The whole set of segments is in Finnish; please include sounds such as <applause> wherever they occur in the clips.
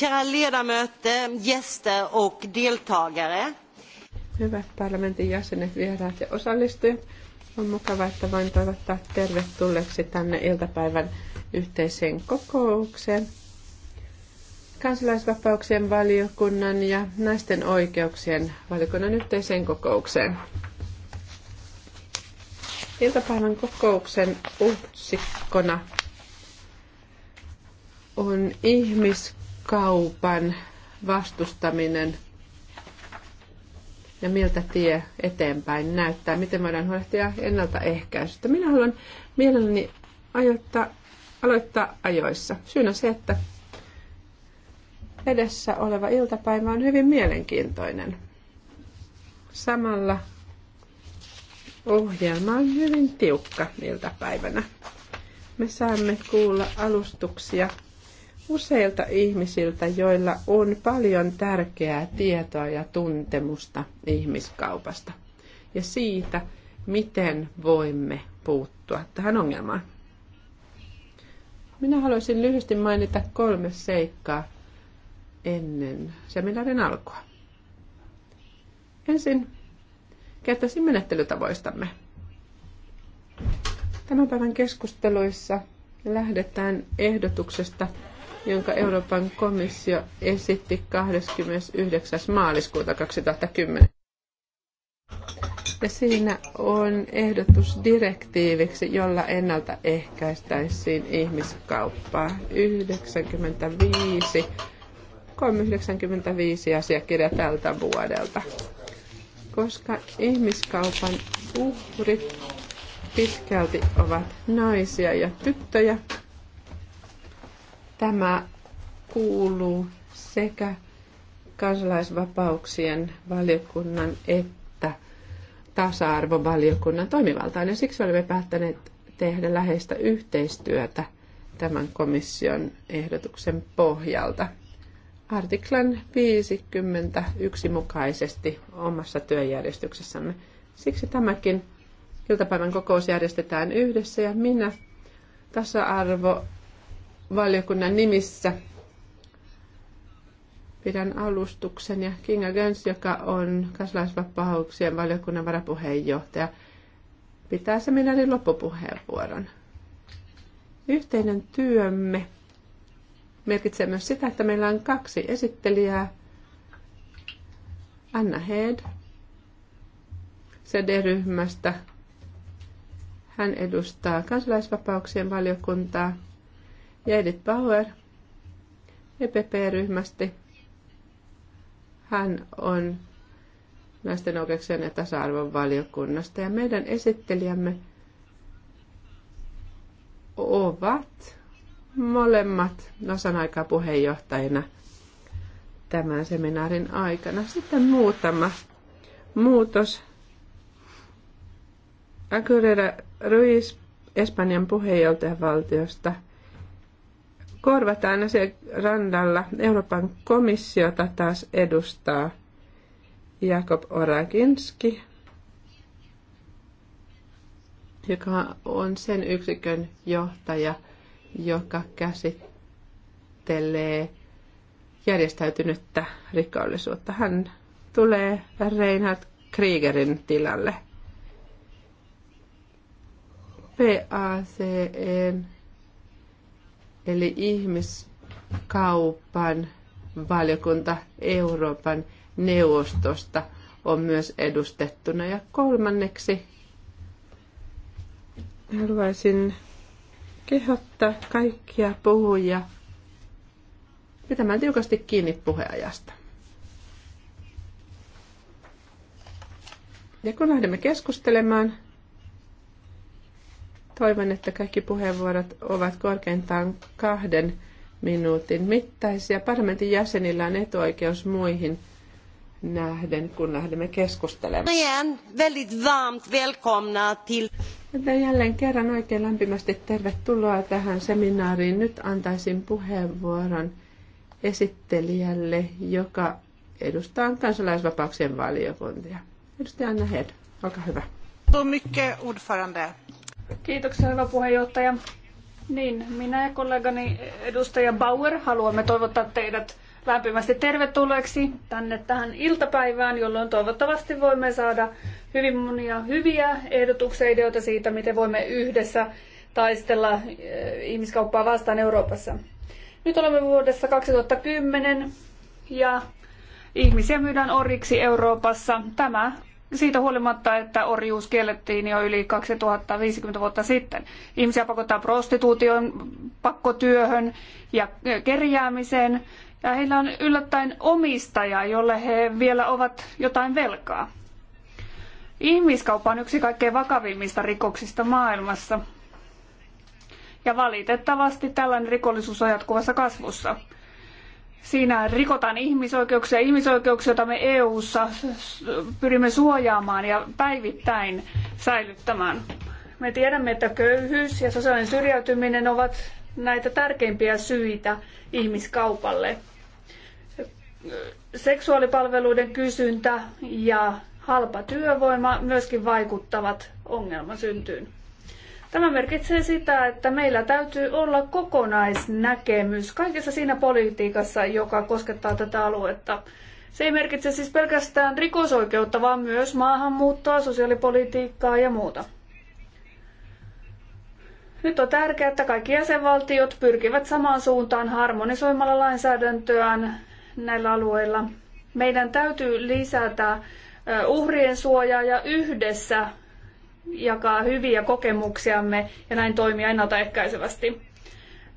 Kära ledamöter, gäster och deltagare. Hyvät parlamentin jäsenet, vieraat ja osallistujat. On mukava, että voin toivottaa tervetulleeksi tänne iltapäivän yhteiseen kokoukseen. Kansalaisvapauksien valiokunnan ja naisten oikeuksien valiokunnan yhteiseen kokoukseen. Iltapäivän kokouksen otsikkona on ihmis kaupan vastustaminen ja miltä tie eteenpäin näyttää, miten voidaan huolehtia ennaltaehkäisystä. Minä haluan mielelläni ajoittaa, aloittaa ajoissa. Syynä se, että edessä oleva iltapäivä on hyvin mielenkiintoinen. Samalla ohjelma on hyvin tiukka iltapäivänä. Me saamme kuulla alustuksia useilta ihmisiltä, joilla on paljon tärkeää tietoa ja tuntemusta ihmiskaupasta ja siitä, miten voimme puuttua tähän ongelmaan. Minä haluaisin lyhyesti mainita kolme seikkaa ennen seminaarin alkua. Ensin kertoisin menettelytavoistamme. Tämän päivän keskusteluissa lähdetään ehdotuksesta jonka Euroopan komissio esitti 29. maaliskuuta 2010. Ja siinä on ehdotus direktiiviksi, jolla ennaltaehkäistäisiin ihmiskauppaa. 95, 395 asiakirja tältä vuodelta. Koska ihmiskaupan uhrit pitkälti ovat naisia ja tyttöjä, Tämä kuuluu sekä kansalaisvapauksien valiokunnan että tasa-arvovaliokunnan toimivaltaan. Ja siksi olemme päättäneet tehdä läheistä yhteistyötä tämän komission ehdotuksen pohjalta. Artiklan 51 mukaisesti omassa työjärjestyksessämme. Siksi tämäkin iltapäivän kokous järjestetään yhdessä ja minä tasa-arvo valiokunnan nimissä pidän alustuksen ja Kinga Göns, joka on kansalaisvapauksien valiokunnan varapuheenjohtaja, pitää seminaarin loppupuheenvuoron. Yhteinen työmme merkitsee myös sitä, että meillä on kaksi esittelijää. Anna Head CD-ryhmästä. Hän edustaa kansalaisvapauksien valiokuntaa – ja Edith Bauer EPP-ryhmästä. Hän on naisten oikeuksien ja tasa-arvon valiokunnasta ja meidän esittelijämme ovat molemmat osan aikaa puheenjohtajina tämän seminaarin aikana. Sitten muutama muutos. Aguilera Ruiz Espanjan puheenjohtajavaltiosta – korvataan se randalla. Euroopan komissiota taas edustaa Jakob Orakinski, joka on sen yksikön johtaja, joka käsittelee järjestäytynyttä rikollisuutta. Hän tulee Reinhard Kriegerin tilalle. PACEn Eli ihmiskaupan valiokunta Euroopan neuvostosta on myös edustettuna. Ja kolmanneksi haluaisin kehottaa kaikkia puhujia pitämään tiukasti kiinni puheajasta. Ja kun lähdemme keskustelemaan, Toivon, että kaikki puheenvuorot ovat korkeintaan kahden minuutin mittaisia. Parlamentin jäsenillä on etuoikeus muihin nähden, kun lähdemme keskustelemaan. Igen, varmt välkomna till... jälleen kerran oikein lämpimästi tervetuloa tähän seminaariin. Nyt antaisin puheenvuoron esittelijälle, joka edustaa kansalaisvapauksien valiokuntia. Edustaja Anna Hed, olkaa hyvä. Så mycket ordförande. Kiitoksia, hyvä puheenjohtaja. Niin, minä ja kollegani edustaja Bauer haluamme toivottaa teidät lämpimästi tervetulleeksi tänne tähän iltapäivään, jolloin toivottavasti voimme saada hyvin monia hyviä ehdotuksia ideoita siitä, miten voimme yhdessä taistella eh, ihmiskauppaa vastaan Euroopassa. Nyt olemme vuodessa 2010 ja ihmisiä myydään oriksi Euroopassa. Tämä siitä huolimatta, että orjuus kiellettiin jo yli 2050 vuotta sitten. Ihmisiä pakottaa prostituutioon, pakkotyöhön ja kerjäämiseen. Ja heillä on yllättäen omistaja, jolle he vielä ovat jotain velkaa. Ihmiskauppa on yksi kaikkein vakavimmista rikoksista maailmassa. Ja valitettavasti tällainen rikollisuus on jatkuvassa kasvussa. Siinä rikotaan ihmisoikeuksia, ihmisoikeuksia, joita me EU-ssa pyrimme suojaamaan ja päivittäin säilyttämään. Me tiedämme, että köyhyys ja sosiaalinen syrjäytyminen ovat näitä tärkeimpiä syitä ihmiskaupalle. Seksuaalipalveluiden kysyntä ja halpa työvoima myöskin vaikuttavat ongelmasyntyyn. Tämä merkitsee sitä, että meillä täytyy olla kokonaisnäkemys kaikessa siinä politiikassa, joka koskettaa tätä aluetta. Se ei merkitse siis pelkästään rikosoikeutta, vaan myös maahanmuuttoa, sosiaalipolitiikkaa ja muuta. Nyt on tärkeää, että kaikki jäsenvaltiot pyrkivät samaan suuntaan harmonisoimalla lainsäädäntöään näillä alueilla. Meidän täytyy lisätä uhrien suojaa ja yhdessä jakaa hyviä kokemuksiamme ja näin toimia ennaltaehkäisevästi.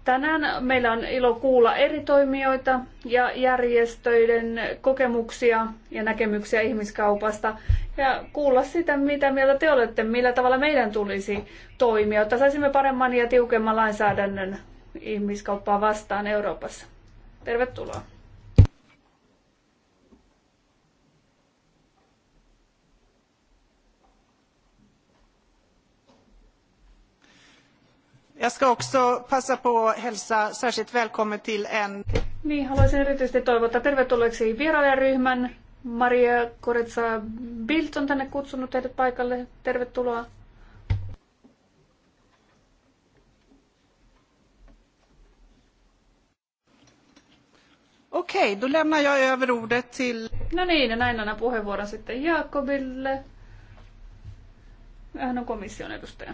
Tänään meillä on ilo kuulla eri toimijoita ja järjestöiden kokemuksia ja näkemyksiä ihmiskaupasta ja kuulla sitä, mitä mieltä te olette, millä tavalla meidän tulisi toimia, jotta saisimme paremman ja tiukemman lainsäädännön ihmiskauppaa vastaan Euroopassa. Tervetuloa. Jag ska också passa på att hälsa särskilt välkommen till en... Niin, haluaisin erityisesti toivottaa tervetulleeksi vierailijaryhmän. Maria Koretsa Bilt on tänne kutsunut teidät paikalle. Tervetuloa. Okei, då lämnar jag över ordet till... No niin, ja näin annan puheenvuoron sitten Jaakobille. Hän on komission edustaja.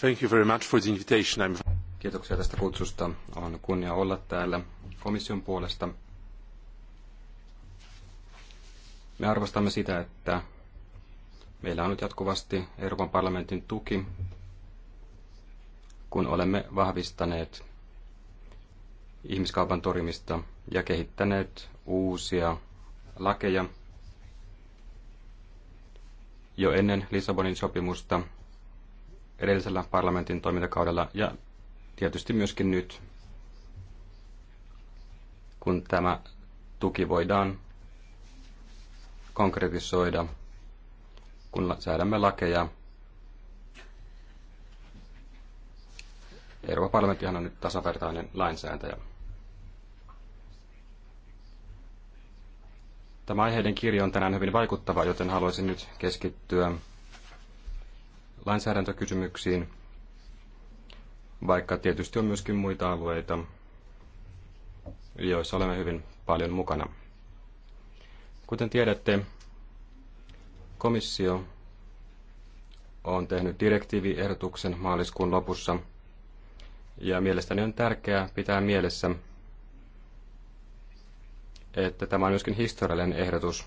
Thank you very much for the invitation. I'm... Kiitoksia tästä kutsusta. On kunnia olla täällä komission puolesta. Me arvostamme sitä, että meillä on nyt jatkuvasti Euroopan parlamentin tuki, kun olemme vahvistaneet ihmiskaupan torjumista ja kehittäneet uusia lakeja. Jo ennen Lissabonin sopimusta edellisellä parlamentin toimintakaudella ja tietysti myöskin nyt, kun tämä tuki voidaan konkretisoida, kun säädämme lakeja. Euroopan parlamenttihan on nyt tasavertainen lainsääntäjä. Tämä aiheiden kirjo on tänään hyvin vaikuttava, joten haluaisin nyt keskittyä lainsäädäntökysymyksiin, vaikka tietysti on myöskin muita alueita, joissa olemme hyvin paljon mukana. Kuten tiedätte, komissio on tehnyt direktiiviehdotuksen maaliskuun lopussa, ja mielestäni on tärkeää pitää mielessä, että tämä on myöskin historiallinen ehdotus,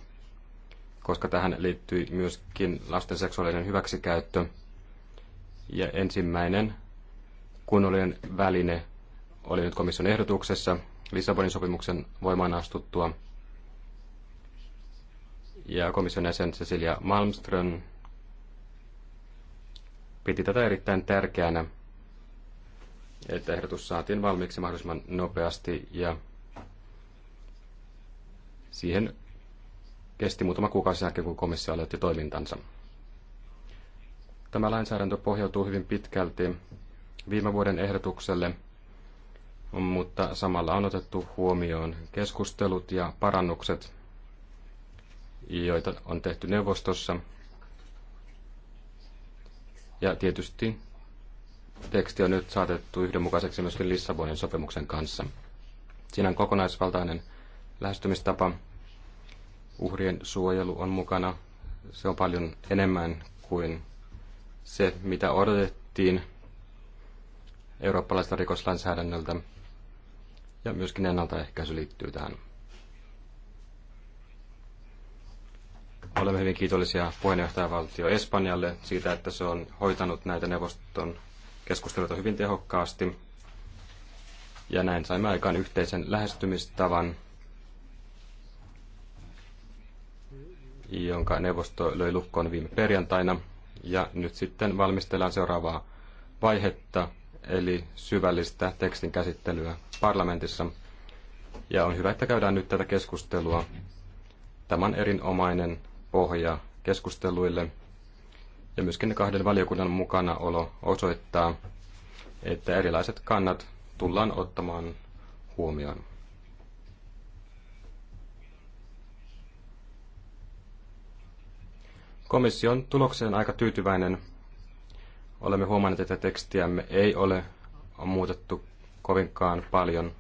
koska tähän liittyy myöskin lasten seksuaalinen hyväksikäyttö – ja ensimmäinen kunnollinen väline oli nyt komission ehdotuksessa Lissabonin sopimuksen voimaan astuttua. Ja komission jäsen Cecilia Malmström piti tätä erittäin tärkeänä, että ehdotus saatiin valmiiksi mahdollisimman nopeasti ja siihen kesti muutama kuukausi jälkeen, kun komissio aloitti toimintansa. Tämä lainsäädäntö pohjautuu hyvin pitkälti viime vuoden ehdotukselle, mutta samalla on otettu huomioon keskustelut ja parannukset, joita on tehty neuvostossa. Ja tietysti teksti on nyt saatettu yhdenmukaiseksi myöskin Lissabonin sopimuksen kanssa. Siinä on kokonaisvaltainen lähestymistapa. Uhrien suojelu on mukana. Se on paljon enemmän kuin se, mitä odotettiin eurooppalaista rikoslainsäädännöltä, ja myöskin ennaltaehkäisy liittyy tähän. Olemme hyvin kiitollisia puheenjohtajavaltio Espanjalle siitä, että se on hoitanut näitä neuvoston keskusteluita hyvin tehokkaasti. Ja näin saimme aikaan yhteisen lähestymistavan, jonka neuvosto löi lukkoon viime perjantaina – ja nyt sitten valmistellaan seuraavaa vaihetta, eli syvällistä tekstin käsittelyä parlamentissa. Ja on hyvä, että käydään nyt tätä keskustelua. Tämä on erinomainen pohja keskusteluille. Ja myöskin kahden valiokunnan mukana olo osoittaa, että erilaiset kannat tullaan ottamaan huomioon. Komissio on tulokseen aika tyytyväinen. Olemme huomanneet, että tekstiämme ei ole on muutettu kovinkaan paljon.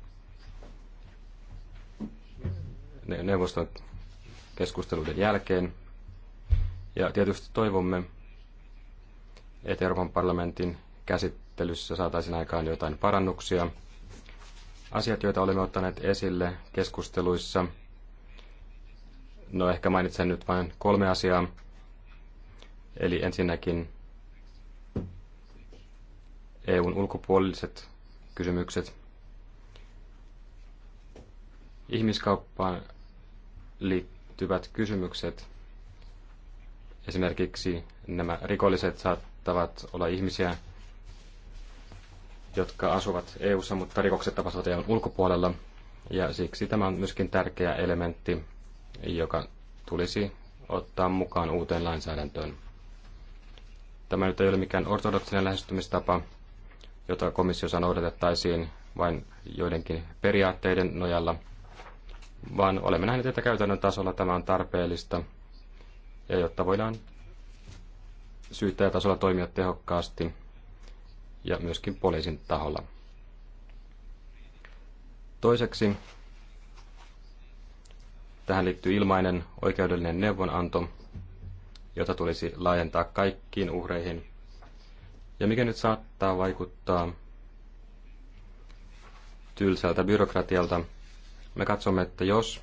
Neuvoston keskusteluiden jälkeen. Ja tietysti toivomme, että Euroopan parlamentin käsittelyssä saataisiin aikaan jotain parannuksia. Asiat, joita olemme ottaneet esille keskusteluissa, no ehkä mainitsen nyt vain kolme asiaa. Eli ensinnäkin EUn ulkopuoliset kysymykset. Ihmiskauppaan liittyvät kysymykset. Esimerkiksi nämä rikolliset saattavat olla ihmisiä, jotka asuvat EU:ssa, mutta rikokset tapahtuvat EUn ulkopuolella. Ja siksi tämä on myöskin tärkeä elementti, joka tulisi ottaa mukaan uuteen lainsäädäntöön. Tämä nyt ei ole mikään ortodoksinen lähestymistapa, jota komissiossa noudatettaisiin vain joidenkin periaatteiden nojalla, vaan olemme nähneet, että käytännön tasolla tämä on tarpeellista, ja jotta voidaan syyttäjätasolla toimia tehokkaasti ja myöskin poliisin taholla. Toiseksi tähän liittyy ilmainen oikeudellinen neuvonanto jota tulisi laajentaa kaikkiin uhreihin. Ja mikä nyt saattaa vaikuttaa tylsältä byrokratialta, me katsomme, että jos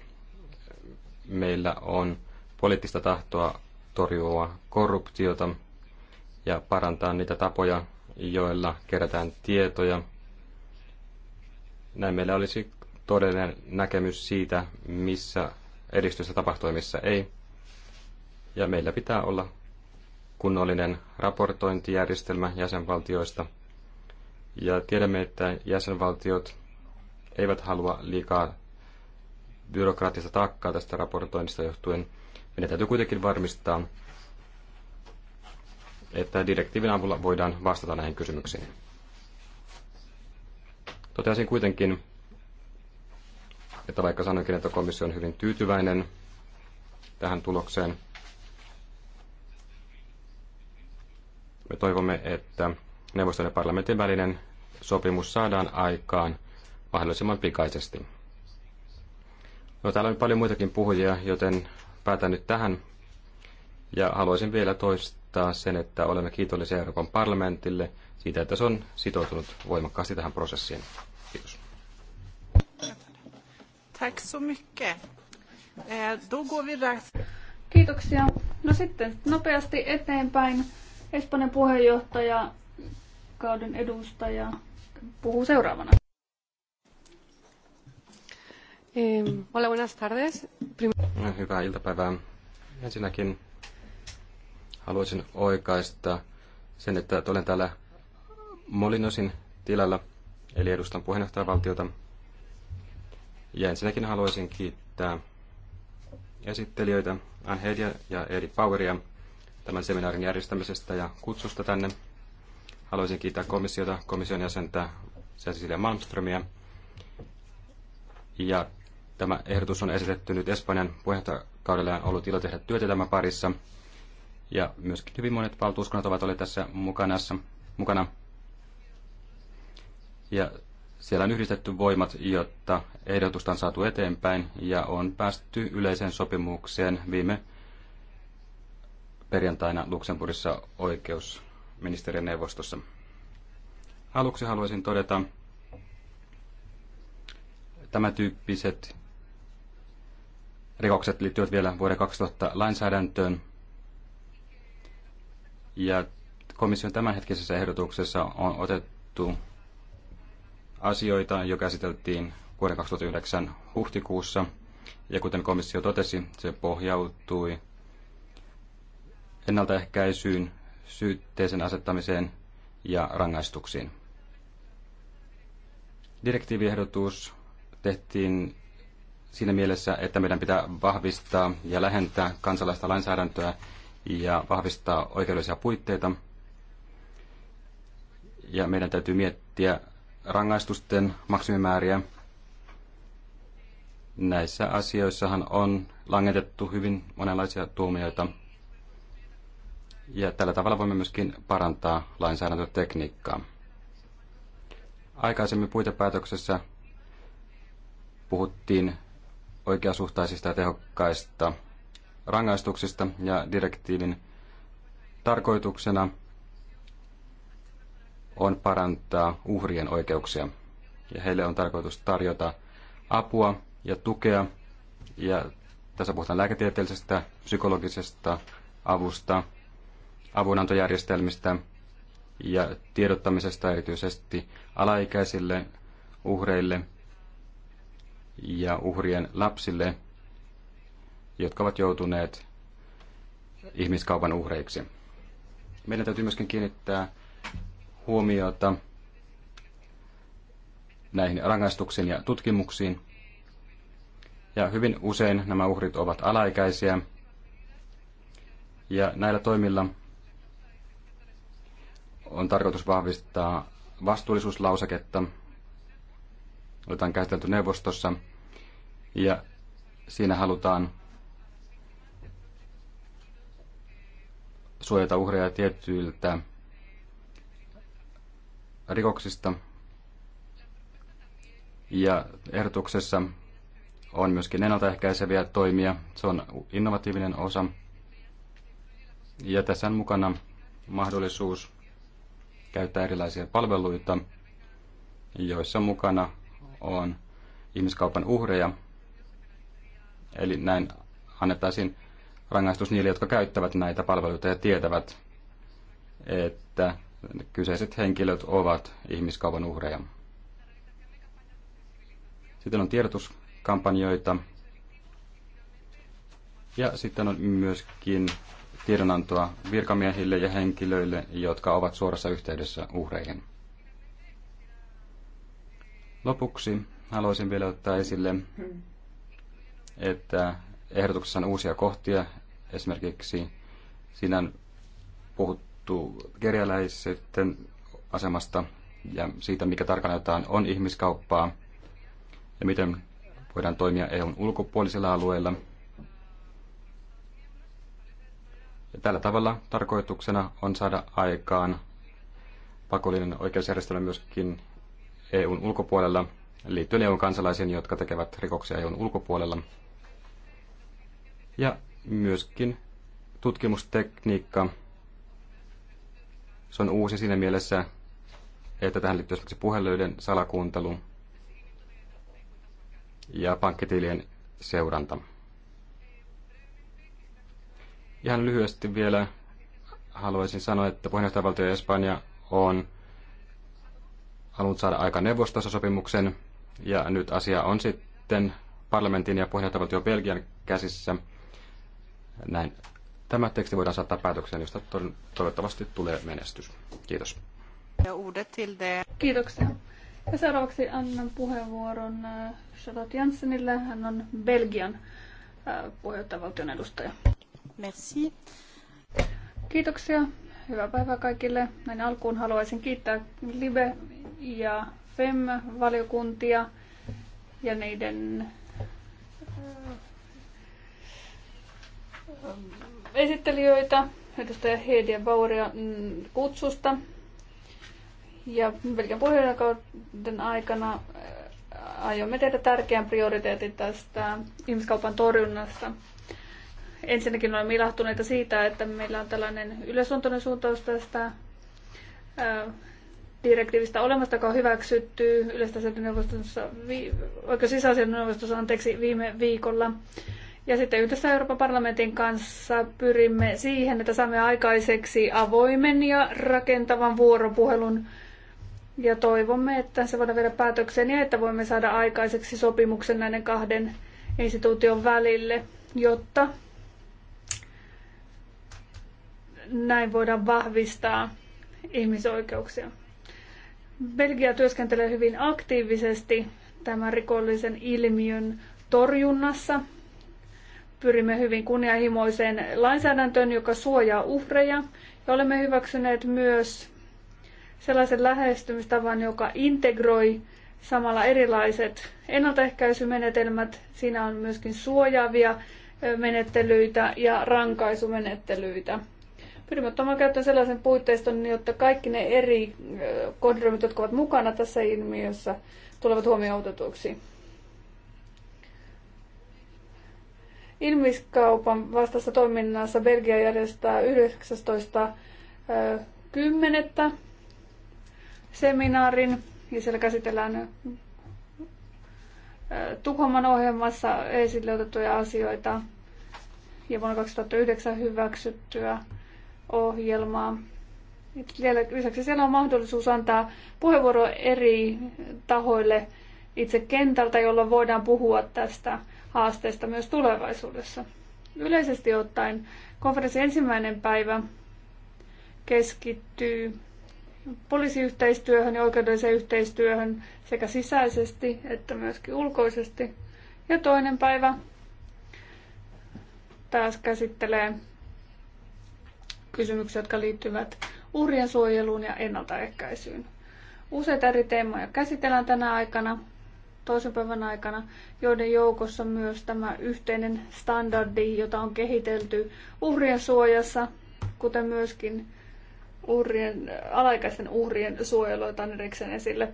meillä on poliittista tahtoa torjua korruptiota ja parantaa niitä tapoja, joilla kerätään tietoja, näin meillä olisi todellinen näkemys siitä, missä edistystä tapahtuu ja missä ei ja meillä pitää olla kunnollinen raportointijärjestelmä jäsenvaltioista. Ja tiedämme, että jäsenvaltiot eivät halua liikaa byrokraattista taakkaa tästä raportoinnista johtuen. Meidän täytyy kuitenkin varmistaa, että direktiivin avulla voidaan vastata näihin kysymyksiin. Toteasin kuitenkin, että vaikka sanoinkin, että komissio on hyvin tyytyväinen tähän tulokseen, Me toivomme, että neuvoston ja parlamentin välinen sopimus saadaan aikaan mahdollisimman pikaisesti. No, täällä on paljon muitakin puhujia, joten päätän nyt tähän. Ja haluaisin vielä toistaa sen, että olemme kiitollisia Euroopan parlamentille siitä, että se on sitoutunut voimakkaasti tähän prosessiin. Kiitos. Tack så mycket. Eh, då går vi Kiitoksia. No sitten nopeasti eteenpäin. Espanjan puheenjohtaja, kauden edustaja, puhuu seuraavana. Eh, hola, buenas tardes. Hyvää iltapäivää. Ensinnäkin haluaisin oikaista sen, että olen täällä Molinosin tilalla, eli edustan puheenjohtajavaltiota. Ja ensinnäkin haluaisin kiittää esittelijöitä Anhelia ja Eri Poweria – tämän seminaarin järjestämisestä ja kutsusta tänne. Haluaisin kiittää komissiota, komission jäsentä Cecilia Malmströmiä. Ja tämä ehdotus on esitetty nyt Espanjan puheenjohtajakaudella on ollut ilo tehdä työtä tämän parissa. Ja myöskin hyvin monet valtuuskunnat ovat olleet tässä mukana, mukana. Ja siellä on yhdistetty voimat, jotta ehdotusta on saatu eteenpäin ja on päästy yleiseen sopimukseen viime perjantaina Luxemburgissa neuvostossa. Aluksi haluaisin todeta, tämä tyyppiset rikokset liittyvät vielä vuoden 2000 lainsäädäntöön. Ja komission tämänhetkisessä ehdotuksessa on otettu asioita, jo käsiteltiin vuoden 2009 huhtikuussa. Ja kuten komissio totesi, se pohjautui ennaltaehkäisyyn, syytteisen asettamiseen ja rangaistuksiin. Direktiiviehdotus tehtiin siinä mielessä, että meidän pitää vahvistaa ja lähentää kansalaista lainsäädäntöä ja vahvistaa oikeudellisia puitteita. Ja meidän täytyy miettiä rangaistusten maksimimääriä. Näissä asioissahan on langetettu hyvin monenlaisia tuomioita ja tällä tavalla voimme myöskin parantaa lainsäädäntötekniikkaa. Aikaisemmin puitepäätöksessä puhuttiin oikeasuhtaisista ja tehokkaista rangaistuksista ja direktiivin tarkoituksena on parantaa uhrien oikeuksia. Ja heille on tarkoitus tarjota apua ja tukea ja tässä puhutaan lääketieteellisestä, psykologisesta avusta, avunantojärjestelmistä ja tiedottamisesta erityisesti alaikäisille uhreille ja uhrien lapsille, jotka ovat joutuneet ihmiskaupan uhreiksi. Meidän täytyy myöskin kiinnittää huomiota näihin rangaistuksiin ja tutkimuksiin. Ja hyvin usein nämä uhrit ovat alaikäisiä. Ja näillä toimilla on tarkoitus vahvistaa vastuullisuuslauseketta, jota on käsitelty neuvostossa, ja siinä halutaan suojata uhreja tietyiltä rikoksista. Ja ehdotuksessa on myöskin ennaltaehkäiseviä toimia. Se on innovatiivinen osa. Ja tässä on mukana mahdollisuus käyttää erilaisia palveluita, joissa mukana on ihmiskaupan uhreja. Eli näin annettaisiin rangaistus niille, jotka käyttävät näitä palveluita ja tietävät, että kyseiset henkilöt ovat ihmiskaupan uhreja. Sitten on tiedotuskampanjoita ja sitten on myöskin tiedonantoa virkamiehille ja henkilöille, jotka ovat suorassa yhteydessä uhreihin. Lopuksi haluaisin vielä ottaa esille, että ehdotuksessa on uusia kohtia. Esimerkiksi siinä on puhuttu kerjäläisten asemasta ja siitä, mikä tarkalleen on ihmiskauppaa ja miten voidaan toimia EUn ulkopuolisilla alueilla – Tällä tavalla tarkoituksena on saada aikaan pakollinen oikeusjärjestelmä myöskin EUn ulkopuolella liittyen EUn kansalaisiin, jotka tekevät rikoksia EUn ulkopuolella. Ja myöskin tutkimustekniikka. Se on uusi siinä mielessä, että tähän liittyy esimerkiksi puhelöiden salakuuntelu ja pankkitilien seuranta. Ihan lyhyesti vielä haluaisin sanoa, että puheenjohtajavaltio Espanja on halunnut saada aika neuvostossa sopimuksen, ja nyt asia on sitten parlamentin ja puheenjohtajavaltio Belgian käsissä. Näin tämä teksti voidaan saattaa päätökseen, josta toivottavasti tulee menestys. Kiitos. Kiitoksia. Ja seuraavaksi annan puheenvuoron äh, Charlotte Janssenille. Hän on Belgian äh, puheenjohtajavaltion edustaja. Merci. Kiitoksia. Hyvää päivää kaikille. Näin alkuun haluaisin kiittää Libe ja FEM-valiokuntia ja niiden äh, esittelijöitä, edustaja Heidi Bauria mm, kutsusta. Ja Belgian puheenjohtajakauden aikana äh, aiomme tehdä tärkeän prioriteetin tästä ihmiskaupan torjunnasta. Ensinnäkin olemme ilahtuneita siitä, että meillä on tällainen yleisluontoinen suuntaus tästä direktiivistä olemasta, joka on hyväksytty yleistä neuvostossa, oikeusasiasioiden anteeksi, viime viikolla. Ja sitten yhdessä Euroopan parlamentin kanssa pyrimme siihen, että saamme aikaiseksi avoimen ja rakentavan vuoropuhelun. Ja toivomme, että se voidaan viedä päätökseen ja että voimme saada aikaiseksi sopimuksen näiden kahden instituution välille, jotta näin vahvistaa ihmisoikeuksia. Belgia työskentelee hyvin aktiivisesti tämän rikollisen ilmiön torjunnassa. Pyrimme hyvin kunnianhimoiseen lainsäädäntöön, joka suojaa uhreja. Ja olemme hyväksyneet myös sellaisen lähestymistavan, joka integroi samalla erilaiset ennaltaehkäisymenetelmät. Siinä on myöskin suojaavia menettelyitä ja rankaisumenettelyitä. Pyrimme ottamaan käyttöön sellaisen puitteiston, jotta kaikki ne eri kondromit, jotka ovat mukana tässä ilmiössä, tulevat huomioon otetuiksi. Ilmiskaupan vastassa toiminnassa Belgia järjestää 19.10. seminaarin ja siellä käsitellään Tukholman ohjelmassa esille otettuja asioita ja vuonna 2009 hyväksyttyä ohjelmaa. Lisäksi siellä on mahdollisuus antaa puheenvuoro eri tahoille itse kentältä, jolla voidaan puhua tästä haasteesta myös tulevaisuudessa. Yleisesti ottaen konferenssin ensimmäinen päivä keskittyy poliisiyhteistyöhön ja oikeudelliseen yhteistyöhön sekä sisäisesti että myöskin ulkoisesti. Ja toinen päivä taas käsittelee kysymyksiä, jotka liittyvät uhrien suojeluun ja ennaltaehkäisyyn. Useita eri teemoja käsitellään tänä aikana, toisen päivän aikana, joiden joukossa myös tämä yhteinen standardi, jota on kehitelty uhrien suojassa, kuten myöskin uhrien, alaikäisten uhrien suojeluita erikseen esille.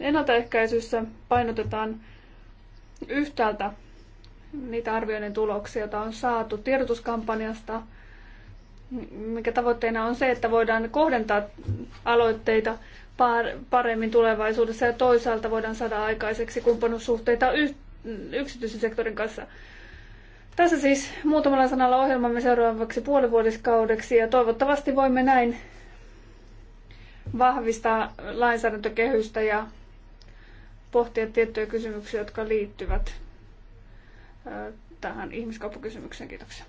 Ennaltaehkäisyssä painotetaan yhtäältä niitä arvioinnin tuloksia, joita on saatu tiedotuskampanjasta – mikä tavoitteena on se, että voidaan kohdentaa aloitteita paremmin tulevaisuudessa ja toisaalta voidaan saada aikaiseksi kumppanuussuhteita yksityisen sektorin kanssa. Tässä siis muutamalla sanalla ohjelmamme seuraavaksi puolivuodiskaudeksi ja toivottavasti voimme näin vahvistaa lainsäädäntökehystä ja pohtia tiettyjä kysymyksiä, jotka liittyvät tähän ihmiskauppakysymykseen. Kiitoksia.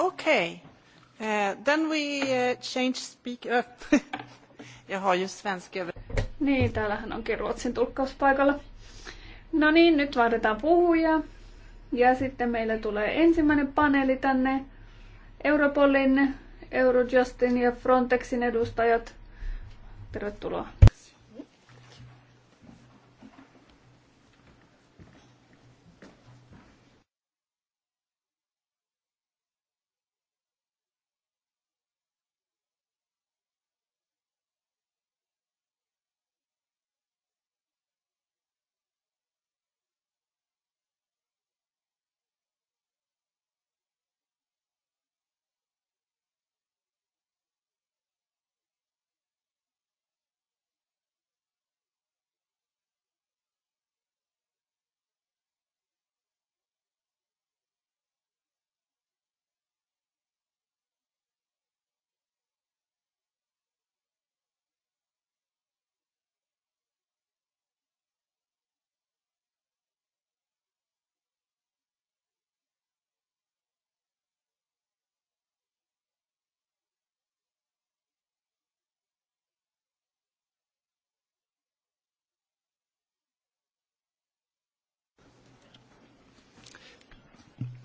Okej, okay. Eh, then we eh, change speaker. Eh, up. <laughs> Jag har ju svenska över... Niin, täällähän onkin ruotsin tulkkaus paikalla. No niin, nyt vaihdetaan puhuja. Ja sitten meillä tulee ensimmäinen paneeli tänne. Europolin, Eurojustin ja Frontexin edustajat. Tervetuloa.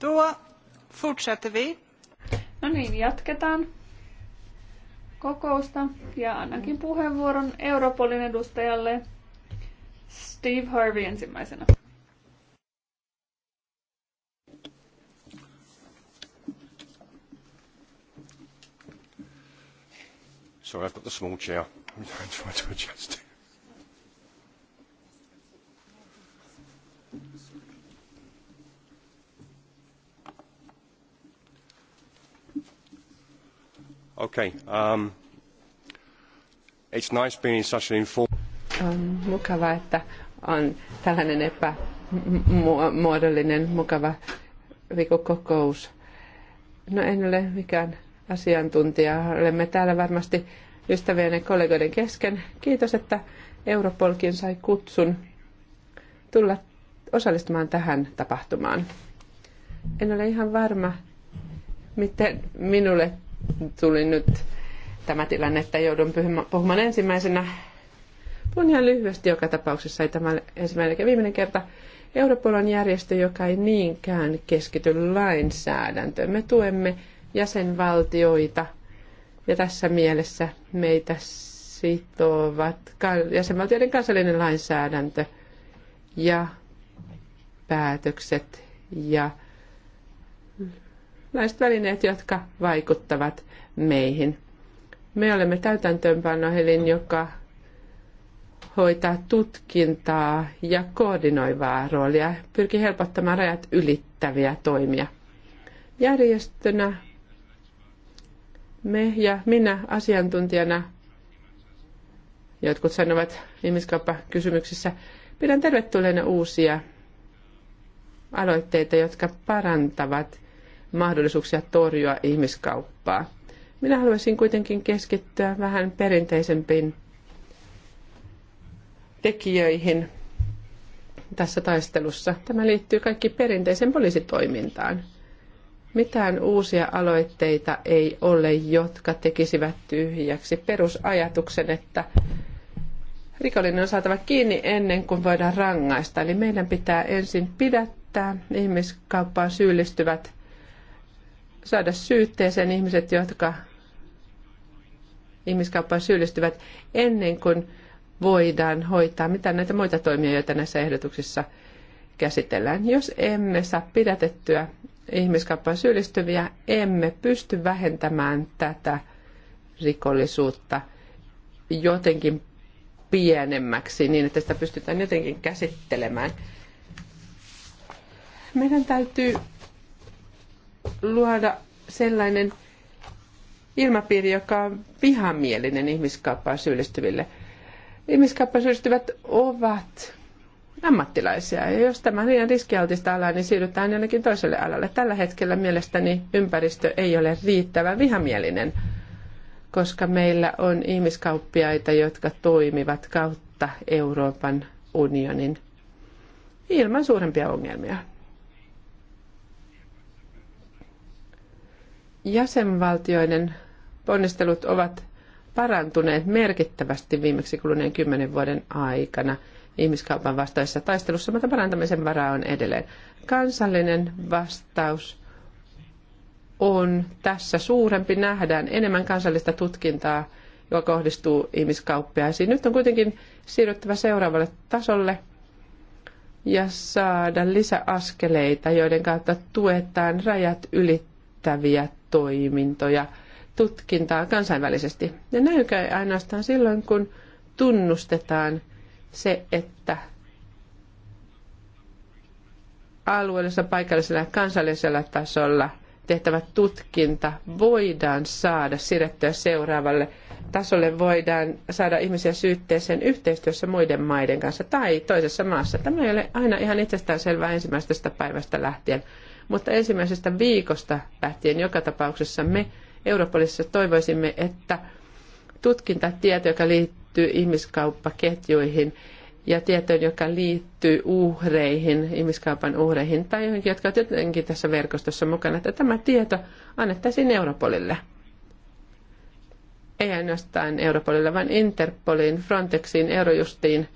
Då fortsätter vi. No niin, jatketaan kokousta ja annankin puheenvuoron Europolin edustajalle Steve Harvey ensimmäisenä. Sorry, I've got the small chair. <laughs> I'm trying to adjust it. Okay. Um, it's nice being such an inform- on mukava, että on tällainen epämuodollinen, mukava viikokokous. No en ole mikään asiantuntija. Olemme täällä varmasti ystävien ja kollegoiden kesken. Kiitos, että Europolkin sai kutsun tulla osallistumaan tähän tapahtumaan. En ole ihan varma, miten minulle tuli nyt tämä tilanne, että joudun puhumaan ensimmäisenä. Puhun ihan lyhyesti joka tapauksessa, ei tämä ensimmäinen eli viimeinen kerta. Euroopan on järjestö, joka ei niinkään keskity lainsäädäntöön. Me tuemme jäsenvaltioita ja tässä mielessä meitä sitovat jäsenvaltioiden kansallinen lainsäädäntö ja päätökset ja Näistä välineet, jotka vaikuttavat meihin. Me olemme täytäntöönpanohelin, joka hoitaa tutkintaa ja koordinoivaa roolia, pyrkii helpottamaan rajat ylittäviä toimia. Järjestönä me ja minä asiantuntijana, jotkut sanovat ihmiskauppakysymyksissä, pidän tervetulleena uusia aloitteita, jotka parantavat mahdollisuuksia torjua ihmiskauppaa. Minä haluaisin kuitenkin keskittyä vähän perinteisempiin tekijöihin tässä taistelussa. Tämä liittyy kaikki perinteisen poliisitoimintaan. Mitään uusia aloitteita ei ole, jotka tekisivät tyhjäksi perusajatuksen, että rikollinen on saatava kiinni ennen kuin voidaan rangaista. Eli meidän pitää ensin pidättää ihmiskauppaan syyllistyvät – saada syytteeseen ihmiset, jotka ihmiskauppaan syyllistyvät ennen kuin voidaan hoitaa Mitä näitä muita toimia, joita näissä ehdotuksissa käsitellään. Jos emme saa pidätettyä ihmiskauppaan syyllistyviä, emme pysty vähentämään tätä rikollisuutta jotenkin pienemmäksi niin, että sitä pystytään jotenkin käsittelemään. Meidän täytyy luoda sellainen ilmapiiri, joka on vihamielinen ihmiskauppaan syyllistyville. Ihmiskauppaan syyllistyvät ovat ammattilaisia. Ja jos tämä on liian riskialtista alaa, niin siirrytään jonnekin toiselle alalle. Tällä hetkellä mielestäni ympäristö ei ole riittävän vihamielinen, koska meillä on ihmiskauppiaita, jotka toimivat kautta Euroopan unionin ilman suurempia ongelmia. jäsenvaltioiden ponnistelut ovat parantuneet merkittävästi viimeksi kuluneen kymmenen vuoden aikana ihmiskaupan vastaisessa taistelussa, mutta parantamisen varaa on edelleen. Kansallinen vastaus on tässä suurempi. Nähdään enemmän kansallista tutkintaa, joka kohdistuu ihmiskauppiaisiin. Nyt on kuitenkin siirryttävä seuraavalle tasolle ja saada lisäaskeleita, joiden kautta tuetaan rajat ylittävää merkittäviä toimintoja, tutkintaa kansainvälisesti. Ja näin käy ainoastaan silloin, kun tunnustetaan se, että alueellisella, paikallisella ja kansallisella tasolla tehtävä tutkinta voidaan saada siirrettyä seuraavalle tasolle, voidaan saada ihmisiä syytteeseen yhteistyössä muiden maiden kanssa tai toisessa maassa. Tämä ei ole aina ihan itsestään selvää ensimmäisestä päivästä lähtien. Mutta ensimmäisestä viikosta lähtien joka tapauksessa me Europolissa toivoisimme, että tutkintatieto, joka liittyy ihmiskauppaketjuihin ja tietoon, joka liittyy uhreihin, ihmiskaupan uhreihin tai johonkin, jotka ovat jotenkin tässä verkostossa mukana, että tämä tieto annettaisiin Europolille. Ei ainoastaan Europolille, vaan Interpoliin, Frontexiin, Eurojustiin,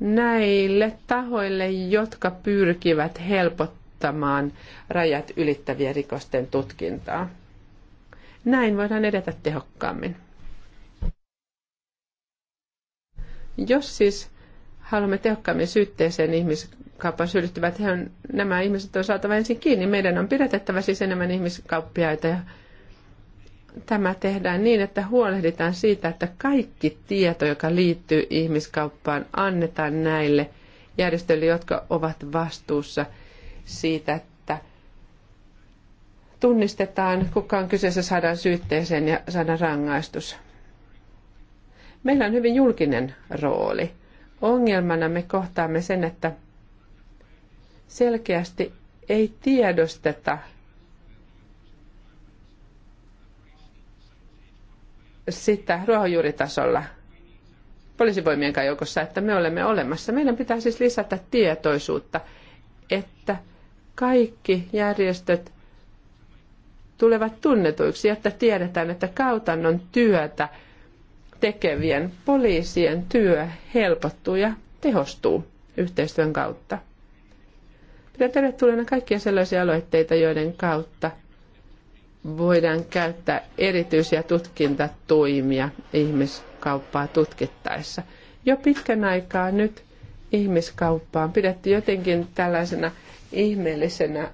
näille tahoille, jotka pyrkivät helpottamaan helpottamaan rajat ylittäviä rikosten tutkintaa. Näin voidaan edetä tehokkaammin. Jos siis haluamme tehokkaammin syytteeseen ihmiskaupan syyllistyvät, nämä ihmiset on saatava ensin kiinni. Meidän on pidätettävä siis enemmän ihmiskauppiaita ja tämä tehdään niin, että huolehditaan siitä, että kaikki tieto, joka liittyy ihmiskauppaan, annetaan näille järjestöille, jotka ovat vastuussa – siitä, että tunnistetaan, kuka on kyseessä, saadaan syytteeseen ja saadaan rangaistus. Meillä on hyvin julkinen rooli. Ongelmana me kohtaamme sen, että selkeästi ei tiedosteta sitä ruohonjuuritasolla poliisivoimien joukossa, että me olemme olemassa. Meidän pitää siis lisätä tietoisuutta, että – kaikki järjestöt tulevat tunnetuiksi, että tiedetään, että kautannon työtä tekevien poliisien työ helpottuu ja tehostuu yhteistyön kautta. Pidän tervetulleena kaikkia sellaisia aloitteita, joiden kautta voidaan käyttää erityisiä tutkintatoimia ihmiskauppaa tutkittaessa. Jo pitkän aikaa nyt ihmiskauppaan pidettiin pidetty jotenkin tällaisena – ihmeellisenä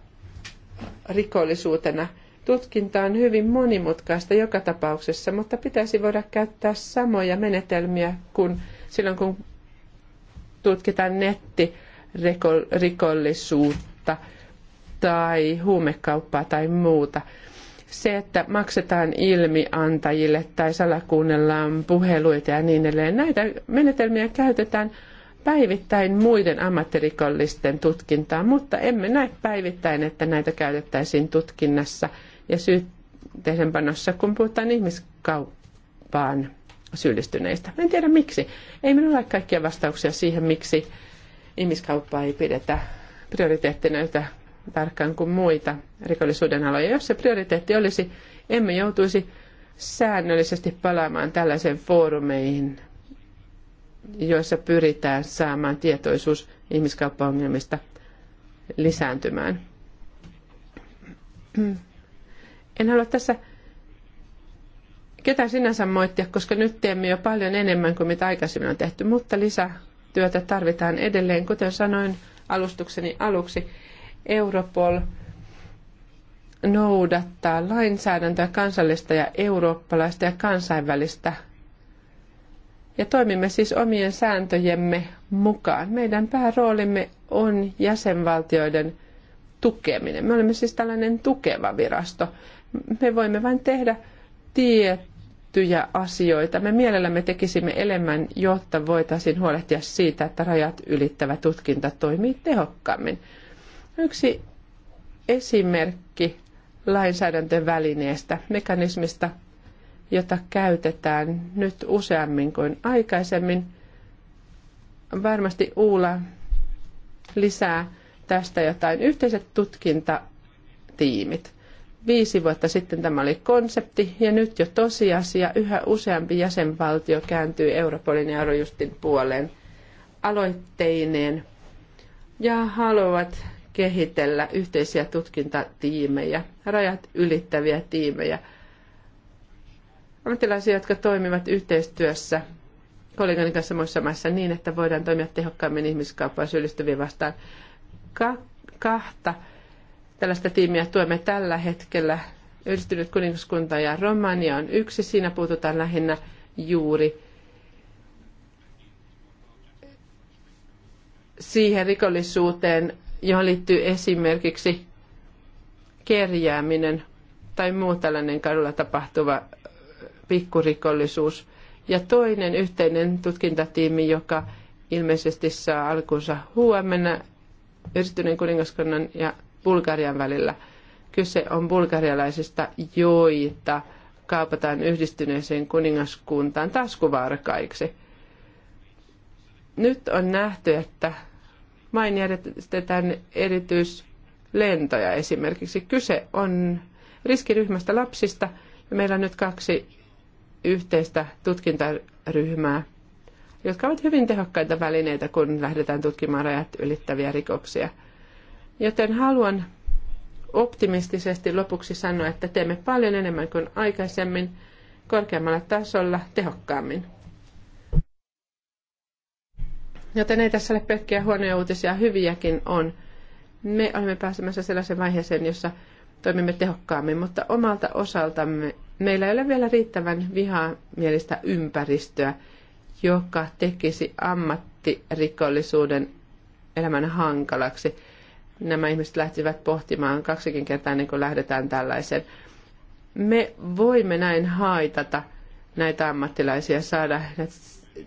rikollisuutena. Tutkinta on hyvin monimutkaista joka tapauksessa, mutta pitäisi voida käyttää samoja menetelmiä kuin silloin, kun tutkitaan nettirikollisuutta tai huumekauppaa tai muuta. Se, että maksetaan ilmiantajille tai salakuunnellaan puheluita ja niin edelleen, näitä menetelmiä käytetään – päivittäin muiden ammattirikollisten tutkintaa, mutta emme näe päivittäin, että näitä käytettäisiin tutkinnassa ja syytteidenpanossa, kun puhutaan ihmiskauppaan syyllistyneistä. En tiedä miksi. Ei minulla ole kaikkia vastauksia siihen, miksi ihmiskauppaa ei pidetä prioriteettina yhtä tarkkaan kuin muita rikollisuuden aloja. Jos se prioriteetti olisi, emme joutuisi säännöllisesti palaamaan tällaisen foorumeihin joissa pyritään saamaan tietoisuus ihmiskauppaongelmista lisääntymään. En halua tässä ketään sinänsä moittia, koska nyt teemme jo paljon enemmän kuin mitä aikaisemmin on tehty, mutta lisätyötä tarvitaan edelleen. Kuten sanoin alustukseni aluksi, Europol noudattaa lainsäädäntöä kansallista ja eurooppalaista ja kansainvälistä ja toimimme siis omien sääntöjemme mukaan. Meidän pääroolimme on jäsenvaltioiden tukeminen. Me olemme siis tällainen tukeva virasto. Me voimme vain tehdä tiettyjä asioita. Me mielellämme tekisimme enemmän, jotta voitaisiin huolehtia siitä, että rajat ylittävä tutkinta toimii tehokkaammin. Yksi esimerkki lainsäädäntövälineestä, mekanismista, jota käytetään nyt useammin kuin aikaisemmin. Varmasti Uula lisää tästä jotain. Yhteiset tutkintatiimit. Viisi vuotta sitten tämä oli konsepti ja nyt jo tosiasia yhä useampi jäsenvaltio kääntyy Europolin ja Eurojustin puoleen aloitteineen ja haluavat kehitellä yhteisiä tutkintatiimejä, rajat ylittäviä tiimejä – ammattilaisia, jotka toimivat yhteistyössä kollegani kanssa muissa maissa niin, että voidaan toimia tehokkaammin ihmiskauppaan syyllistyviä vastaan. Ka- kahta tällaista tiimiä tuemme tällä hetkellä. Yhdistynyt kuningaskunta ja Romania on yksi. Siinä puututaan lähinnä juuri siihen rikollisuuteen, johon liittyy esimerkiksi kerjääminen tai muu tällainen kadulla tapahtuva pikkurikollisuus. Ja toinen yhteinen tutkintatiimi, joka ilmeisesti saa alkunsa huomenna yhdistyneen kuningaskunnan ja Bulgarian välillä. Kyse on bulgarialaisista, joita kaapataan yhdistyneeseen kuningaskuntaan taskuvarkaiksi. Nyt on nähty, että main järjestetään erityislentoja esimerkiksi. Kyse on riskiryhmästä lapsista ja meillä on nyt kaksi yhteistä tutkintaryhmää, jotka ovat hyvin tehokkaita välineitä, kun lähdetään tutkimaan rajat ylittäviä rikoksia. Joten haluan optimistisesti lopuksi sanoa, että teemme paljon enemmän kuin aikaisemmin, korkeammalla tasolla, tehokkaammin. Joten ei tässä ole pelkkiä huonoja uutisia, hyviäkin on. Me olemme pääsemässä sellaiseen vaiheeseen, jossa toimimme tehokkaammin, mutta omalta osaltamme meillä ei ole vielä riittävän vihamielistä ympäristöä, joka tekisi ammattirikollisuuden elämän hankalaksi. Nämä ihmiset lähtivät pohtimaan kaksikin kertaa niin kuin lähdetään tällaiseen. Me voimme näin haitata näitä ammattilaisia, saada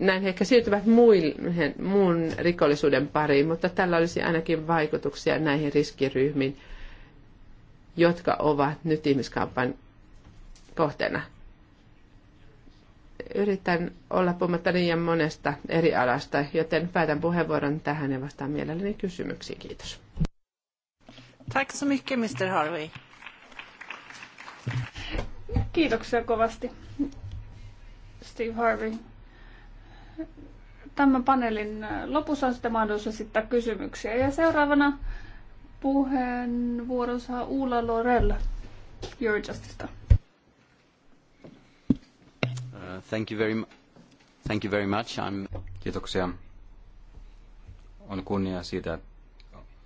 näin he ehkä siirtyvät muihin, muun rikollisuuden pariin, mutta tällä olisi ainakin vaikutuksia näihin riskiryhmiin, jotka ovat nyt ihmiskaupan kohteena. Yritän olla puhumatta liian monesta eri alasta, joten päätän puheenvuoron tähän ja vastaan mielelläni kysymyksiin. Kiitos. Tack så mycket, Mr. Harvey. Kiitoksia kovasti, Steve Harvey. Tämän paneelin lopussa on sitten mahdollisuus esittää kysymyksiä. Ja seuraavana puheenvuoron saa Ulla Lorella Eurojustista thank you very, thank you very much. I'm... Kiitoksia. On kunnia siitä,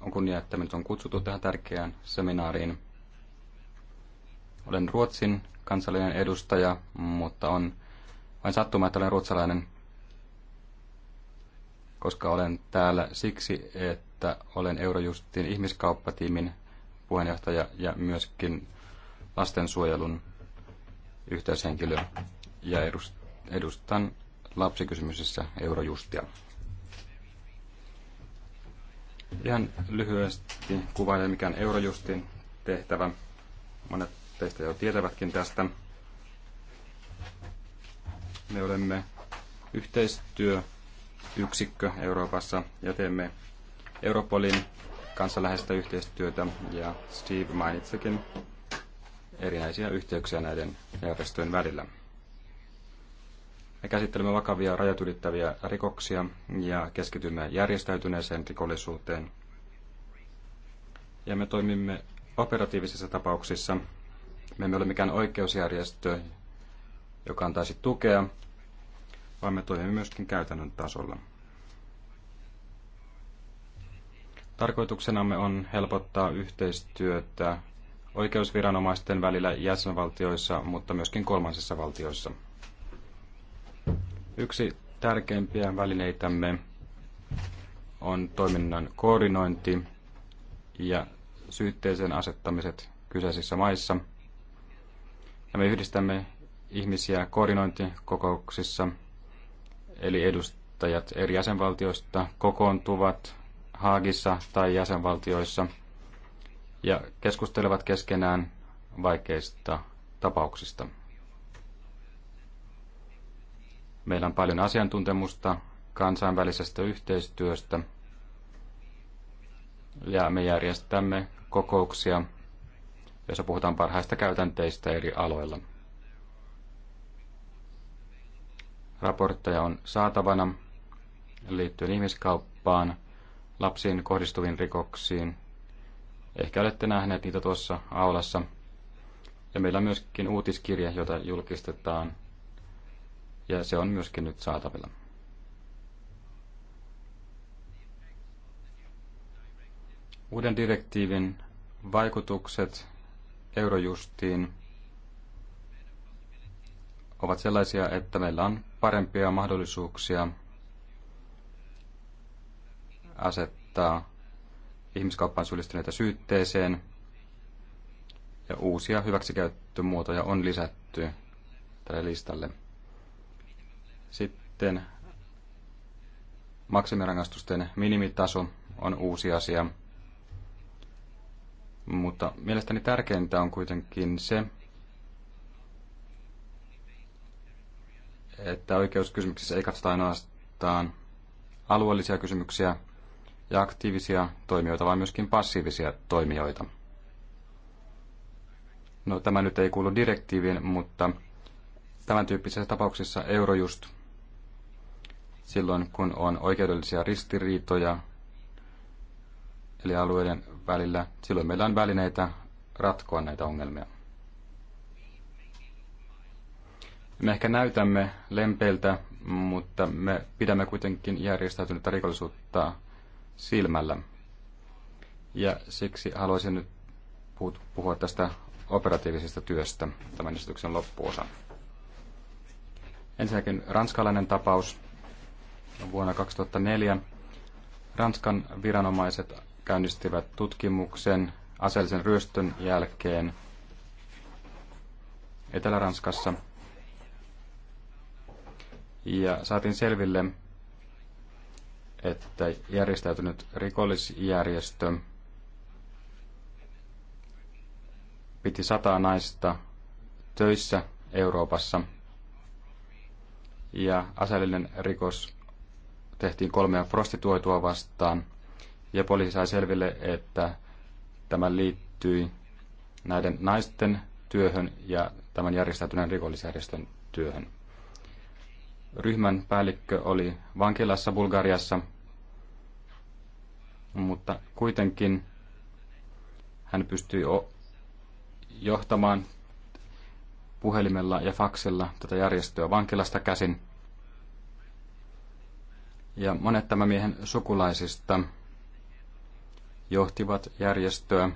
on kunnia, että minut on kutsuttu tähän tärkeään seminaariin. Olen Ruotsin kansallinen edustaja, mutta on vain sattuma, että olen ruotsalainen, koska olen täällä siksi, että olen Eurojustin ihmiskauppatiimin puheenjohtaja ja myöskin lastensuojelun yhteyshenkilö ja edustan lapsikysymyksessä Eurojustia. Ihan lyhyesti kuvailen, mikä on Eurojustin tehtävä. Monet teistä jo tietävätkin tästä. Me olemme yhteistyöyksikkö Euroopassa ja teemme Europolin kanssa läheistä yhteistyötä ja Steve mainitsikin erinäisiä yhteyksiä näiden järjestöjen välillä. Me käsittelemme vakavia rajat ylittäviä rikoksia ja keskitymme järjestäytyneeseen rikollisuuteen. Ja me toimimme operatiivisissa tapauksissa. Me emme ole mikään oikeusjärjestö, joka antaisi tukea, vaan me toimimme myöskin käytännön tasolla. Tarkoituksenamme on helpottaa yhteistyötä oikeusviranomaisten välillä jäsenvaltioissa, mutta myöskin kolmansissa valtioissa. Yksi tärkeimpiä välineitämme on toiminnan koordinointi ja syytteeseen asettamiset kyseisissä maissa. Ja me yhdistämme ihmisiä koordinointikokouksissa, eli edustajat eri jäsenvaltioista kokoontuvat Haagissa tai jäsenvaltioissa ja keskustelevat keskenään vaikeista tapauksista. Meillä on paljon asiantuntemusta kansainvälisestä yhteistyöstä ja me järjestämme kokouksia, joissa puhutaan parhaista käytänteistä eri aloilla. Raportteja on saatavana liittyen ihmiskauppaan, lapsiin kohdistuviin rikoksiin. Ehkä olette nähneet niitä tuossa aulassa. Ja meillä on myöskin uutiskirja, jota julkistetaan ja se on myöskin nyt saatavilla. Uuden direktiivin vaikutukset eurojustiin ovat sellaisia, että meillä on parempia mahdollisuuksia asettaa ihmiskauppaan syyllistyneitä syytteeseen ja uusia hyväksikäyttömuotoja on lisätty tälle listalle. Sitten maksimirangaistusten minimitaso on uusi asia. Mutta mielestäni tärkeintä on kuitenkin se, että oikeuskysymyksissä ei katsota ainoastaan alueellisia kysymyksiä ja aktiivisia toimijoita, vaan myöskin passiivisia toimijoita. No, tämä nyt ei kuulu direktiiviin, mutta tämän tyyppisissä tapauksissa Eurojust – silloin, kun on oikeudellisia ristiriitoja eli alueiden välillä, silloin meillä on välineitä ratkoa näitä ongelmia. Me ehkä näytämme lempeiltä, mutta me pidämme kuitenkin järjestäytynyttä rikollisuutta silmällä. Ja siksi haluaisin nyt puhua tästä operatiivisesta työstä tämän esityksen loppuosa. Ensinnäkin ranskalainen tapaus vuonna 2004 Ranskan viranomaiset käynnistivät tutkimuksen aseellisen ryöstön jälkeen Etelä-Ranskassa. Ja saatiin selville, että järjestäytynyt rikollisjärjestö piti sataa naista töissä Euroopassa ja aseellinen rikos tehtiin kolmea prostituoitua vastaan. Ja poliisi sai selville, että tämä liittyi näiden naisten työhön ja tämän järjestäytyneen rikollisjärjestön työhön. Ryhmän päällikkö oli vankilassa Bulgariassa, mutta kuitenkin hän pystyi johtamaan puhelimella ja faksella tätä järjestöä vankilasta käsin. Ja monet tämän miehen sukulaisista johtivat järjestöä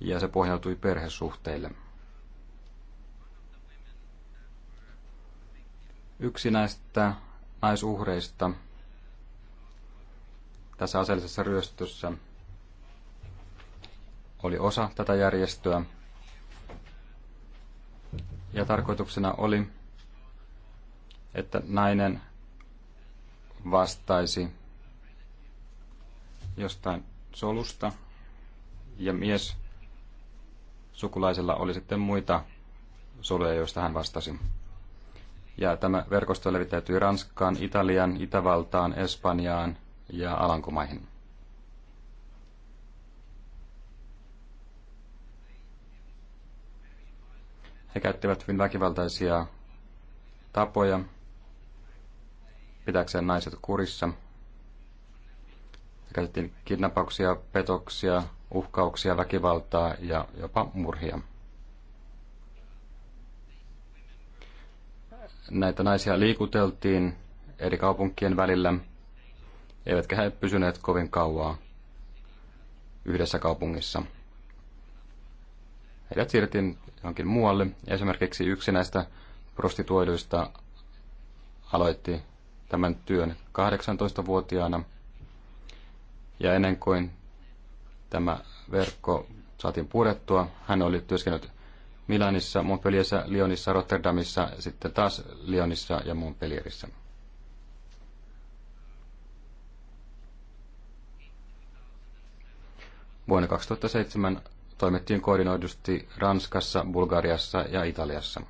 ja se pohjautui perhesuhteille. Yksi näistä naisuhreista tässä aseellisessa ryöstössä oli osa tätä järjestöä. Ja tarkoituksena oli, että nainen vastaisi jostain solusta ja mies sukulaisella oli sitten muita soluja, joista hän vastasi. Ja tämä verkosto levittäytyi Ranskaan, Italian, Itävaltaan, Espanjaan ja Alankomaihin. He käyttivät hyvin väkivaltaisia tapoja pitääkseen naiset kurissa. Käytettiin kidnappauksia, petoksia, uhkauksia, väkivaltaa ja jopa murhia. Näitä naisia liikuteltiin eri kaupunkien välillä, eivätkä he pysyneet kovin kauaa yhdessä kaupungissa. Heidät siirrettiin johonkin muualle. Esimerkiksi yksi näistä prostituoiduista aloitti tämän työn 18-vuotiaana. Ja ennen kuin tämä verkko saatiin purettua, hän oli työskennellyt Milanissa, Montpellierissä, Lyonissa, Rotterdamissa, sitten taas Lyonissa ja Montpellierissä. Vuonna 2007 toimittiin koordinoidusti Ranskassa, Bulgariassa ja Italiassa.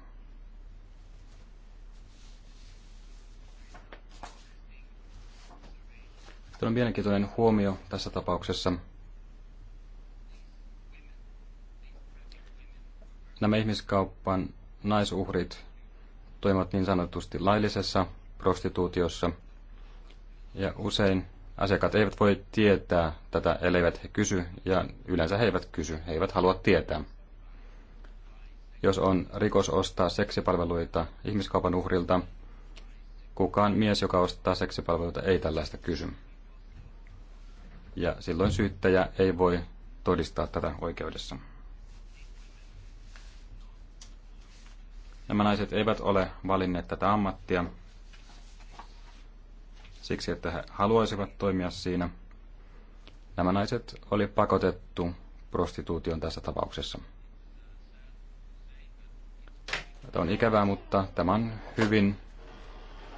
Sitten on mielenkiintoinen huomio tässä tapauksessa. Nämä ihmiskauppan naisuhrit toimivat niin sanotusti laillisessa prostituutiossa, ja usein asiakkaat eivät voi tietää tätä, elleivät he kysy, ja yleensä he eivät kysy, he eivät halua tietää. Jos on rikos ostaa seksipalveluita ihmiskaupan uhrilta, kukaan mies, joka ostaa seksipalveluita, ei tällaista kysy ja silloin syyttäjä ei voi todistaa tätä oikeudessa. Nämä naiset eivät ole valinneet tätä ammattia siksi, että he haluaisivat toimia siinä. Nämä naiset oli pakotettu prostituution tässä tapauksessa. Tämä on ikävää, mutta tämä on hyvin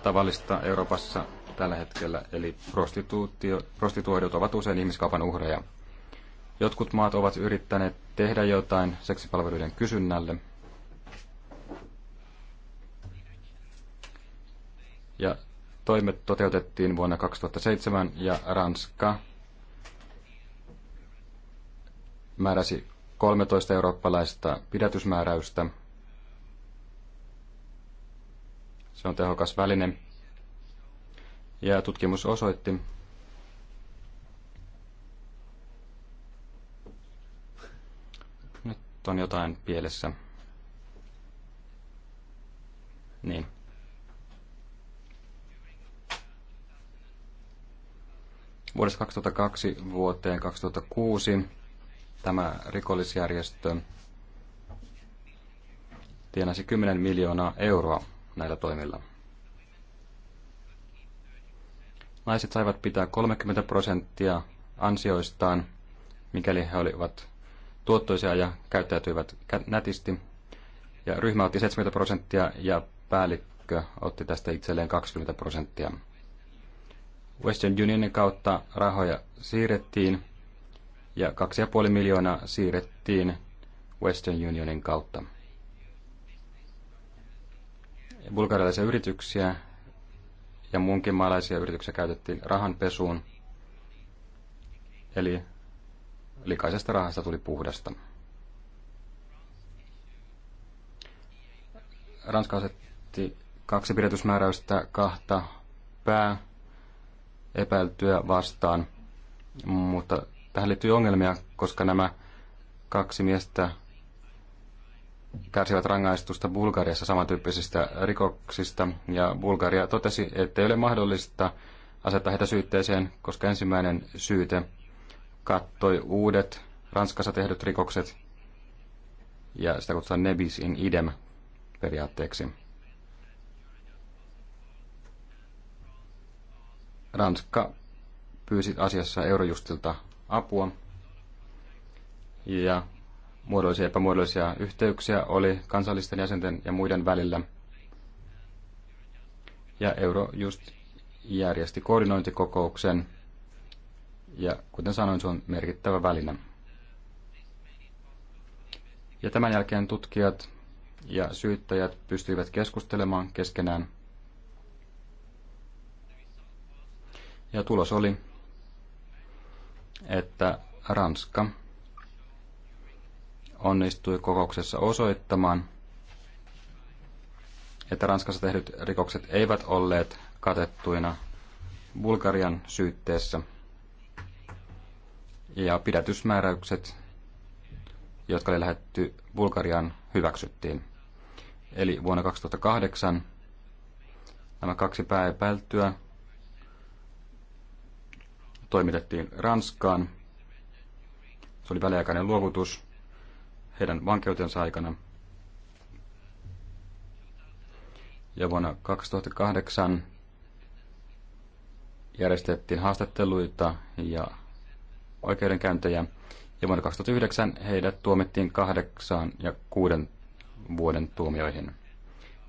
tavallista Euroopassa tällä hetkellä, eli prostituoidut ovat usein ihmiskaupan uhreja. Jotkut maat ovat yrittäneet tehdä jotain seksipalveluiden kysynnälle. Ja toimet toteutettiin vuonna 2007 ja Ranska määräsi 13 eurooppalaista pidätysmääräystä. Se on tehokas väline ja tutkimus osoitti, nyt on jotain pielessä. Niin. Vuodesta 2002 vuoteen 2006 tämä rikollisjärjestö tienasi 10 miljoonaa euroa näillä toimilla. Naiset saivat pitää 30 prosenttia ansioistaan, mikäli he olivat tuottoisia ja käyttäytyivät nätisti. Ja ryhmä otti 70 prosenttia ja päällikkö otti tästä itselleen 20 prosenttia. Western Unionin kautta rahoja siirrettiin ja 2,5 miljoonaa siirrettiin Western Unionin kautta. Bulgarialaisia yrityksiä ja muunkin maalaisia yrityksiä käytettiin rahanpesuun. Eli likaisesta rahasta tuli puhdasta. Ranska asetti kaksi pidätysmääräystä kahta pää epäiltyä vastaan, mutta tähän liittyy ongelmia, koska nämä kaksi miestä kärsivät rangaistusta Bulgariassa samantyyppisistä rikoksista, ja Bulgaria totesi, ettei ole mahdollista asettaa heitä syytteeseen, koska ensimmäinen syyte kattoi uudet Ranskassa tehdyt rikokset, ja sitä kutsutaan nebis in idem periaatteeksi. Ranska pyysi asiassa Eurojustilta apua, ja muodollisia ja epämuodollisia yhteyksiä oli kansallisten jäsenten ja muiden välillä. Ja euro just järjesti koordinointikokouksen, ja kuten sanoin, se on merkittävä väline. Ja tämän jälkeen tutkijat ja syyttäjät pystyivät keskustelemaan keskenään. Ja tulos oli, että Ranska onnistui kokouksessa osoittamaan, että Ranskassa tehdyt rikokset eivät olleet katettuina Bulgarian syytteessä. Ja pidätysmääräykset, jotka oli lähetty Bulgariaan, hyväksyttiin. Eli vuonna 2008 nämä kaksi pääepäiltyä toimitettiin Ranskaan. Se oli väliaikainen luovutus heidän vankeutensa aikana. Ja vuonna 2008 järjestettiin haastatteluita ja oikeudenkäyntejä. Ja vuonna 2009 heidät tuomittiin kahdeksaan ja kuuden vuoden tuomioihin.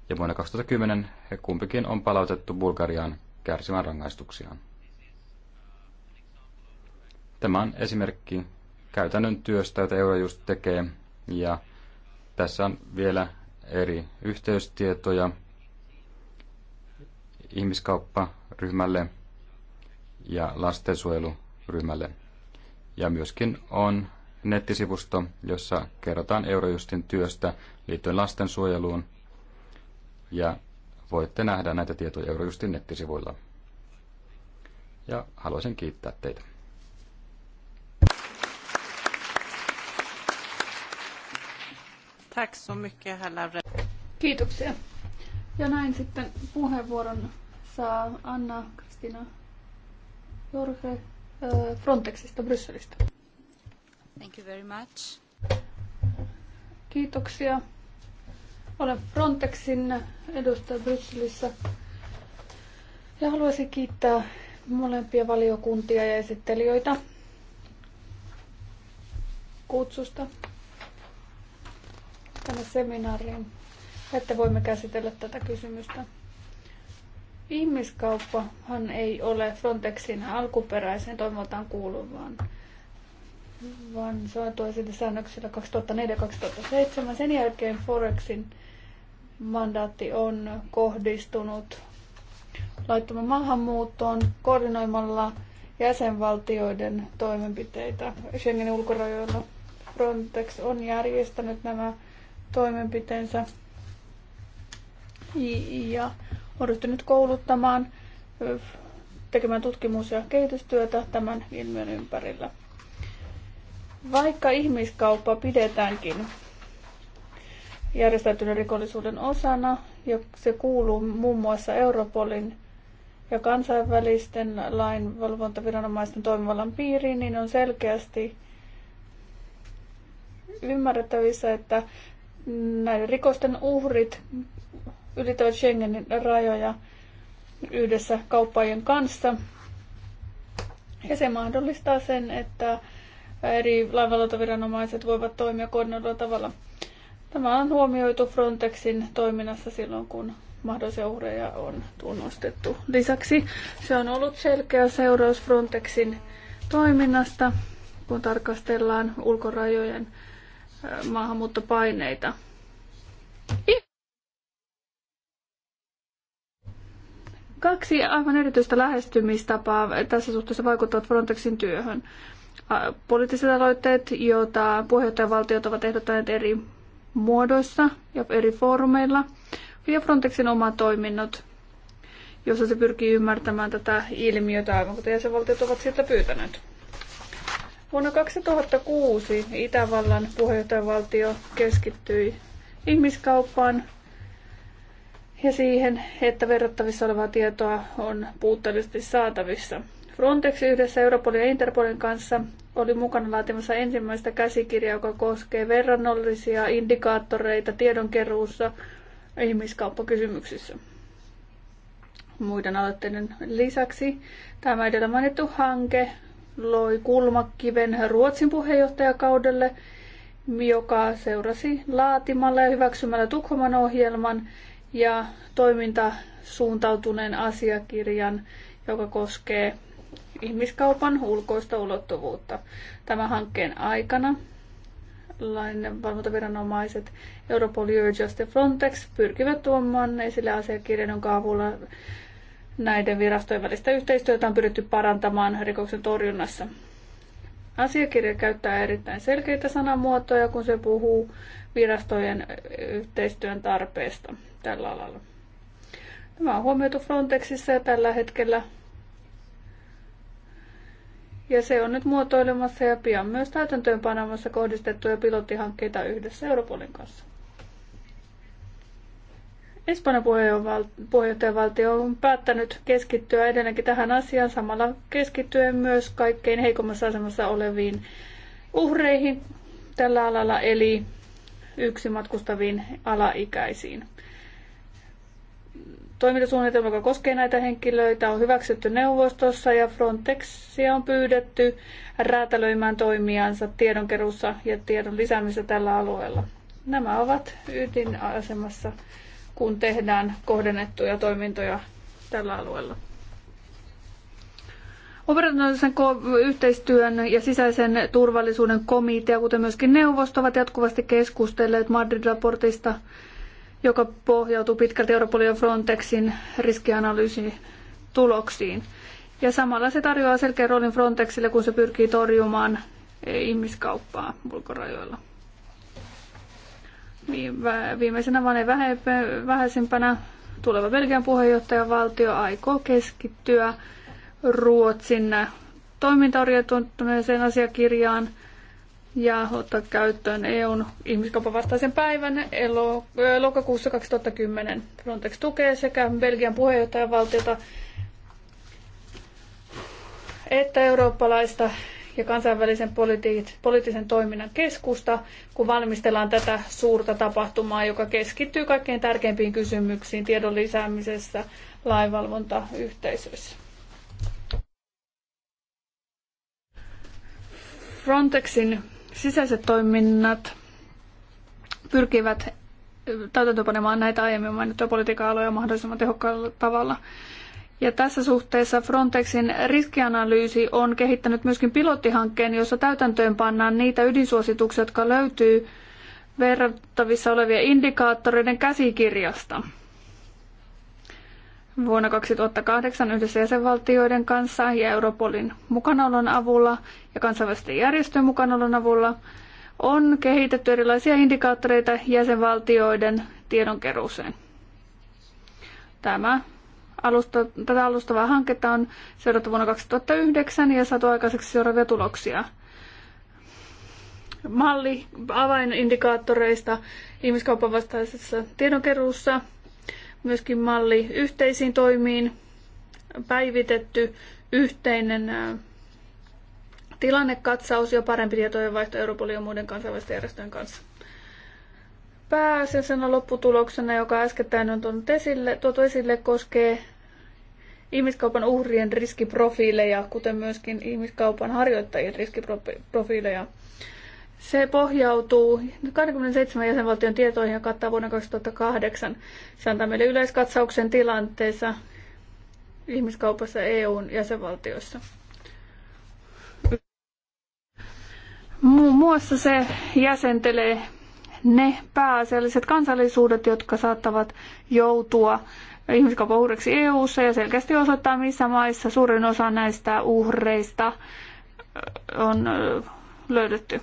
Ja vuonna 2010 he kumpikin on palautettu Bulgariaan kärsimään rangaistuksiaan. Tämä on esimerkki käytännön työstä, jota Eurojust tekee – ja tässä on vielä eri yhteystietoja ihmiskaupparyhmälle ja lastensuojeluryhmälle. Ja myöskin on nettisivusto, jossa kerrotaan Eurojustin työstä liittyen lastensuojeluun. Ja voitte nähdä näitä tietoja Eurojustin nettisivuilla. Ja haluaisin kiittää teitä. Tack så mycket, herr Kiitoksia. Ja näin sitten puheenvuoron saa Anna Kristina Jorge äh, Frontexista Brysselistä. Thank you very much. Kiitoksia. Olen Frontexin edustaja Brysselissä ja haluaisin kiittää molempia valiokuntia ja esittelijöitä kutsusta tänne seminaariin, että voimme käsitellä tätä kysymystä. Ihmiskauppahan ei ole Frontexin alkuperäisen toimintaan kuuluvaan, vaan se on tuo siitä säännöksillä 2004-2007. Sen jälkeen Forexin mandaatti on kohdistunut laittoman maahanmuuttoon koordinoimalla jäsenvaltioiden toimenpiteitä Schengenin ulkorajoilla. Frontex on järjestänyt nämä toimenpiteensä ja on ryhtynyt kouluttamaan, tekemään tutkimus- ja kehitystyötä tämän ilmiön ympärillä. Vaikka ihmiskauppa pidetäänkin järjestäytyneen rikollisuuden osana, ja se kuuluu muun muassa Europolin ja kansainvälisten lainvalvontaviranomaisten toimivallan piiriin, niin on selkeästi ymmärrettävissä, että näiden rikosten uhrit ylittävät Schengenin rajoja yhdessä kauppaajien kanssa. Ja se mahdollistaa sen, että eri laivanvalvontaviranomaiset voivat toimia koordinoidulla tavalla. Tämä on huomioitu Frontexin toiminnassa silloin, kun mahdollisia uhreja on tunnustettu. Lisäksi se on ollut selkeä seuraus Frontexin toiminnasta, kun tarkastellaan ulkorajojen maahanmuuttopaineita. Kaksi aivan erityistä lähestymistapaa tässä suhteessa vaikuttavat Frontexin työhön. Poliittiset aloitteet, joita puheenjohtajavaltiot ovat ehdottaneet eri muodoissa ja eri foorumeilla, ja Frontexin oma toiminnot, jossa se pyrkii ymmärtämään tätä ilmiötä, aivan kuten jäsenvaltiot ovat sieltä pyytäneet. Vuonna 2006 Itävallan puheenjohtajavaltio keskittyi ihmiskauppaan ja siihen, että verrattavissa olevaa tietoa on puutteellisesti saatavissa. Frontex yhdessä Europolin ja Interpolin kanssa oli mukana laatimassa ensimmäistä käsikirjaa, joka koskee verrannollisia indikaattoreita tiedonkeruussa ihmiskauppakysymyksissä. Muiden aloitteiden lisäksi tämä edellä mainittu hanke loi kulmakiven Ruotsin puheenjohtajakaudelle, joka seurasi laatimalla ja hyväksymällä Tukholman ohjelman ja toimintasuuntautuneen asiakirjan, joka koskee ihmiskaupan ulkoista ulottuvuutta. Tämän hankkeen aikana lainvalvontaviranomaiset Europol, Eurojust ja Frontex pyrkivät tuomaan esille asiakirjan, jonka avulla Näiden virastojen välistä yhteistyötä on pyritty parantamaan rikoksen torjunnassa. Asiakirja käyttää erittäin selkeitä sanamuotoja, kun se puhuu virastojen yhteistyön tarpeesta tällä alalla. Tämä on huomioitu Frontexissa ja tällä hetkellä. Ja se on nyt muotoilemassa ja pian myös täytäntöönpanemassa kohdistettuja pilottihankkeita yhdessä Europolin kanssa. Espanjan puheenjohtajavaltio on päättänyt keskittyä edelleenkin tähän asiaan samalla keskittyen myös kaikkein heikommassa asemassa oleviin uhreihin tällä alalla, eli yksi matkustaviin alaikäisiin. Toimintasuunnitelma, joka koskee näitä henkilöitä, on hyväksytty neuvostossa ja Frontexia on pyydetty räätälöimään toimijansa tiedonkeruussa ja tiedon lisäämisessä tällä alueella. Nämä ovat ydinasemassa asemassa kun tehdään kohdennettuja toimintoja tällä alueella. Operatiivisen yhteistyön ja sisäisen turvallisuuden komitea, kuten myöskin neuvosto, ovat jatkuvasti keskustelleet Madrid-raportista, joka pohjautuu pitkälti Europolin ja Frontexin riskianalyysin tuloksiin. Ja samalla se tarjoaa selkeän roolin Frontexille, kun se pyrkii torjumaan ihmiskauppaa ulkorajoilla. Niin, viimeisenä vaan ei vähäisimpänä tuleva Belgian valtio aikoo keskittyä Ruotsin toimintaorientoituneeseen asiakirjaan ja ottaa käyttöön EUn ihmiskaupan vastaisen päivän elo, lokakuussa 2010. Frontex tukee sekä Belgian puheenjohtajavaltiota että eurooppalaista ja kansainvälisen politi- poliittisen toiminnan keskusta, kun valmistellaan tätä suurta tapahtumaa, joka keskittyy kaikkein tärkeimpiin kysymyksiin tiedon lisäämisessä lainvalvontayhteisöissä. Frontexin sisäiset toiminnat pyrkivät täytäntöönpanemaan näitä aiemmin mainittuja politiikan aloja mahdollisimman tehokkaalla tavalla. Ja tässä suhteessa Frontexin riskianalyysi on kehittänyt myöskin pilottihankkeen, jossa täytäntöön pannaan niitä ydinsuosituksia, jotka löytyy verrattavissa olevien indikaattoreiden käsikirjasta. Vuonna 2008 yhdessä jäsenvaltioiden kanssa ja Europolin mukanaolon avulla ja kansainvälisten järjestöjen mukanaolon avulla on kehitetty erilaisia indikaattoreita jäsenvaltioiden tiedonkeruuseen. Tämä Alusta, tätä alustavaa hanketta on seurattu vuonna 2009 ja saatu aikaiseksi seuraavia tuloksia. Malli avainindikaattoreista ihmiskaupan vastaisessa tiedonkeruussa, myöskin malli yhteisiin toimiin, päivitetty yhteinen tilannekatsaus ja parempi vaihto Europolin ja muiden kansainvälisten järjestöjen kanssa. Pääasiassa lopputuloksena, joka äskettäin on tuonut esille, tuotu esille, koskee ihmiskaupan uhrien riskiprofiileja, kuten myöskin ihmiskaupan harjoittajien riskiprofiileja. Se pohjautuu 27 jäsenvaltion tietoihin ja kattaa vuonna 2008. Se antaa meille yleiskatsauksen tilanteessa ihmiskaupassa EUn jäsenvaltioissa. Muun muassa se jäsentelee ne pääasialliset kansallisuudet, jotka saattavat joutua ihmiskaupan uhreiksi EU-ssa ja selkeästi osoittaa, missä maissa suurin osa näistä uhreista on löydetty.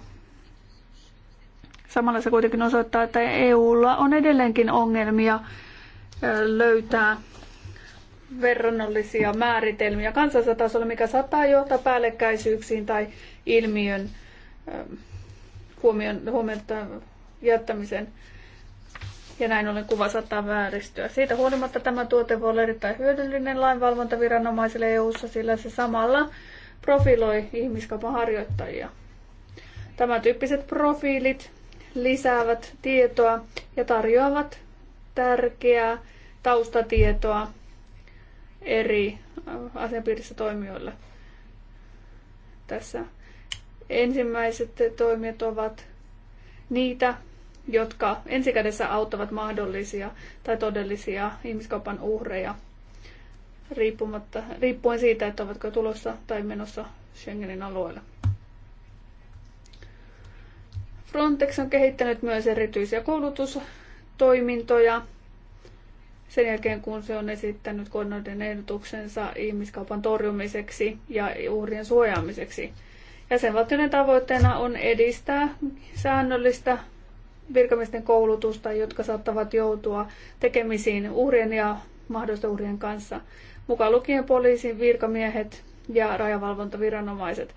Samalla se kuitenkin osoittaa, että EUlla on edelleenkin ongelmia löytää verrannollisia määritelmiä kansallisella tasolla, mikä saattaa johtaa päällekkäisyyksiin tai ilmiön huomion, huomiota jättämisen. Ja näin ollen kuva saattaa vääristyä. Siitä huolimatta tämä tuote voi olla erittäin hyödyllinen lainvalvontaviranomaisille EU-ssa, sillä se samalla profiloi ihmiskaupan harjoittajia. Tämän tyyppiset profiilit lisäävät tietoa ja tarjoavat tärkeää taustatietoa eri äh, asianpiirissä toimijoille. Tässä ensimmäiset toimijat ovat niitä, jotka ensikädessä auttavat mahdollisia tai todellisia ihmiskaupan uhreja, riippumatta, riippuen siitä, että ovatko tulossa tai menossa Schengenin alueelle. Frontex on kehittänyt myös erityisiä koulutustoimintoja sen jälkeen, kun se on esittänyt koordinoiden ehdotuksensa ihmiskaupan torjumiseksi ja uhrien suojaamiseksi – Jäsenvaltioiden tavoitteena on edistää säännöllistä virkamiesten koulutusta, jotka saattavat joutua tekemisiin uhrien ja mahdollisten uhrien kanssa, mukaan lukien poliisin virkamiehet ja rajavalvontaviranomaiset.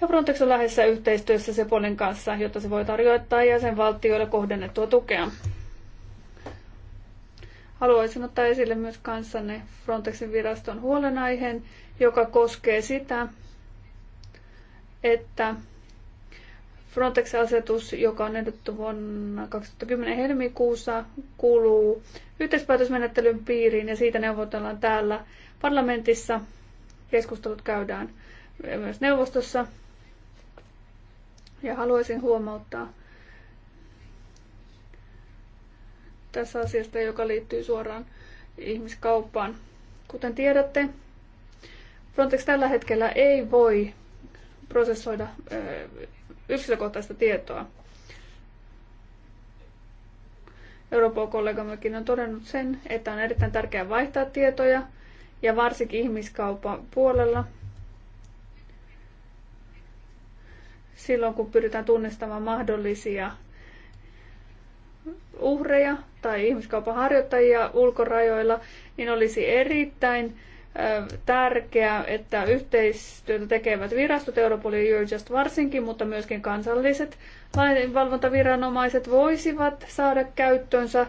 Ja Frontex on läheisessä yhteistyössä Sepolin kanssa, jotta se voi tarjota jäsenvaltioille kohdennettua tukea. Haluaisin ottaa esille myös kanssanne Frontexin viraston huolenaiheen, joka koskee sitä, että Frontex-asetus, joka on edettu vuonna 2010 helmikuussa, kuuluu yhteispäätösmenettelyn piiriin ja siitä neuvotellaan täällä parlamentissa. Keskustelut käydään myös neuvostossa. Ja haluaisin huomauttaa tässä asiasta, joka liittyy suoraan ihmiskauppaan. Kuten tiedätte, Frontex tällä hetkellä ei voi prosessoida yksilökohtaista tietoa. Euroopan kollegammekin on todennut sen, että on erittäin tärkeää vaihtaa tietoja ja varsinkin ihmiskaupan puolella. Silloin kun pyritään tunnistamaan mahdollisia uhreja tai ihmiskaupan harjoittajia ulkorajoilla, niin olisi erittäin tärkeää, että yhteistyötä tekevät virastot, Europol ja Eurojust varsinkin, mutta myöskin kansalliset lainvalvontaviranomaiset voisivat saada käyttöönsä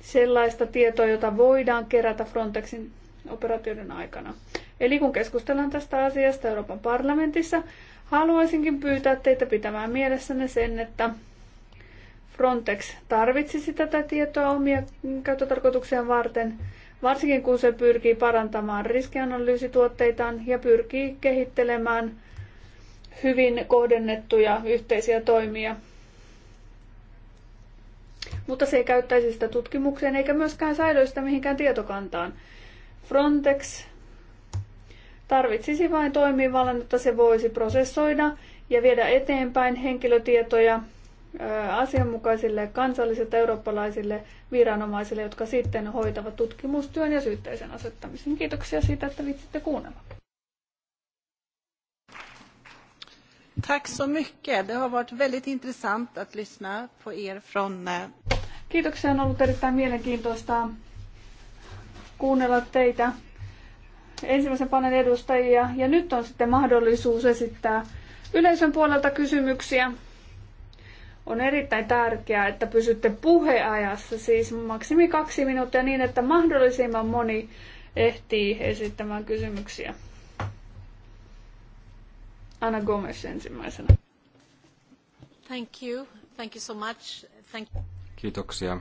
sellaista tietoa, jota voidaan kerätä Frontexin operaatioiden aikana. Eli kun keskustellaan tästä asiasta Euroopan parlamentissa, haluaisinkin pyytää teitä pitämään mielessänne sen, että Frontex tarvitsisi tätä tietoa omia käyttötarkoituksia varten, varsinkin kun se pyrkii parantamaan riskianalyysituotteitaan ja pyrkii kehittelemään hyvin kohdennettuja yhteisiä toimia. Mutta se ei käyttäisi sitä tutkimukseen eikä myöskään säilöistä mihinkään tietokantaan. Frontex tarvitsisi vain toimivallan, että se voisi prosessoida ja viedä eteenpäin henkilötietoja asianmukaisille kansallisille eurooppalaisille viranomaisille, jotka sitten hoitavat tutkimustyön ja syytteisen asettamisen. Kiitoksia siitä, että vitsitte kuunnella. Tack så mycket. Det har varit väldigt intressant att lyssna på er från... Eh, Kiitoksia. On ollut erittäin mielenkiintoista kuunnella teitä ensimmäisen panelin edustajia. Ja nyt on sitten mahdollisuus esittää yleisön puolelta kysymyksiä on erittäin tärkeää, että pysytte puheajassa, siis maksimi kaksi minuuttia niin, että mahdollisimman moni ehtii esittämään kysymyksiä. Anna Gomes ensimmäisenä. Thank you. Thank you so much. Thank you. Kiitoksia.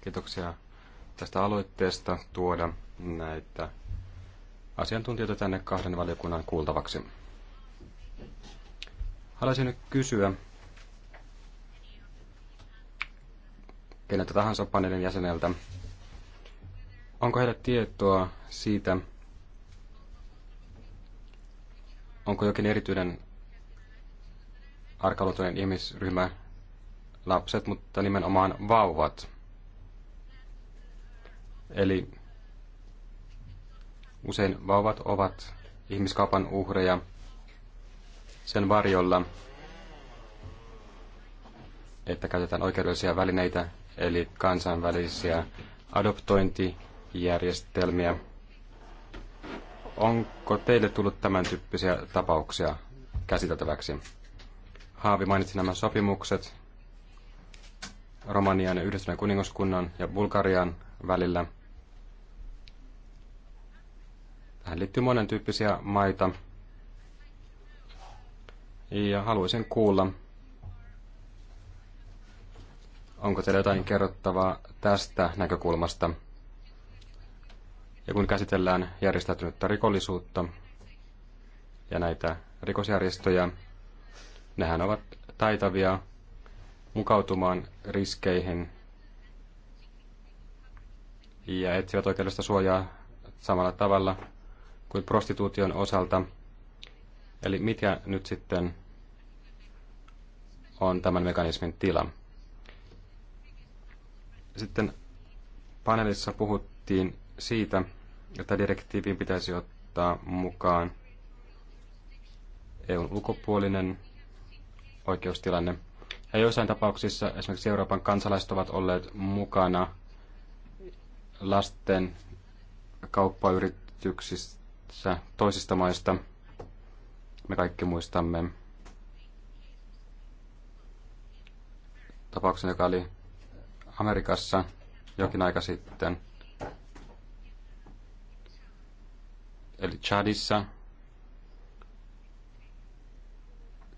Kiitoksia tästä aloitteesta tuoda näitä asiantuntijoita tänne kahden valiokunnan kuultavaksi. Haluaisin nyt kysyä, keneltä tahansa paneelin jäseneltä. Onko heillä tietoa siitä, onko jokin erityinen arkaluotoinen ihmisryhmä lapset, mutta nimenomaan vauvat. Eli usein vauvat ovat ihmiskaupan uhreja sen varjolla, että käytetään oikeudellisia välineitä eli kansainvälisiä adoptointijärjestelmiä. Onko teille tullut tämän tyyppisiä tapauksia käsiteltäväksi? Haavi mainitsi nämä sopimukset Romanian ja Yhdistyneen kuningoskunnan ja Bulgarian välillä. Tähän liittyy monen tyyppisiä maita. Ja haluaisin kuulla, Onko teillä jotain kerrottavaa tästä näkökulmasta? Ja kun käsitellään järjestäytynyttä rikollisuutta ja näitä rikosjärjestöjä, nehän ovat taitavia mukautumaan riskeihin ja etsivät oikeudesta suojaa samalla tavalla kuin prostituution osalta. Eli mikä nyt sitten on tämän mekanismin tila? Sitten paneelissa puhuttiin siitä, että direktiiviin pitäisi ottaa mukaan EUn ulkopuolinen oikeustilanne. Ja joissain tapauksissa esimerkiksi Euroopan kansalaiset ovat olleet mukana lasten kauppayrityksissä toisista maista. Me kaikki muistamme tapauksen, joka oli Amerikassa jokin aika sitten. Eli Chadissa.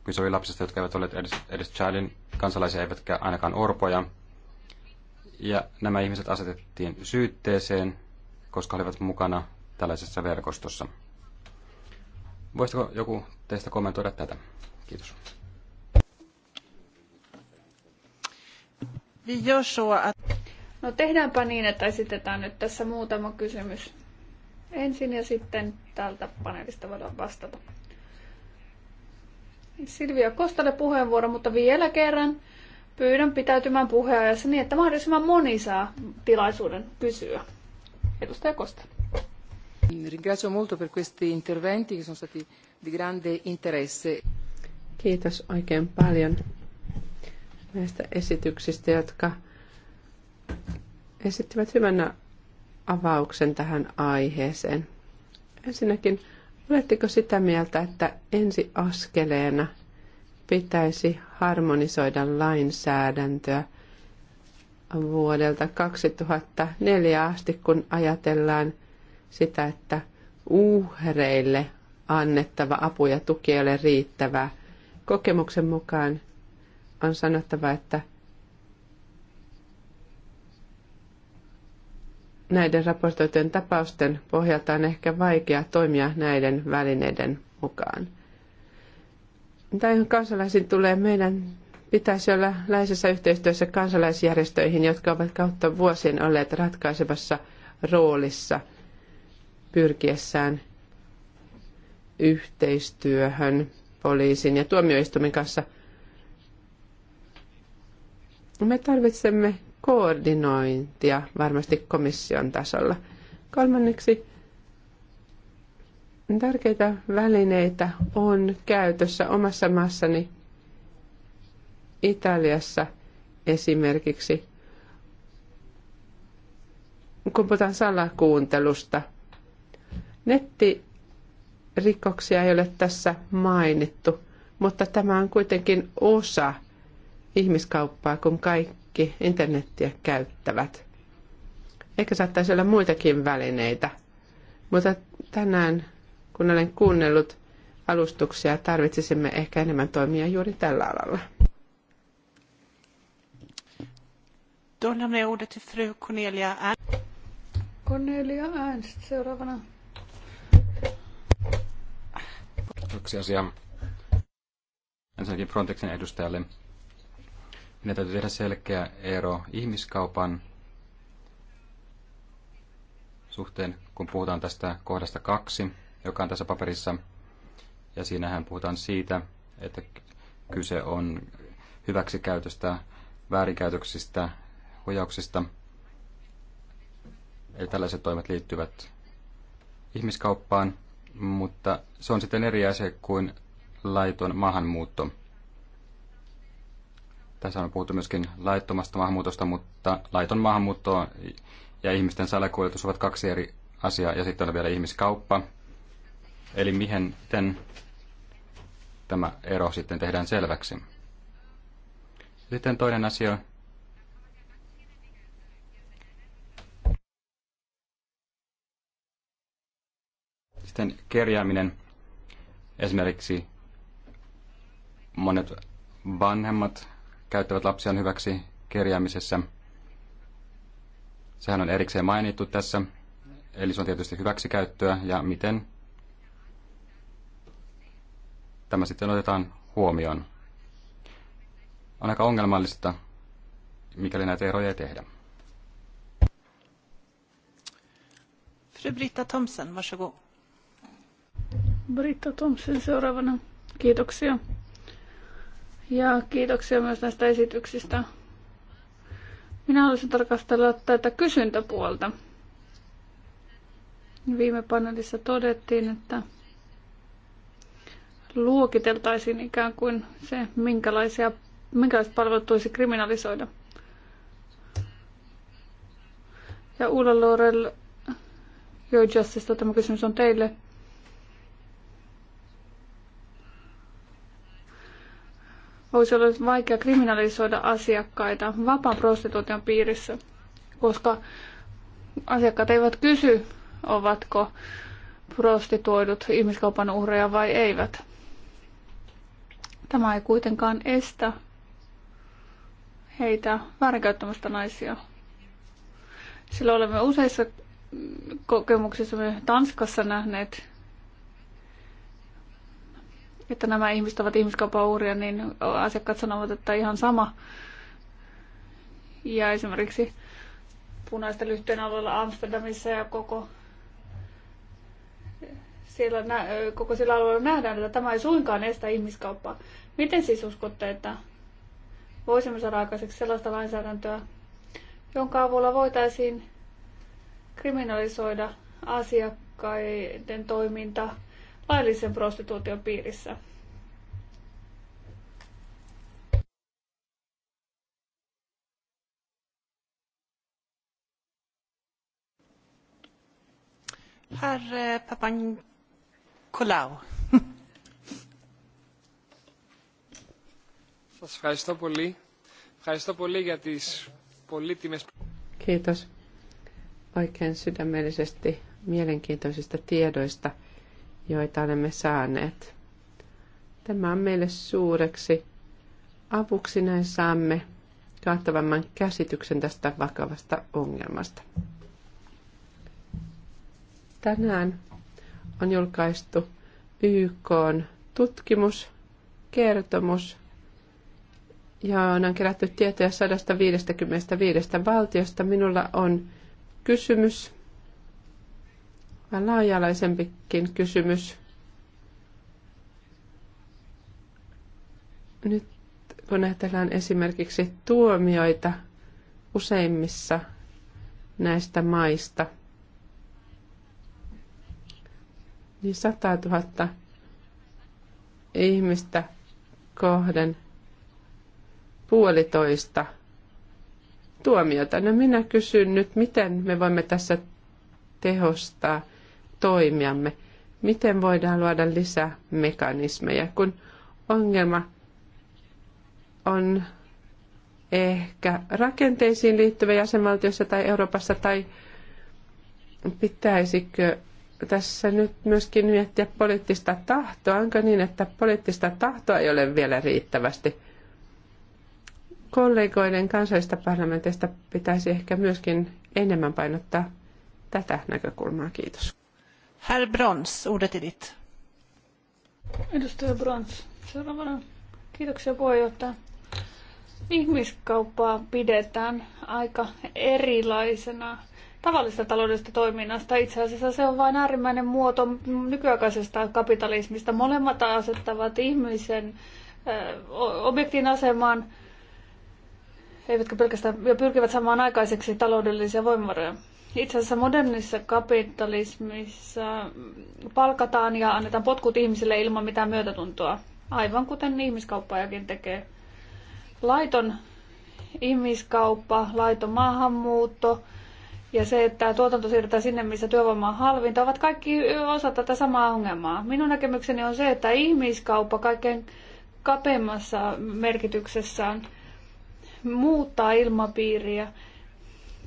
Kyse oli lapsista, jotka eivät olleet edes, edes Chadin kansalaisia, eivätkä ainakaan orpoja. Ja nämä ihmiset asetettiin syytteeseen, koska olivat mukana tällaisessa verkostossa. Voisiko joku teistä kommentoida tätä? Kiitos. Vi gör så att... No tehdäänpä niin, että esitetään nyt tässä muutama kysymys ensin ja sitten tältä paneelista voidaan vastata. Silvia Kostale puheenvuoro, mutta vielä kerran pyydän pitäytymään puheenajassa niin, että mahdollisimman moni saa tilaisuuden kysyä. Edustaja Kostale. Ringrazio molto per questi interventi che sono stati di grande interesse. Kiitos oikein paljon näistä esityksistä, jotka esittivät hyvänä avauksen tähän aiheeseen. Ensinnäkin, oletteko sitä mieltä, että ensi askeleena pitäisi harmonisoida lainsäädäntöä vuodelta 2004 asti, kun ajatellaan sitä, että uhreille annettava apu ja tuki ei ole riittävää. Kokemuksen mukaan on sanottava, että näiden raportoitujen tapausten pohjalta on ehkä vaikea toimia näiden välineiden mukaan. Mitä kansalaisiin tulee, meidän pitäisi olla läheisessä yhteistyössä kansalaisjärjestöihin, jotka ovat kautta vuosien olleet ratkaisevassa roolissa pyrkiessään yhteistyöhön poliisin ja tuomioistuimen kanssa – No me tarvitsemme koordinointia varmasti komission tasolla. Kolmanneksi tärkeitä välineitä on käytössä omassa maassani Italiassa esimerkiksi. Kun puhutaan salakuuntelusta, nettirikoksia ei ole tässä mainittu, mutta tämä on kuitenkin osa – ihmiskauppaa, kuin kaikki internettiä käyttävät. Ehkä saattaisi olla muitakin välineitä, mutta tänään, kun olen kuunnellut alustuksia, tarvitsisimme ehkä enemmän toimia juuri tällä alalla. Då lämnar fru Cornelia Ernst. Cornelia Ernst, seuraavana. Yksi asia ensinnäkin Frontexin edustajalle. Meidän täytyy tehdä selkeä ero ihmiskaupan suhteen, kun puhutaan tästä kohdasta kaksi, joka on tässä paperissa. Ja siinähän puhutaan siitä, että kyse on hyväksikäytöstä, väärinkäytöksistä, huijauksista. Eli tällaiset toimet liittyvät ihmiskauppaan, mutta se on sitten eri asia kuin laiton maahanmuutto. Tässä on puhuttu myöskin laittomasta maahanmuutosta, mutta laiton maahanmuutto ja ihmisten salakuljetus ovat kaksi eri asiaa. Ja sitten on vielä ihmiskauppa. Eli mihin miten tämä ero sitten tehdään selväksi. Sitten toinen asia. Sitten kerjääminen. Esimerkiksi monet vanhemmat käyttävät lapsiaan hyväksi kerjäämisessä. Sehän on erikseen mainittu tässä, eli se on tietysti hyväksikäyttöä ja miten tämä sitten otetaan huomioon. On aika ongelmallista, mikäli näitä eroja ei tehdä. Fru Britta Thomsen, varsågod. Britta Thomsen seuraavana. Kiitoksia. Ja kiitoksia myös näistä esityksistä. Minä haluaisin tarkastella tätä kysyntäpuolta. Viime paneelissa todettiin, että luokiteltaisiin ikään kuin se, minkälaisia, minkälaiset palvelut tulisi kriminalisoida. Ja Ulla Laurel, Your Justice, tämä tota kysymys on teille. Olisi ollut vaikea kriminalisoida asiakkaita vapaan prostituution piirissä, koska asiakkaat eivät kysy, ovatko prostituoidut ihmiskaupan uhreja vai eivät. Tämä ei kuitenkaan estä heitä väärinkäyttämästä naisia. Sillä olemme useissa kokemuksissa me Tanskassa nähneet että nämä ihmiset ovat ihmiskaupan uhria, niin asiakkaat sanovat, että ihan sama. Ja esimerkiksi punaisten lyhteen alueella Amsterdamissa ja koko siellä, koko sillä alueella nähdään, että tämä ei suinkaan estä ihmiskauppaa. Miten siis uskotte, että voisimme saada aikaiseksi sellaista lainsäädäntöä, jonka avulla voitaisiin kriminalisoida asiakkaiden toiminta laillisen prostituution piirissä. Herr eh, Papanikolaou. <laughs> Σας ευχαριστώ πολύ. Ευχαριστώ πολύ για τις πολύτιμες... Kiitos oikein sydämellisesti mielenkiintoisista tiedoista – joita olemme saaneet. Tämä on meille suureksi avuksi, näin saamme kattavamman käsityksen tästä vakavasta ongelmasta. Tänään on julkaistu YK tutkimus, kertomus, ja on kerätty tietoja 155 valtiosta. Minulla on kysymys laajalaisempikin kysymys. Nyt kun ajatellaan esimerkiksi tuomioita useimmissa näistä maista, niin 100 000 ihmistä kohden puolitoista tuomiota. No minä kysyn nyt, miten me voimme tässä tehostaa – toimiamme, miten voidaan luoda lisää mekanismeja, kun ongelma on ehkä rakenteisiin liittyvä jäsenvaltiossa tai Euroopassa, tai pitäisikö tässä nyt myöskin miettiä poliittista tahtoa? Onko niin, että poliittista tahtoa ei ole vielä riittävästi? Kollegoiden kansallisista parlamenteista pitäisi ehkä myöskin enemmän painottaa tätä näkökulmaa. Kiitos. Herr Brons, ordet är ditt. Edustaja Brons, seuraavana. Kiitoksia puheenjohtaja. Ihmiskauppaa pidetään aika erilaisena tavallista taloudellisesta toiminnasta. Itse asiassa se on vain äärimmäinen muoto nykyaikaisesta kapitalismista. Molemmat asettavat ihmisen objektin asemaan, eivätkä pelkästään, ja pyrkivät samaan aikaiseksi taloudellisia voimavaroja. Itse asiassa modernissa kapitalismissa palkataan ja annetaan potkut ihmisille ilman mitään myötätuntoa, aivan kuten ihmiskauppajakin tekee. Laiton ihmiskauppa, laiton maahanmuutto ja se, että tuotanto siirretään sinne, missä työvoima on halvinta, ovat kaikki osa tätä samaa ongelmaa. Minun näkemykseni on se, että ihmiskauppa kaiken kapeimmassa merkityksessään muuttaa ilmapiiriä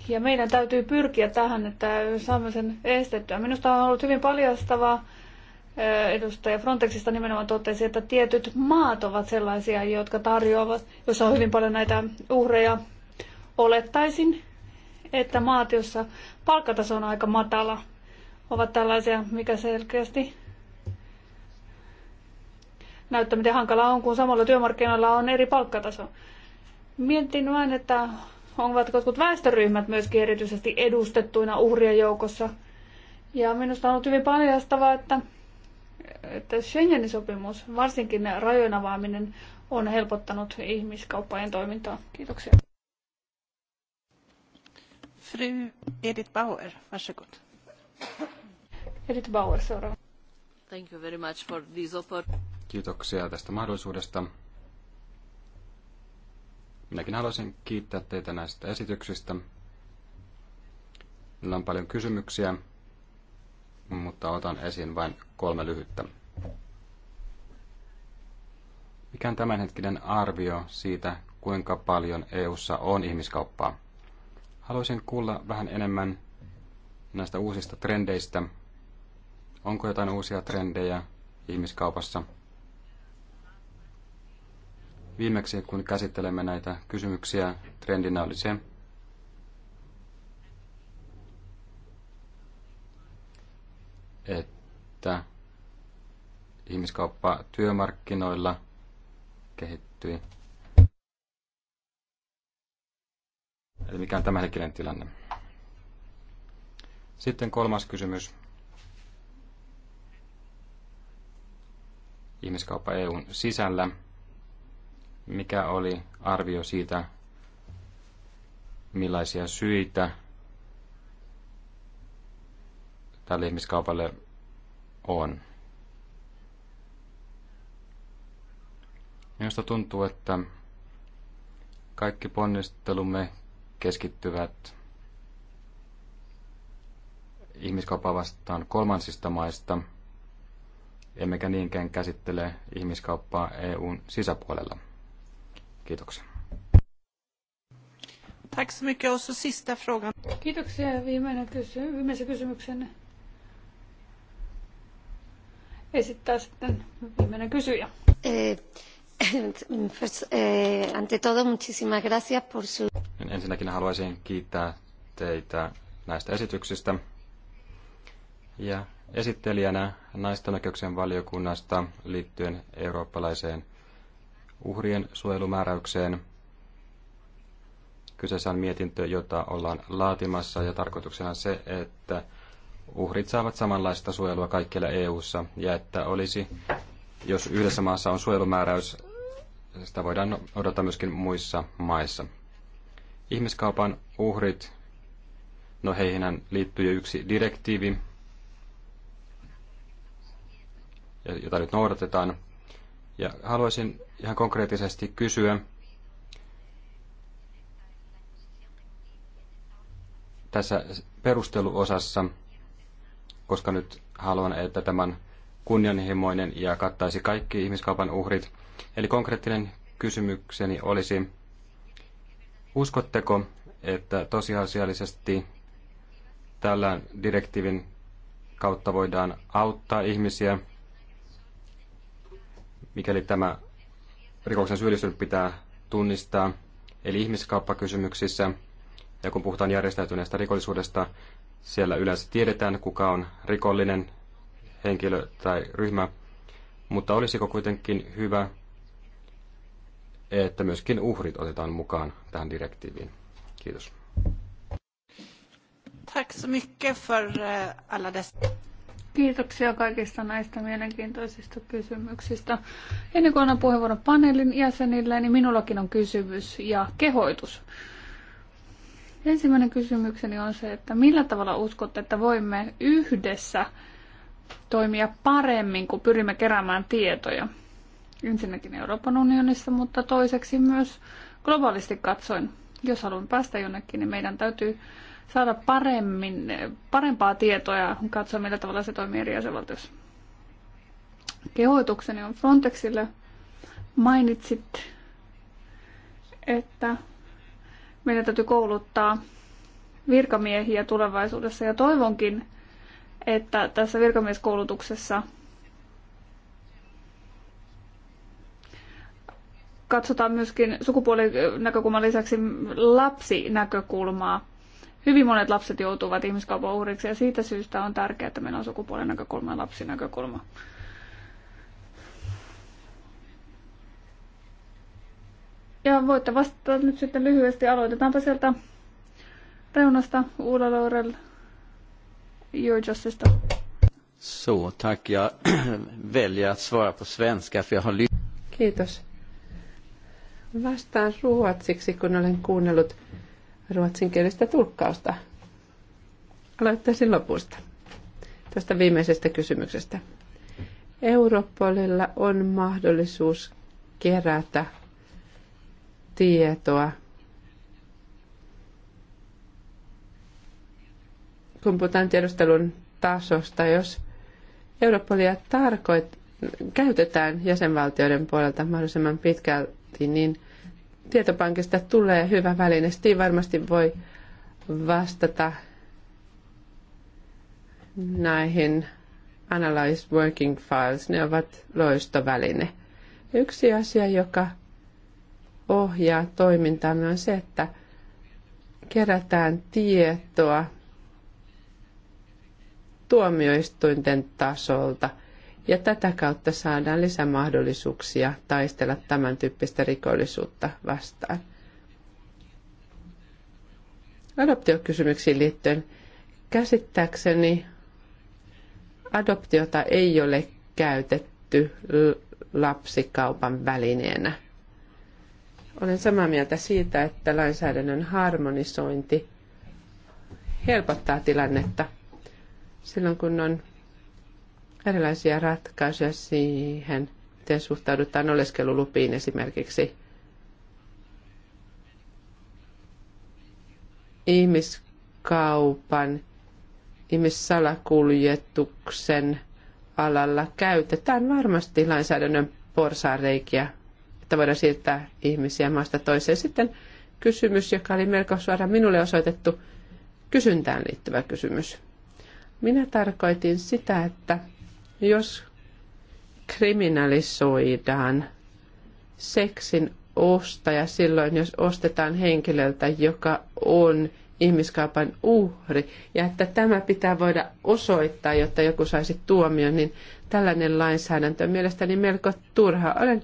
ja meidän täytyy pyrkiä tähän, että saamme sen estettyä. Minusta on ollut hyvin paljastavaa, edustaja Frontexista nimenomaan totesi, että tietyt maat ovat sellaisia, jotka tarjoavat, jos on hyvin paljon näitä uhreja. Olettaisin, että maat, joissa palkkataso on aika matala, ovat tällaisia, mikä selkeästi näyttää, miten hankalaa on, kun samalla työmarkkinoilla on eri palkkataso. Mietin vain, että ovat jotkut väestöryhmät myöskin erityisesti edustettuina uhrien joukossa. Ja minusta on ollut hyvin paljastavaa, että, että Schengenin sopimus, varsinkin rajojen avaaminen, on helpottanut ihmiskauppaajien toimintaa. Kiitoksia. Fru Edith Bauer, varsågod. Edith Bauer, seuraava. Thank you very much for this Kiitoksia tästä mahdollisuudesta Minäkin haluaisin kiittää teitä näistä esityksistä. Meillä on paljon kysymyksiä, mutta otan esiin vain kolme lyhyttä. Mikä on tämänhetkinen arvio siitä, kuinka paljon EU:ssa on ihmiskauppaa? Haluaisin kuulla vähän enemmän näistä uusista trendeistä. Onko jotain uusia trendejä ihmiskaupassa? Viimeksi, kun käsittelemme näitä kysymyksiä, trendinä oli se, että ihmiskauppa työmarkkinoilla kehittyi. Eli mikä on hetkinen tilanne? Sitten kolmas kysymys. Ihmiskauppa EUn sisällä mikä oli arvio siitä, millaisia syitä tälle ihmiskaupalle on. Minusta tuntuu, että kaikki ponnistelumme keskittyvät ihmiskaupaa vastaan kolmansista maista, emmekä niinkään käsittele ihmiskauppaa EUn sisäpuolella. Kiitoksia. Tack så mycket. Och så sista frågan. Kiitoksia. Viimeinen kysy- viimeisen kysymyksen esittää sitten viimeinen kysyjä. Eh, <clears throat> eh, ante todo, muchísimas gracias por su... Niin ensinnäkin haluaisin kiittää teitä näistä esityksistä. Ja esittelijänä naisten oikeuksien valiokunnasta liittyen eurooppalaiseen uhrien suojelumääräykseen. Kyseessä on mietintö, jota ollaan laatimassa ja tarkoituksena on se, että uhrit saavat samanlaista suojelua kaikkialla EU:ssa ja että olisi, jos yhdessä maassa on suojelumääräys, sitä voidaan odottaa myöskin muissa maissa. Ihmiskaupan uhrit, no heihin liittyy jo yksi direktiivi, jota nyt noudatetaan. Ja haluaisin ihan konkreettisesti kysyä. Tässä perusteluosassa, koska nyt haluan, että tämän kunnianhimoinen ja kattaisi kaikki ihmiskaupan uhrit. Eli konkreettinen kysymykseni olisi, uskotteko, että tosiasiallisesti tällä direktiivin kautta voidaan auttaa ihmisiä, mikäli tämä rikoksen syyllistynyt pitää tunnistaa, eli ihmiskauppakysymyksissä. Ja kun puhutaan järjestäytyneestä rikollisuudesta, siellä yleensä tiedetään, kuka on rikollinen henkilö tai ryhmä. Mutta olisiko kuitenkin hyvä, että myöskin uhrit otetaan mukaan tähän direktiiviin? Kiitos. Tack så mycket för eh, alla dessa... Kiitoksia kaikista näistä mielenkiintoisista kysymyksistä. Ennen kuin annan puheenvuoron paneelin jäsenille, niin minullakin on kysymys ja kehoitus. Ensimmäinen kysymykseni on se, että millä tavalla uskotte, että voimme yhdessä toimia paremmin, kun pyrimme keräämään tietoja? Ensinnäkin Euroopan unionissa, mutta toiseksi myös globaalisti katsoen. Jos haluamme päästä jonnekin, niin meidän täytyy saada paremmin, parempaa tietoa ja katsoa, millä tavalla se toimii eri jäsenvaltioissa. Kehoitukseni on Frontexille. Mainitsit, että meidän täytyy kouluttaa virkamiehiä tulevaisuudessa ja toivonkin, että tässä virkamieskoulutuksessa katsotaan myöskin sukupuolinäkökulman lisäksi lapsinäkökulmaa Hyvin monet lapset joutuvat ihmiskaupan uhriksi ja siitä syystä on tärkeää, että meillä on sukupuolen näkökulma ja lapsin näkökulma. Ja voitte vastata nyt sitten lyhyesti. Aloitetaanpa sieltä reunasta Ulla Laurel Your Justice. Så, tack. Jag <clears throat> väljer att svara på svenska för jag har lyssnat. Kiitos. Vastaan ruotsiksi, kun olen kuunnellut ruotsinkielistä tulkkausta. Aloittaisin lopusta, tuosta viimeisestä kysymyksestä. Europolilla on mahdollisuus kerätä tietoa, kun puhutaan tiedustelun tasosta, jos Europolia tarkoit, käytetään jäsenvaltioiden puolelta mahdollisimman pitkälti, niin – tietopankista tulee hyvä väline. Steve varmasti voi vastata näihin Analyze Working Files. Ne ovat loistoväline. Yksi asia, joka ohjaa toimintaa, on se, että kerätään tietoa tuomioistuinten tasolta – ja tätä kautta saadaan lisämahdollisuuksia taistella tämän tyyppistä rikollisuutta vastaan. Adoptiokysymyksiin liittyen käsittääkseni adoptiota ei ole käytetty lapsikaupan välineenä. Olen samaa mieltä siitä, että lainsäädännön harmonisointi helpottaa tilannetta silloin, kun on erilaisia ratkaisuja siihen, miten suhtaudutaan oleskelulupiin esimerkiksi. Ihmiskaupan, ihmissalakuljetuksen alalla käytetään varmasti lainsäädännön porsaareikia, että voidaan siirtää ihmisiä maasta toiseen. Sitten kysymys, joka oli melko suoraan minulle osoitettu, kysyntään liittyvä kysymys. Minä tarkoitin sitä, että jos kriminalisoidaan seksin ostaja silloin, jos ostetaan henkilöltä, joka on ihmiskaupan uhri, ja että tämä pitää voida osoittaa, jotta joku saisi tuomion, niin tällainen lainsäädäntö on mielestäni melko turha. Olen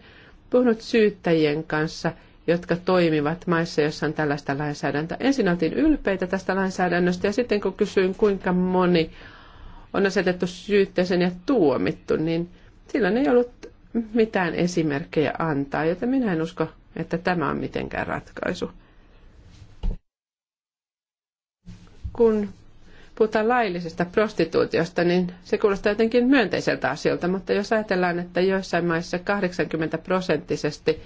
puhunut syyttäjien kanssa, jotka toimivat maissa, jossa on tällaista lainsäädäntöä. Ensin oltiin ylpeitä tästä lainsäädännöstä, ja sitten kun kysyin, kuinka moni on asetettu syytteeseen ja tuomittu, niin silloin ei ollut mitään esimerkkejä antaa, joten minä en usko, että tämä on mitenkään ratkaisu. Kun puhutaan laillisesta prostituutiosta, niin se kuulostaa jotenkin myönteiseltä asialta, mutta jos ajatellaan, että joissain maissa 80 prosenttisesti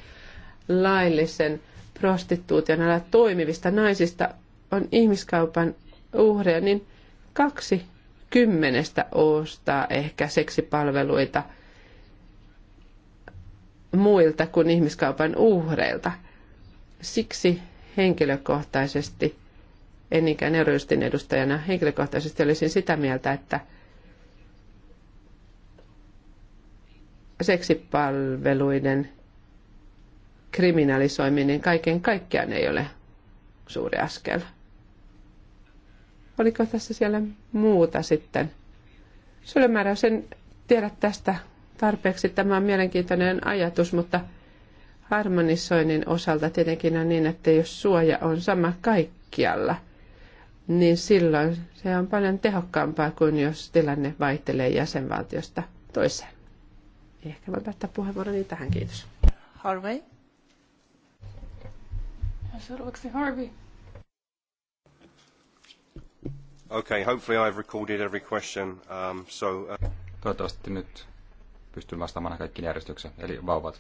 laillisen prostituution toimivista naisista on ihmiskaupan uhreja, niin kaksi kymmenestä ostaa ehkä seksipalveluita muilta kuin ihmiskaupan uhreilta. Siksi henkilökohtaisesti, en ikään eurojustin edustajana, henkilökohtaisesti olisin sitä mieltä, että seksipalveluiden kriminalisoiminen kaiken kaikkiaan ei ole suuri askel. Oliko tässä siellä muuta sitten? Sulle sen tiedä tästä tarpeeksi. Tämä on mielenkiintoinen ajatus, mutta harmonisoinnin osalta tietenkin on niin, että jos suoja on sama kaikkialla, niin silloin se on paljon tehokkaampaa kuin jos tilanne vaihtelee jäsenvaltiosta toiseen. Ehkä voin päättää puheenvuoroni tähän. Kiitos. Harvey. Ja seuraavaksi Harvey. Okay, hopefully I've recorded every question. Um, so, uh... Toivottavasti nyt pystyn vastaamaan kaikkiin järjestykseen, eli vauvat.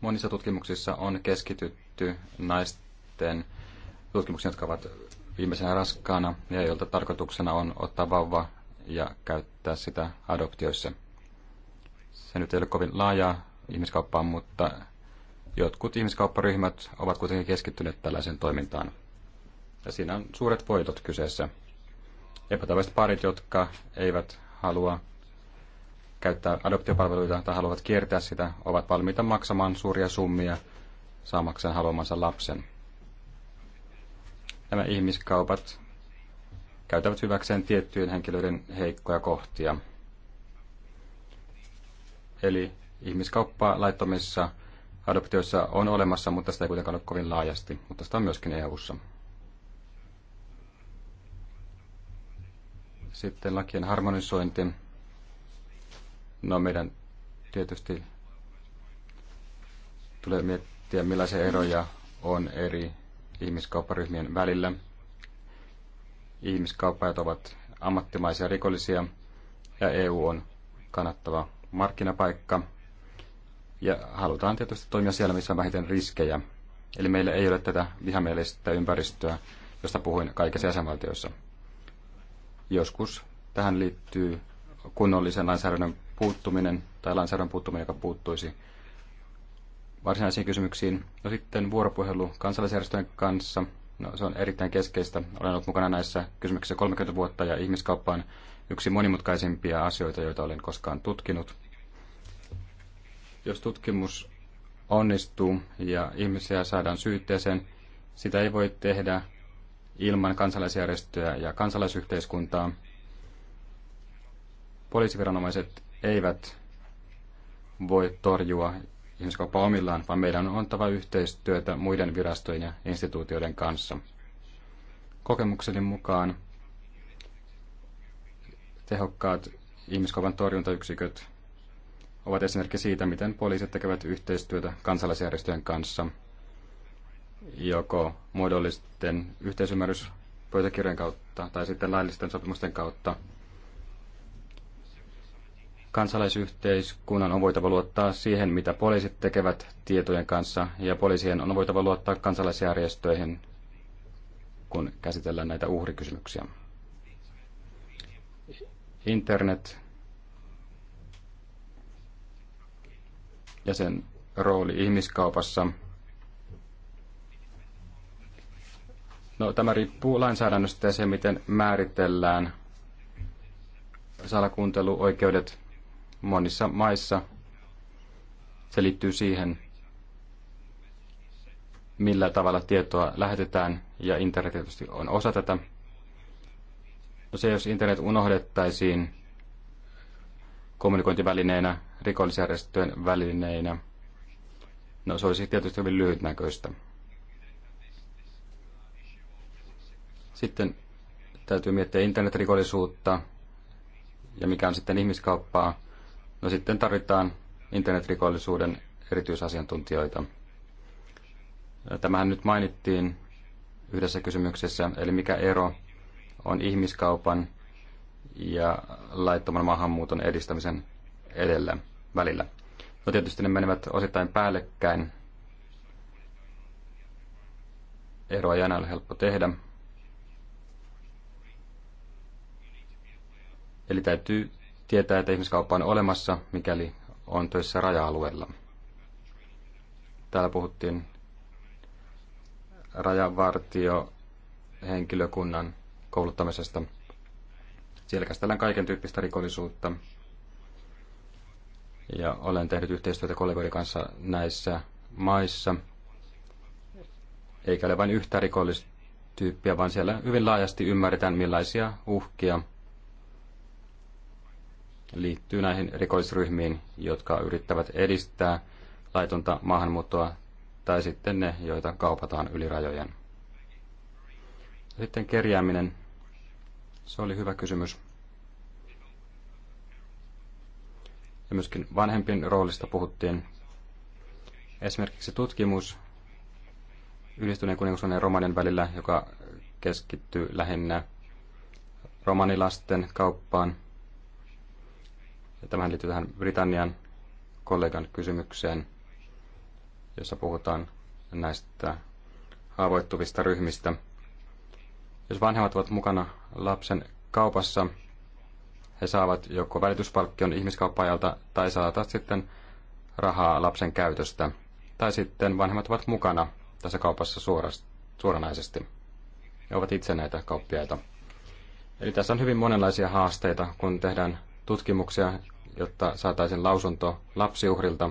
Monissa tutkimuksissa on keskitytty naisten tutkimuksiin, jotka ovat viimeisenä raskaana ja joilta tarkoituksena on ottaa vauva ja käyttää sitä adoptioissa. Se nyt ei ole kovin laajaa ihmiskauppaa, mutta jotkut ihmiskaupparyhmät ovat kuitenkin keskittyneet tällaiseen toimintaan. Ja siinä on suuret voitot kyseessä epätavalliset parit, jotka eivät halua käyttää adoptiopalveluita tai haluavat kiertää sitä, ovat valmiita maksamaan suuria summia saamakseen haluamansa lapsen. Nämä ihmiskaupat käytävät hyväkseen tiettyjen henkilöiden heikkoja kohtia. Eli ihmiskauppaa laittomissa adoptioissa on olemassa, mutta sitä ei kuitenkaan ole kovin laajasti, mutta sitä on myöskin eu ssa Sitten lakien harmonisointi. No meidän tietysti tulee miettiä, millaisia eroja on eri ihmiskaupparyhmien välillä. Ihmiskauppajat ovat ammattimaisia rikollisia ja EU on kannattava markkinapaikka. Ja halutaan tietysti toimia siellä, missä on vähiten riskejä. Eli meillä ei ole tätä vihamielistä ympäristöä, josta puhuin kaikissa jäsenvaltioissa. Joskus tähän liittyy kunnollisen lainsäädännön puuttuminen tai lainsäädännön puuttuminen, joka puuttuisi varsinaisiin kysymyksiin. No sitten vuoropuhelu kansalaisjärjestöjen kanssa. No, se on erittäin keskeistä. Olen ollut mukana näissä kysymyksissä 30 vuotta ja ihmiskauppa on yksi monimutkaisimpia asioita, joita olen koskaan tutkinut. Jos tutkimus onnistuu ja ihmisiä saadaan syytteeseen, sitä ei voi tehdä ilman kansalaisjärjestöjä ja kansalaisyhteiskuntaa. Poliisiviranomaiset eivät voi torjua ihmiskauppaa omillaan, vaan meidän on oltava yhteistyötä muiden virastojen ja instituutioiden kanssa. Kokemukseni mukaan tehokkaat ihmiskaupan torjuntayksiköt ovat esimerkki siitä, miten poliisit tekevät yhteistyötä kansalaisjärjestöjen kanssa – joko muodollisten yhteisymmärryspöytäkirjan kautta tai sitten laillisten sopimusten kautta. Kansalaisyhteiskunnan on voitava luottaa siihen, mitä poliisit tekevät tietojen kanssa, ja poliisien on voitava luottaa kansalaisjärjestöihin, kun käsitellään näitä uhrikysymyksiä. Internet ja sen rooli ihmiskaupassa – No, tämä riippuu lainsäädännöstä ja se, miten määritellään salakuunteluoikeudet monissa maissa. Se liittyy siihen, millä tavalla tietoa lähetetään, ja internet tietysti on osa tätä. No se, jos internet unohdettaisiin kommunikointivälineenä, rikollisjärjestöjen välineinä, no se olisi tietysti hyvin lyhytnäköistä. Sitten täytyy miettiä internetrikollisuutta ja mikä on sitten ihmiskauppaa. No sitten tarvitaan internetrikollisuuden erityisasiantuntijoita. Tämähän nyt mainittiin yhdessä kysymyksessä, eli mikä ero on ihmiskaupan ja laittoman maahanmuuton edistämisen edellä välillä. No tietysti ne menevät osittain päällekkäin. Eroa ei aina ole helppo tehdä, Eli täytyy tietää, että ihmiskauppa on olemassa, mikäli on töissä raja-alueella. Täällä puhuttiin rajavartiohenkilökunnan henkilökunnan kouluttamisesta. Siellä käsitellään kaiken tyyppistä rikollisuutta. Ja olen tehnyt yhteistyötä kollegoiden kanssa näissä maissa. Eikä ole vain yhtä rikollistyyppiä, vaan siellä hyvin laajasti ymmärretään, millaisia uhkia liittyy näihin rikollisryhmiin, jotka yrittävät edistää laitonta maahanmuuttoa tai sitten ne, joita kaupataan yli rajojen. Sitten kerjääminen. Se oli hyvä kysymys. Ja myöskin vanhempien roolista puhuttiin. Esimerkiksi tutkimus yhdistyneen kuningaskunnan ja romanien välillä, joka keskittyy lähinnä romanilasten kauppaan – ja tämähän liittyy tähän Britannian kollegan kysymykseen, jossa puhutaan näistä haavoittuvista ryhmistä. Jos vanhemmat ovat mukana lapsen kaupassa, he saavat joko välityspalkkion ihmiskauppajalta tai saavat sitten rahaa lapsen käytöstä. Tai sitten vanhemmat ovat mukana tässä kaupassa suoranaisesti. ja ovat itse näitä kauppiaita. Eli tässä on hyvin monenlaisia haasteita, kun tehdään tutkimuksia, jotta saataisiin lausunto lapsiuhrilta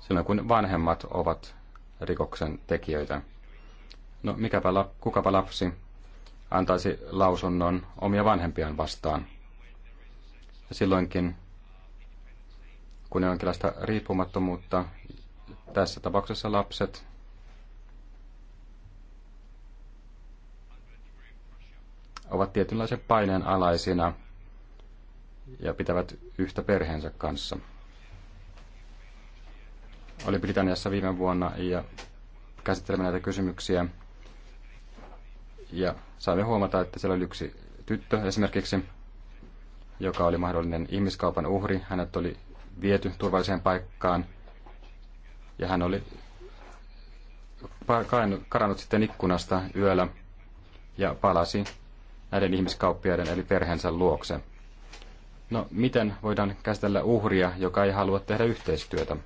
silloin, kun vanhemmat ovat rikoksen tekijöitä. No, mikäpä, kukapa lapsi antaisi lausunnon omia vanhempiaan vastaan. Ja silloinkin, kun on jonkinlaista riippumattomuutta, tässä tapauksessa lapset ovat tietynlaisen paineen alaisina – ja pitävät yhtä perheensä kanssa. Oli Britanniassa viime vuonna ja käsittelemme näitä kysymyksiä. Ja saimme huomata, että siellä oli yksi tyttö esimerkiksi, joka oli mahdollinen ihmiskaupan uhri. Hänet oli viety turvalliseen paikkaan ja hän oli karannut sitten ikkunasta yöllä ja palasi näiden ihmiskauppiaiden eli perheensä luokse. No, miten voidaan käsitellä uhria, joka ei halua tehdä yhteistyötä?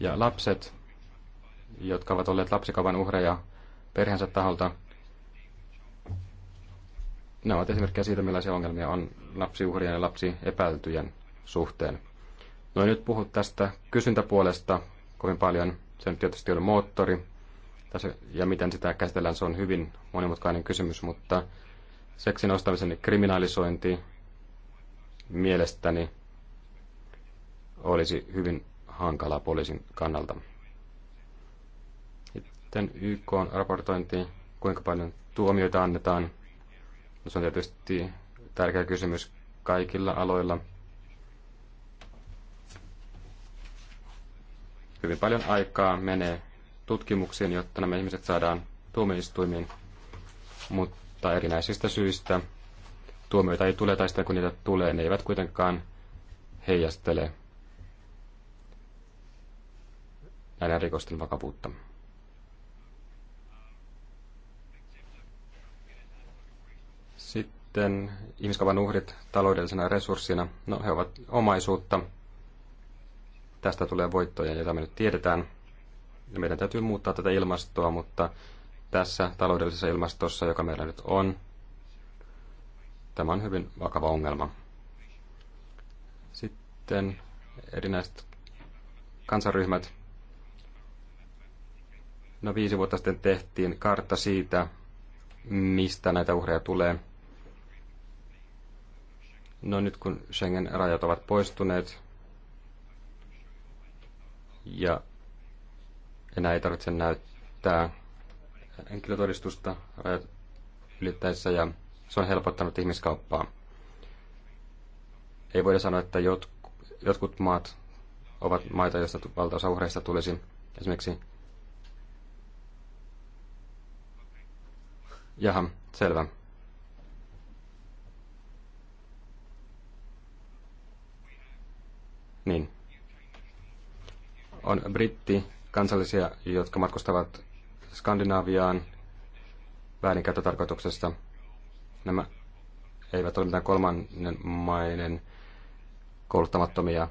Ja lapset, jotka ovat olleet lapsikaupan uhreja perheensä taholta, ne ovat esimerkkejä siitä, millaisia ongelmia on lapsiuhrien ja lapsiepäiltyjen suhteen. No nyt puhut tästä kysyntäpuolesta kovin paljon. Se on tietysti ollut moottori, tässä, ja miten sitä käsitellään, se on hyvin monimutkainen kysymys, mutta seksin ostamisen kriminalisointi, mielestäni olisi hyvin hankala poliisin kannalta. Sitten YK on raportointi, kuinka paljon tuomioita annetaan. No, se on tietysti tärkeä kysymys kaikilla aloilla. Hyvin paljon aikaa menee tutkimuksiin, jotta nämä ihmiset saadaan tuomioistuimiin, mutta erinäisistä syistä tuomioita ei tule, tai sitten kun niitä tulee, ne eivät kuitenkaan heijastele näiden rikosten vakavuutta. Sitten ihmiskaupan uhrit taloudellisena resurssina, no he ovat omaisuutta. Tästä tulee voittoja, joita me nyt tiedetään. Ja meidän täytyy muuttaa tätä ilmastoa, mutta tässä taloudellisessa ilmastossa, joka meillä nyt on, Tämä on hyvin vakava ongelma. Sitten erinäiset kansaryhmät. No viisi vuotta sitten tehtiin kartta siitä, mistä näitä uhreja tulee. No nyt kun Schengen-rajat ovat poistuneet ja enää ei tarvitse näyttää henkilötodistusta rajat ylittäessä ja se on helpottanut ihmiskauppaa. Ei voida sanoa, että jot, jotkut maat ovat maita, joista valtaosa uhreista tulisi esimerkiksi... Jaha, selvä. Niin. On britti kansallisia, jotka matkustavat Skandinaaviaan väärinkäyttötarkoituksesta. Nämä eivät ole mitään kolmannen maiden kouluttamattomia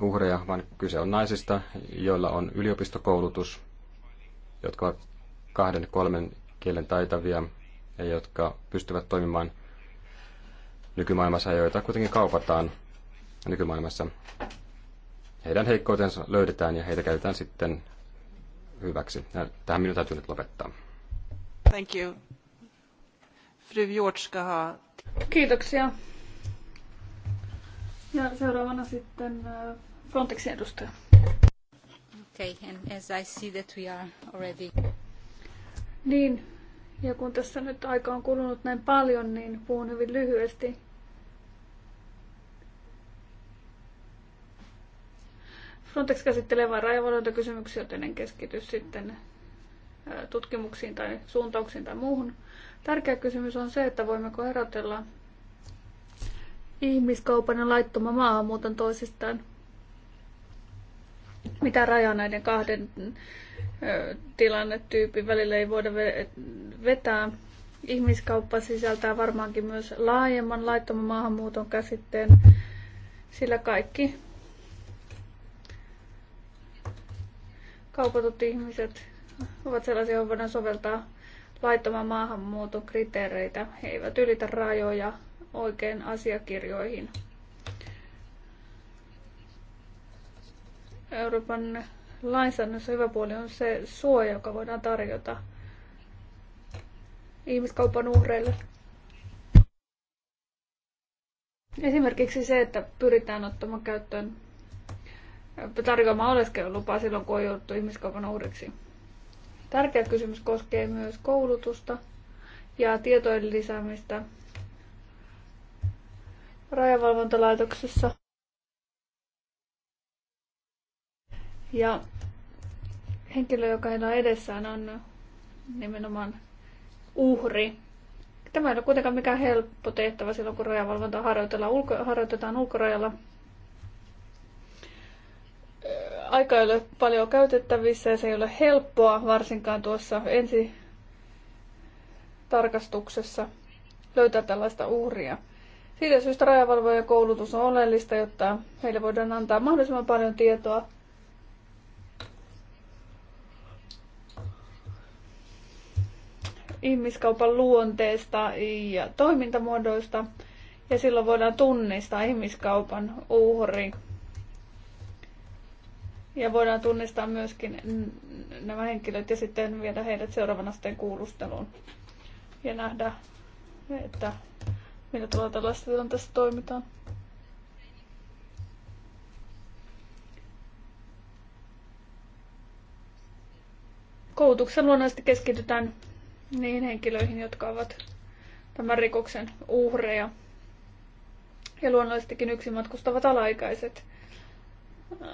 uhreja, vaan kyse on naisista, joilla on yliopistokoulutus, jotka ovat kahden, kolmen kielen taitavia ja jotka pystyvät toimimaan nykymaailmassa, joita kuitenkin kaupataan nykymaailmassa. Heidän heikkoutensa löydetään ja heitä käytetään sitten hyväksi. Ja tähän minun täytyy nyt lopettaa. Thank you. Fru ha. Kiitoksia. Ja seuraavana sitten äh, Frontexin edustaja. Okay, and as I see that we are already... Niin, ja kun tässä nyt aika on kulunut näin paljon, niin puhun hyvin lyhyesti. Frontex käsittelee vain rajavalvontakysymyksiä, joten en keskity sitten äh, tutkimuksiin tai suuntauksiin tai muuhun. Tärkeä kysymys on se, että voimmeko erotella ihmiskaupan ja laittoman maahanmuuton toisistaan. Mitä rajaa näiden kahden tilannetyypin välillä ei voida vetää. Ihmiskauppa sisältää varmaankin myös laajemman laittoman maahanmuuton käsitteen, sillä kaikki kaupatut ihmiset ovat sellaisia, joihin voidaan soveltaa laittoman maahanmuuton kriteereitä. He eivät ylitä rajoja oikein asiakirjoihin. Euroopan lainsäädännössä hyvä puoli on se suoja, joka voidaan tarjota ihmiskaupan uhreille. Esimerkiksi se, että pyritään ottamaan käyttöön tarjoamaan oleskelulupaa silloin, kun on jouduttu ihmiskaupan uhriksi. Tärkeä kysymys koskee myös koulutusta ja tietojen lisäämistä rajavalvontalaitoksessa. Ja henkilö, joka heillä edessään on nimenomaan uhri. Tämä ei ole kuitenkaan mikään helppo tehtävä silloin, kun rajavalvontaa harjoitellaan, ulko- harjoitetaan ulkorajalla – aika ei ole paljon käytettävissä ja se ei ole helppoa, varsinkaan tuossa ensi tarkastuksessa löytää tällaista uhria. Siitä syystä rajavalvojen koulutus on oleellista, jotta heille voidaan antaa mahdollisimman paljon tietoa ihmiskaupan luonteesta ja toimintamuodoista. Ja silloin voidaan tunnistaa ihmiskaupan uhri. Ja voidaan tunnistaa myöskin nämä henkilöt ja sitten viedä heidät seuraavan asteen kuulusteluun ja nähdä, että millä tavalla tällaisessa tilanteessa toimitaan. Koulutuksessa luonnollisesti keskitytään niihin henkilöihin, jotka ovat tämän rikoksen uhreja. Ja luonnollisestikin yksin matkustavat alaikäiset –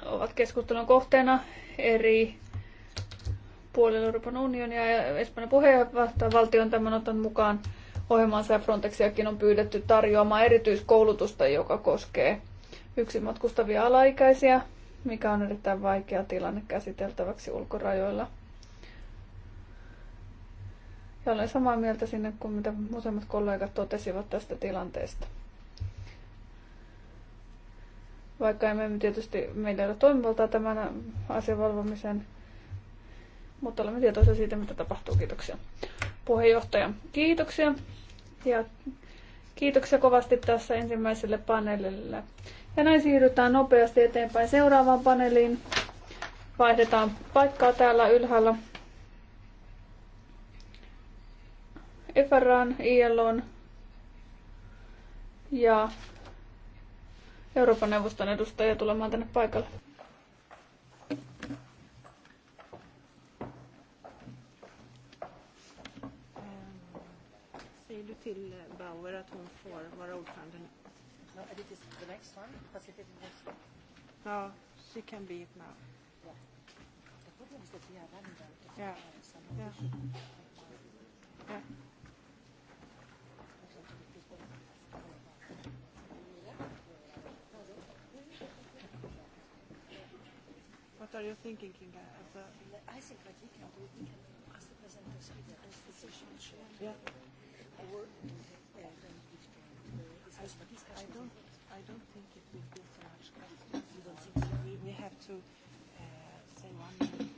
ovat keskustelun kohteena eri puolilla Euroopan unionia ja Espanjan puheenjohtajavaltio on tämän ottanut mukaan ohjelmansa ja Frontexiakin on pyydetty tarjoamaan erityiskoulutusta, joka koskee yksin matkustavia alaikäisiä, mikä on erittäin vaikea tilanne käsiteltäväksi ulkorajoilla. Ja olen samaa mieltä sinne kuin mitä useimmat kollegat totesivat tästä tilanteesta vaikka emme tietysti, meillä ei ole toimivaltaa tämän asian valvomiseen, mutta olemme tietoisia siitä, mitä tapahtuu. Kiitoksia. Puheenjohtaja, kiitoksia. Ja kiitoksia kovasti tässä ensimmäiselle paneelille. Ja näin siirrytään nopeasti eteenpäin seuraavaan paneeliin. Vaihdetaan paikkaa täällä ylhäällä. FRAn, ILOn ja Euroopan neuvoston edustajia tulemaan tänne paikalle. Eh, säger du till eh, Bauer att hon får vara ordförande No, it is the next one, Pacific Investment. No, she can be it now. Yeah. The problem is that we are running out of time, yeah. yeah. what are you thinking, Inga, Of the I think what we can do, we can ask the presenters uh, uh, with the institution Yeah. Or uh, to I, I don't, I don't think it will be so much. You don't think so? We, we have to uh, say one minute.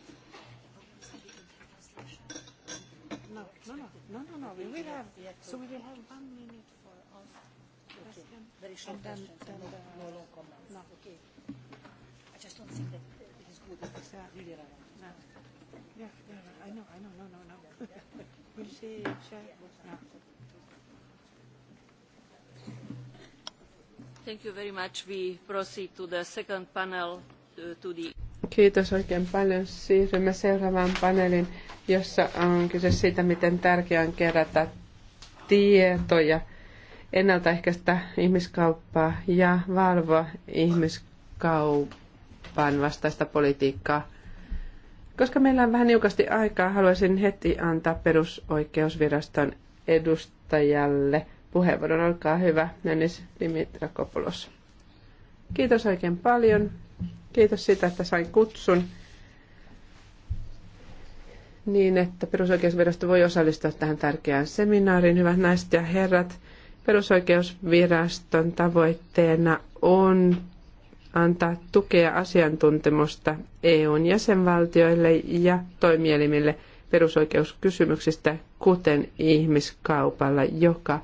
No, no, no, no, no, no. We will have, so we will have one minute for all Okay. Very short questions, no long no comments. No. Okay. I just don't think that no. Yeah, yeah, I know, I know, no, no, no. <laughs> check, no. Thank you very much. We proceed to the second panel uh, to the Kiitos oikein paljon. Siirrymme seuraavaan paneeliin, jossa on kyse siitä, miten tärkeää on kerätä tietoja, ennaltaehkäistä ihmiskauppaa ja valvoa ihmiskauppaa Euroopan vastaista politiikkaa. Koska meillä on vähän niukasti aikaa, haluaisin heti antaa perusoikeusviraston edustajalle puheenvuoron. Olkaa hyvä, Nenis Dimitrakopoulos. Kiitos oikein paljon. Kiitos sitä, että sain kutsun niin, että perusoikeusvirasto voi osallistua tähän tärkeään seminaariin. Hyvät naiset ja herrat, perusoikeusviraston tavoitteena on antaa tukea asiantuntemusta EUn jäsenvaltioille ja toimielimille perusoikeuskysymyksistä, kuten ihmiskaupalla, joka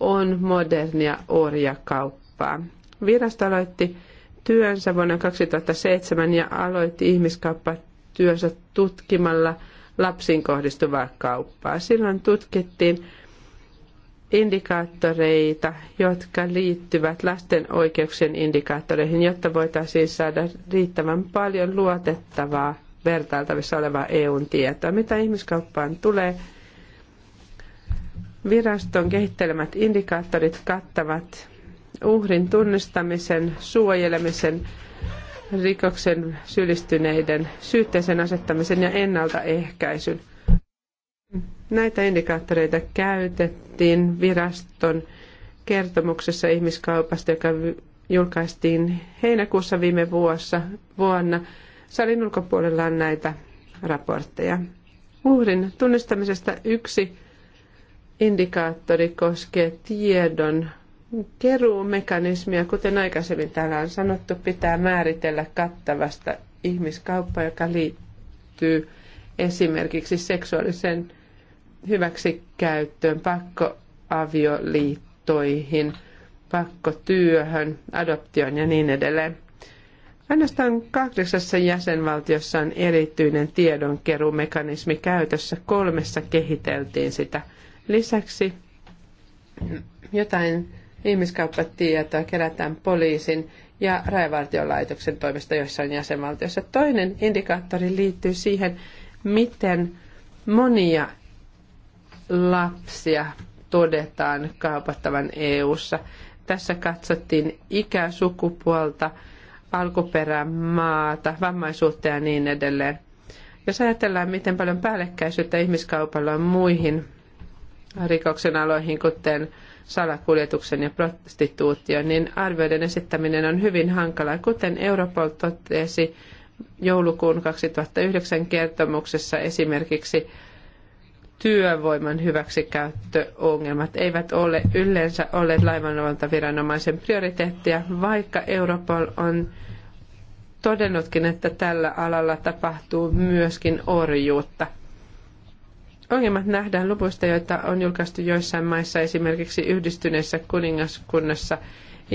on modernia orjakauppaa. Virasto aloitti työnsä vuonna 2007 ja aloitti ihmiskauppatyönsä tutkimalla lapsiin kohdistuvaa kauppaa. Silloin tutkittiin indikaattoreita, jotka liittyvät lasten oikeuksien indikaattoreihin, jotta voitaisiin saada riittävän paljon luotettavaa vertailtavissa olevaa EUn tietoa. Mitä ihmiskauppaan tulee, viraston kehittelemät indikaattorit kattavat uhrin tunnistamisen, suojelemisen, rikoksen syyllistyneiden syytteeseen asettamisen ja ennaltaehkäisyn – Näitä indikaattoreita käytettiin viraston kertomuksessa ihmiskaupasta, joka julkaistiin heinäkuussa viime vuossa, vuonna. Salin ulkopuolella on näitä raportteja. Uhrin tunnistamisesta yksi indikaattori koskee tiedon keruumekanismia. Kuten aikaisemmin täällä on sanottu, pitää määritellä kattavasta ihmiskauppa, joka liittyy esimerkiksi seksuaaliseen hyväksikäyttöön, pakkoavioliittoihin, pakkotyöhön, adoptioon ja niin edelleen. Ainoastaan kahdeksassa jäsenvaltiossa on erityinen tiedonkerumekanismi käytössä. Kolmessa kehiteltiin sitä. Lisäksi jotain ihmiskauppatietoa kerätään poliisin ja rajavartiolaitoksen toimesta joissain jäsenvaltioissa. Toinen indikaattori liittyy siihen, miten monia lapsia todetaan kaupattavan EU:ssa. Tässä katsottiin ikä, sukupuolta, alkuperämaata, vammaisuutta ja niin edelleen. Jos ajatellaan, miten paljon päällekkäisyyttä ihmiskaupalla on muihin rikoksen aloihin, kuten salakuljetuksen ja prostituution, niin arvioiden esittäminen on hyvin hankalaa. Kuten Europol totesi joulukuun 2009 kertomuksessa esimerkiksi työvoiman hyväksikäyttöongelmat eivät ole yleensä olleet laivanvalvontaviranomaisen prioriteettia, vaikka Europol on todennutkin, että tällä alalla tapahtuu myöskin orjuutta. Ongelmat nähdään luvuista, joita on julkaistu joissain maissa, esimerkiksi yhdistyneessä kuningaskunnassa –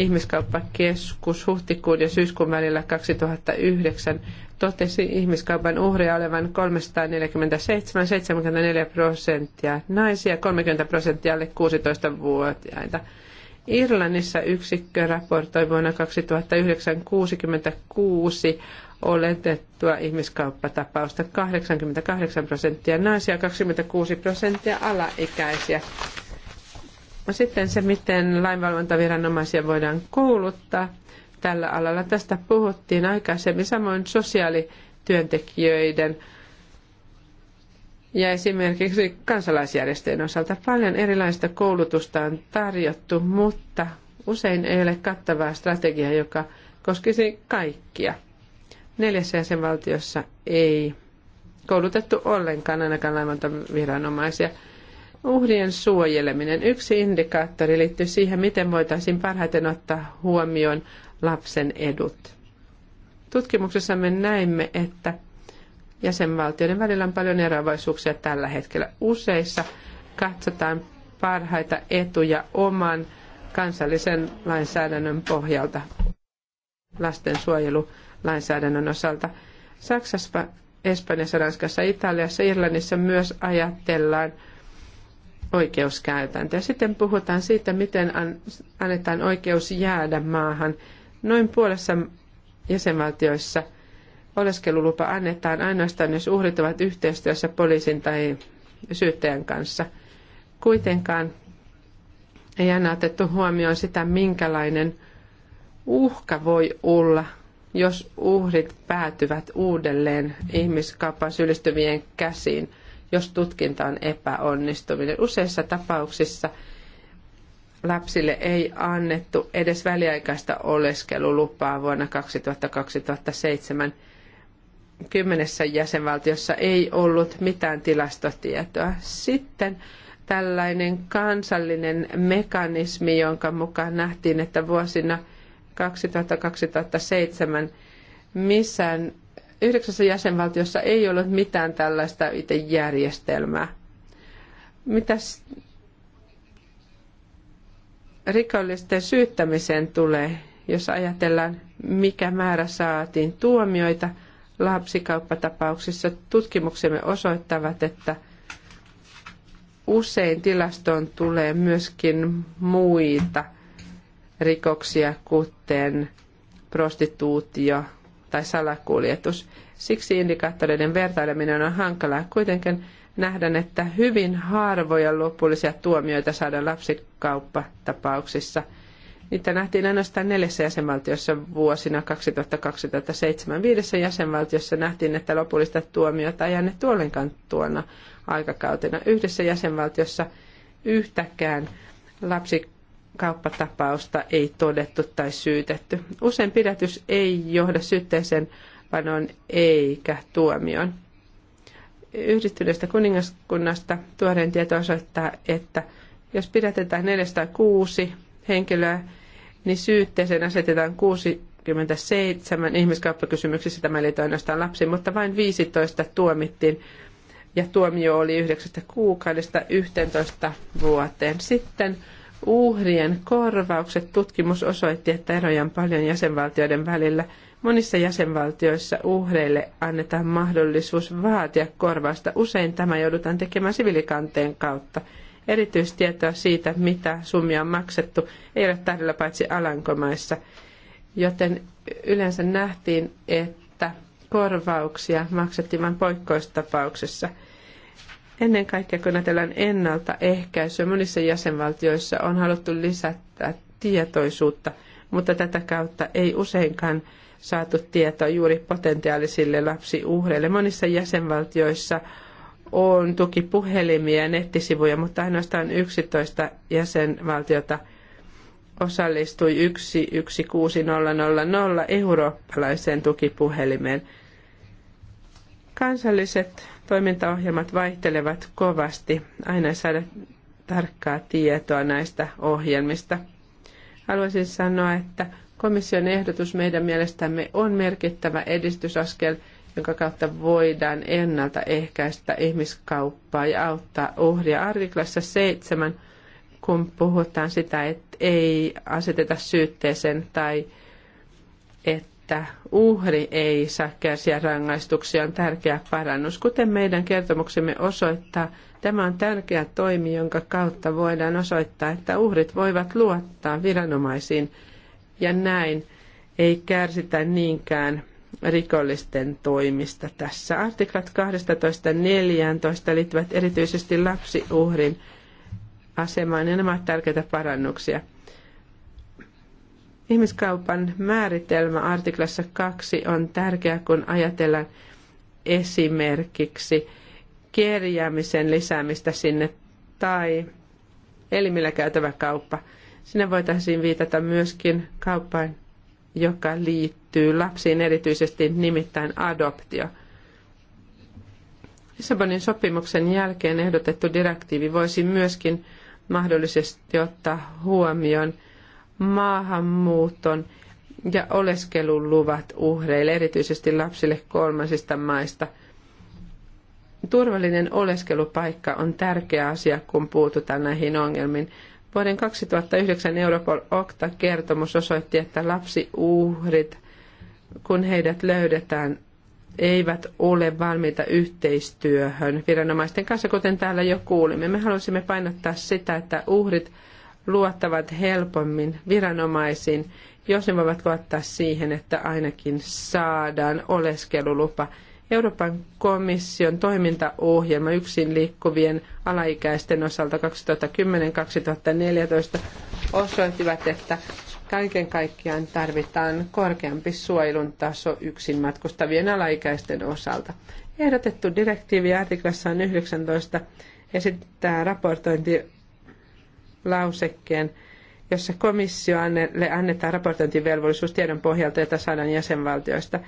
ihmiskauppakeskus huhtikuun ja syyskuun välillä 2009 totesi ihmiskaupan uhreja olevan 347, 74 prosenttia naisia, 30 prosenttia alle 16-vuotiaita. Irlannissa yksikkö raportoi vuonna 2009 66 oletettua ihmiskauppatapausta, 88 prosenttia naisia, 26 prosenttia alaikäisiä. Sitten se, miten lainvalvontaviranomaisia voidaan kouluttaa tällä alalla. Tästä puhuttiin aikaisemmin, samoin sosiaalityöntekijöiden ja esimerkiksi kansalaisjärjestöjen osalta paljon erilaista koulutusta on tarjottu, mutta usein ei ole kattavaa strategiaa, joka koskisi kaikkia. Neljässä jäsenvaltiossa ei koulutettu ollenkaan ainakaan laivantaviranomaisia viranomaisia Uhrien suojeleminen. Yksi indikaattori liittyy siihen, miten voitaisiin parhaiten ottaa huomioon lapsen edut. me näimme, että jäsenvaltioiden välillä on paljon eroavaisuuksia tällä hetkellä. Useissa katsotaan parhaita etuja oman kansallisen lainsäädännön pohjalta lastensuojelulainsäädännön osalta. Saksassa, Espanjassa, Ranskassa, Italiassa, Irlannissa myös ajatellaan oikeuskäytäntö. Sitten puhutaan siitä, miten annetaan oikeus jäädä maahan. Noin puolessa jäsenvaltioissa oleskelulupa annetaan ainoastaan, jos uhrit ovat yhteistyössä poliisin tai syyttäjän kanssa. Kuitenkaan ei aina otettu huomioon sitä, minkälainen uhka voi olla, jos uhrit päätyvät uudelleen ihmiskaupan syyllistyvien käsiin – jos tutkinta on epäonnistuminen. Useissa tapauksissa lapsille ei annettu edes väliaikaista oleskelulupaa vuonna 2007 Kymmenessä jäsenvaltiossa ei ollut mitään tilastotietoa. Sitten tällainen kansallinen mekanismi, jonka mukaan nähtiin, että vuosina 2007 missään Yhdeksässä jäsenvaltiossa ei ollut mitään tällaista itse järjestelmää. Mitäs rikollisten syyttämiseen tulee, jos ajatellaan, mikä määrä saatiin tuomioita lapsikauppatapauksissa. Tutkimuksemme osoittavat, että usein tilastoon tulee myöskin muita rikoksia, kuten prostituutio, tai salakuljetus. Siksi indikaattoreiden vertaileminen on hankalaa. Kuitenkin nähdään, että hyvin harvoja lopullisia tuomioita saadaan lapsikauppatapauksissa. Niitä nähtiin ainoastaan neljässä jäsenvaltiossa vuosina 2007 Viidessä jäsenvaltiossa nähtiin, että lopullista tuomiota ei annettu ollenkaan tuona aikakautena. Yhdessä jäsenvaltiossa yhtäkään lapsi kauppatapausta ei todettu tai syytetty. Usein pidätys ei johda syytteeseen panoon eikä tuomioon. Yhdistyneestä kuningaskunnasta tuoreen tieto osoittaa, että jos pidätetään 406 henkilöä, niin syytteeseen asetetaan 67 ihmiskauppakysymyksissä. Tämä liittyy ainoastaan lapsiin, mutta vain 15 tuomittiin ja tuomio oli 9 kuukaudesta 11 vuoteen. Sitten uhrien korvaukset. Tutkimus osoitti, että eroja on paljon jäsenvaltioiden välillä. Monissa jäsenvaltioissa uhreille annetaan mahdollisuus vaatia korvausta. Usein tämä joudutaan tekemään sivilikanteen kautta. Erityistietoa siitä, mitä summia on maksettu, ei ole tarjolla paitsi Alankomaissa. Joten yleensä nähtiin, että korvauksia maksettiin vain poikkeustapauksessa – Ennen kaikkea kun ajatellaan ennaltaehkäisyä, monissa jäsenvaltioissa on haluttu lisätä tietoisuutta, mutta tätä kautta ei useinkaan saatu tietoa juuri potentiaalisille lapsiuhreille. Monissa jäsenvaltioissa on tukipuhelimia ja nettisivuja, mutta ainoastaan 11 jäsenvaltiota osallistui 11600 eurooppalaiseen tukipuhelimeen – Kansalliset toimintaohjelmat vaihtelevat kovasti. Aina ei saada tarkkaa tietoa näistä ohjelmista. Haluaisin sanoa, että komission ehdotus meidän mielestämme on merkittävä edistysaskel, jonka kautta voidaan ennaltaehkäistä ihmiskauppaa ja auttaa uhria. Artiklassa 7, kun puhutaan sitä, että ei aseteta syytteeseen tai että uhri ei saa kärsiä rangaistuksia on tärkeä parannus. Kuten meidän kertomuksemme osoittaa, tämä on tärkeä toimi, jonka kautta voidaan osoittaa, että uhrit voivat luottaa viranomaisiin ja näin ei kärsitä niinkään rikollisten toimista tässä. Artiklat 12.14 liittyvät erityisesti lapsiuhrin asemaan ja nämä ovat tärkeitä parannuksia – Ihmiskaupan määritelmä artiklassa 2 on tärkeä, kun ajatellaan esimerkiksi kerjäämisen lisäämistä sinne tai elimillä käytävä kauppa. Sinne voitaisiin viitata myöskin kauppaan, joka liittyy lapsiin, erityisesti nimittäin adoptio. Lissabonin sopimuksen jälkeen ehdotettu direktiivi voisi myöskin mahdollisesti ottaa huomioon – maahanmuuton ja oleskeluluvat uhreille, erityisesti lapsille kolmansista maista. Turvallinen oleskelupaikka on tärkeä asia, kun puututaan näihin ongelmiin. Vuoden 2009 Europol Okta-kertomus osoitti, että lapsiuhrit, kun heidät löydetään, eivät ole valmiita yhteistyöhön viranomaisten kanssa, kuten täällä jo kuulimme. Me haluaisimme painottaa sitä, että uhrit luottavat helpommin viranomaisiin, jos ne voivat luottaa siihen, että ainakin saadaan oleskelulupa. Euroopan komission toimintaohjelma yksin liikkuvien alaikäisten osalta 2010-2014 osoittivat, että kaiken kaikkiaan tarvitaan korkeampi suojelun taso yksin matkustavien alaikäisten osalta. Ehdotettu direktiivi artiklassaan 19 esittää raportointi lausekkeen, jossa komissiolle annetaan raportointivelvollisuus tiedon pohjalta, jota saadaan jäsenvaltioista.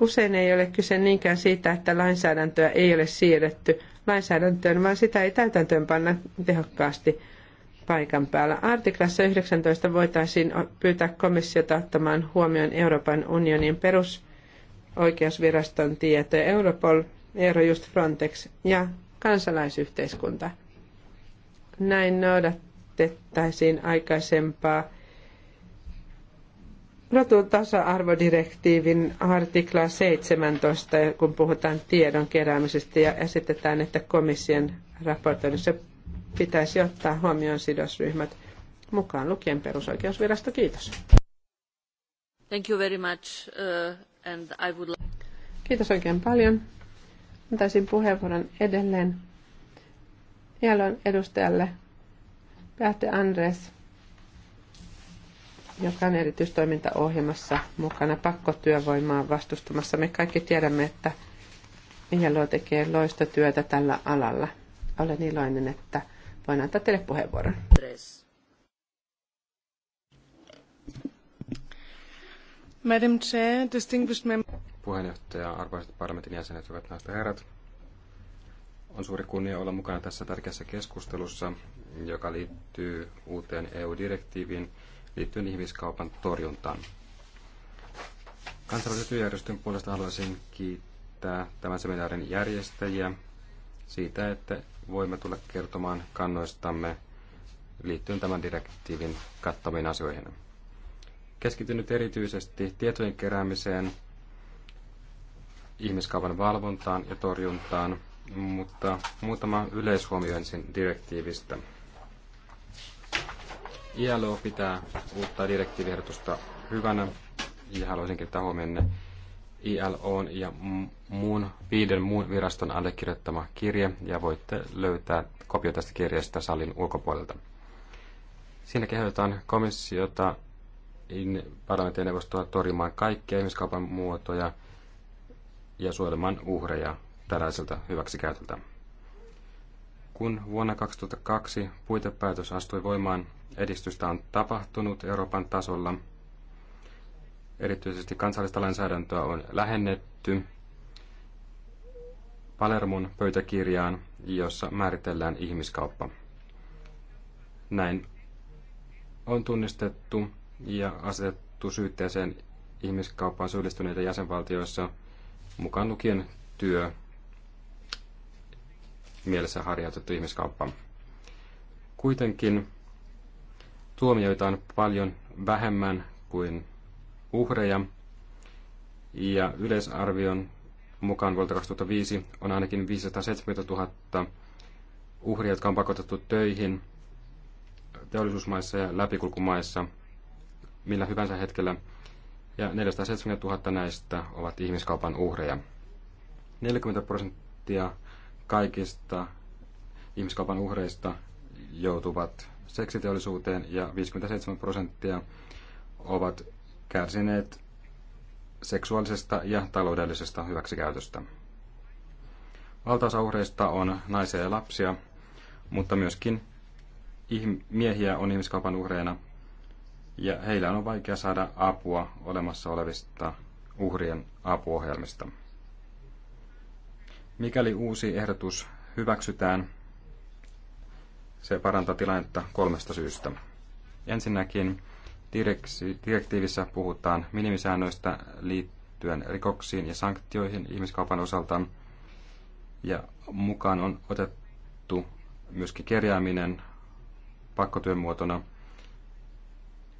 Usein ei ole kyse niinkään siitä, että lainsäädäntöä ei ole siirretty lainsäädäntöön, vaan sitä ei täytäntöön panna tehokkaasti paikan päällä. Artiklassa 19 voitaisiin pyytää komissiota ottamaan huomioon Euroopan unionin perusoikeusviraston tietoja, Europol, Eurojust Frontex ja kansalaisyhteiskunta – näin noudatettaisiin aikaisempaa tasa arvodirektiivin artiklaa 17, kun puhutaan tiedon keräämisestä ja esitetään, että komission raportoinnissa pitäisi ottaa huomioon sidosryhmät mukaan lukien perusoikeusvirasto. Kiitos. Thank you very much, uh, and I would... Kiitos oikein paljon. Antaisin puheenvuoron edelleen Jalon edustajalle Pähte Andres, joka on erityistoimintaohjelmassa mukana pakkotyövoimaa vastustamassa. Me kaikki tiedämme, että Mielo tekee loista työtä tällä alalla. Olen iloinen, että voin antaa teille puheenvuoron. Madam Chair, distinguished members. Puheenjohtaja, arvoisat parlamentin jäsenet, hyvät naiset ja herrat. On suuri kunnia olla mukana tässä tärkeässä keskustelussa, joka liittyy uuteen EU-direktiiviin liittyen ihmiskaupan torjuntaan. Kansainvälisen työjärjestön puolesta haluaisin kiittää tämän seminaarin järjestäjiä siitä, että voimme tulla kertomaan kannoistamme liittyen tämän direktiivin kattamiin asioihin. Keskityn nyt erityisesti tietojen keräämiseen, ihmiskaupan valvontaan ja torjuntaan mutta muutama yleishuomio ensin direktiivistä. ILO pitää uutta direktiiviehdotusta hyvänä ja haluaisin kiinnittää huomionne ILO ja muun, viiden muun viraston allekirjoittama kirje ja voitte löytää kopio tästä kirjeestä salin ulkopuolelta. Siinä kehotetaan komissiota parlamentin neuvostoa torjumaan kaikkia ihmiskaupan muotoja ja suojelemaan uhreja tällaiselta hyväksikäytöltä. Kun vuonna 2002 puitepäätös astui voimaan, edistystä on tapahtunut Euroopan tasolla. Erityisesti kansallista lainsäädäntöä on lähennetty Palermun pöytäkirjaan, jossa määritellään ihmiskauppa. Näin on tunnistettu ja asetettu syytteeseen ihmiskauppaan syyllistyneitä jäsenvaltioissa, mukaan lukien työ mielessä harjoitettu ihmiskauppa. Kuitenkin tuomioita on paljon vähemmän kuin uhreja, ja yleisarvion mukaan vuodelta 2005 on ainakin 570 000 uhria, jotka on pakotettu töihin teollisuusmaissa ja läpikulkumaissa millä hyvänsä hetkellä, ja 470 000 näistä ovat ihmiskaupan uhreja. 40 prosenttia kaikista ihmiskaupan uhreista joutuvat seksiteollisuuteen ja 57 prosenttia ovat kärsineet seksuaalisesta ja taloudellisesta hyväksikäytöstä. Valtaosa uhreista on naisia ja lapsia, mutta myöskin miehiä on ihmiskaupan uhreina ja heillä on vaikea saada apua olemassa olevista uhrien apuohjelmista. Mikäli uusi ehdotus hyväksytään, se parantaa tilannetta kolmesta syystä. Ensinnäkin direktiivissä puhutaan minimisäännöistä liittyen rikoksiin ja sanktioihin ihmiskaupan osalta, ja mukaan on otettu myöskin kerjääminen pakkotyön muotona,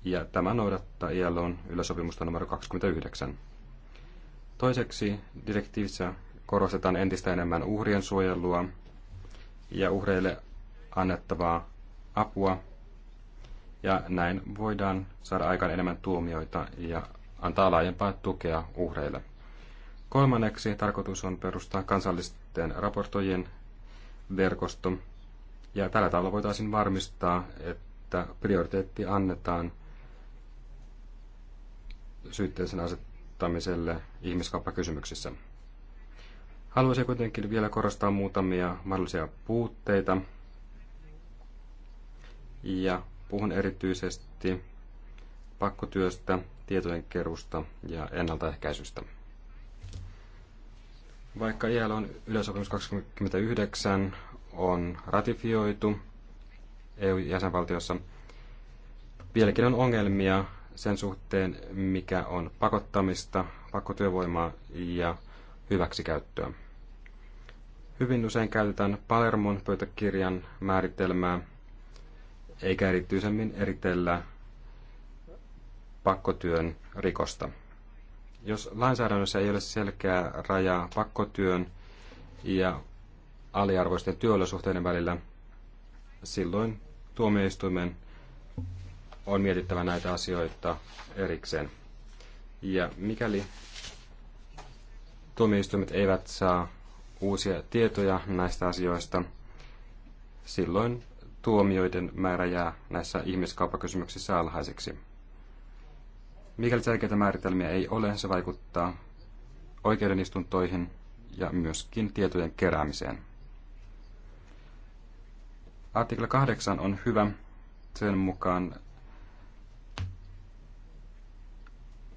ja tämä noudattaa ILOn yläsopimusta numero 29. Toiseksi direktiivissä korostetaan entistä enemmän uhrien suojelua ja uhreille annettavaa apua. Ja näin voidaan saada aikaan enemmän tuomioita ja antaa laajempaa tukea uhreille. Kolmanneksi tarkoitus on perustaa kansallisten raportoijien verkosto. Ja tällä tavalla voitaisiin varmistaa, että prioriteetti annetaan syytteisen asettamiselle ihmiskauppakysymyksissä. Haluaisin kuitenkin vielä korostaa muutamia mahdollisia puutteita. Ja puhun erityisesti pakkotyöstä, tietojen kerusta ja ennaltaehkäisystä. Vaikka on yleisopimus 29 on ratifioitu EU-jäsenvaltiossa, vieläkin on ongelmia sen suhteen, mikä on pakottamista, pakkotyövoimaa ja hyväksikäyttöä. Hyvin usein käytetään Palermon pöytäkirjan määritelmää, eikä erityisemmin eritellä pakkotyön rikosta. Jos lainsäädännössä ei ole selkeää rajaa pakkotyön ja aliarvoisten työolosuhteiden välillä, silloin tuomioistuimen on mietittävä näitä asioita erikseen. Ja mikäli tuomioistuimet eivät saa uusia tietoja näistä asioista, silloin tuomioiden määrä jää näissä ihmiskauppakysymyksissä alhaiseksi. Mikäli selkeitä määritelmiä ei ole, se vaikuttaa oikeudenistuntoihin ja myöskin tietojen keräämiseen. Artikla 8 on hyvä. Sen mukaan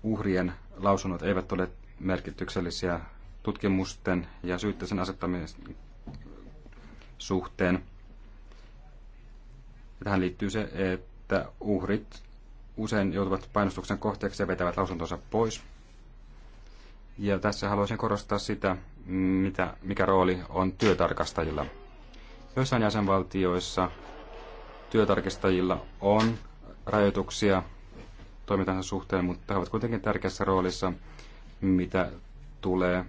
uhrien lausunnot eivät ole merkityksellisiä tutkimusten ja syytteisen asettamisen suhteen. Tähän liittyy se, että uhrit usein joutuvat painostuksen kohteeksi ja vetävät lausuntonsa pois. Ja tässä haluaisin korostaa sitä, mitä, mikä rooli on työtarkastajilla. Joissain jäsenvaltioissa työtarkastajilla on rajoituksia toimintansa suhteen, mutta he ovat kuitenkin tärkeässä roolissa, mitä tulee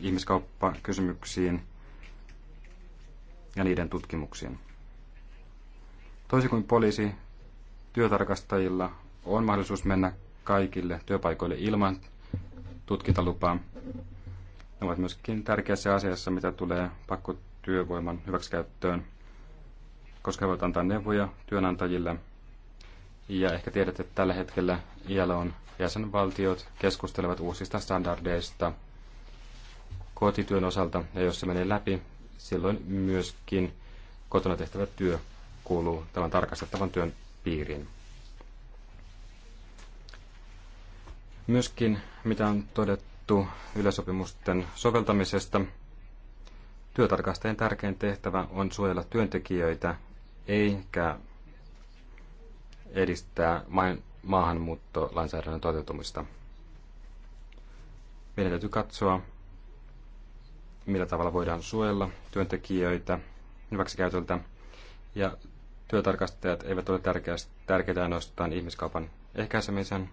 ihmiskauppakysymyksiin ja niiden tutkimuksiin. Toisin kuin poliisi, työtarkastajilla on mahdollisuus mennä kaikille työpaikoille ilman tutkintalupaa. Ne ovat myöskin tärkeässä asiassa, mitä tulee pakkotyövoiman hyväksikäyttöön, koska he voivat antaa neuvoja työnantajille. Ja ehkä tiedätte, että tällä hetkellä on jäsenvaltiot keskustelevat uusista standardeista kotityön osalta, ja jos se menee läpi, silloin myöskin kotona tehtävä työ kuuluu tämän tarkastettavan työn piiriin. Myöskin, mitä on todettu yleisopimusten soveltamisesta, työtarkastajien tärkein tehtävä on suojella työntekijöitä eikä edistää maahanmuuttolainsäädännön toteutumista. Meidän täytyy katsoa, millä tavalla voidaan suojella työntekijöitä hyväksikäytöltä. Ja työtarkastajat eivät ole tärkeitä ainoastaan ihmiskaupan ehkäisemisen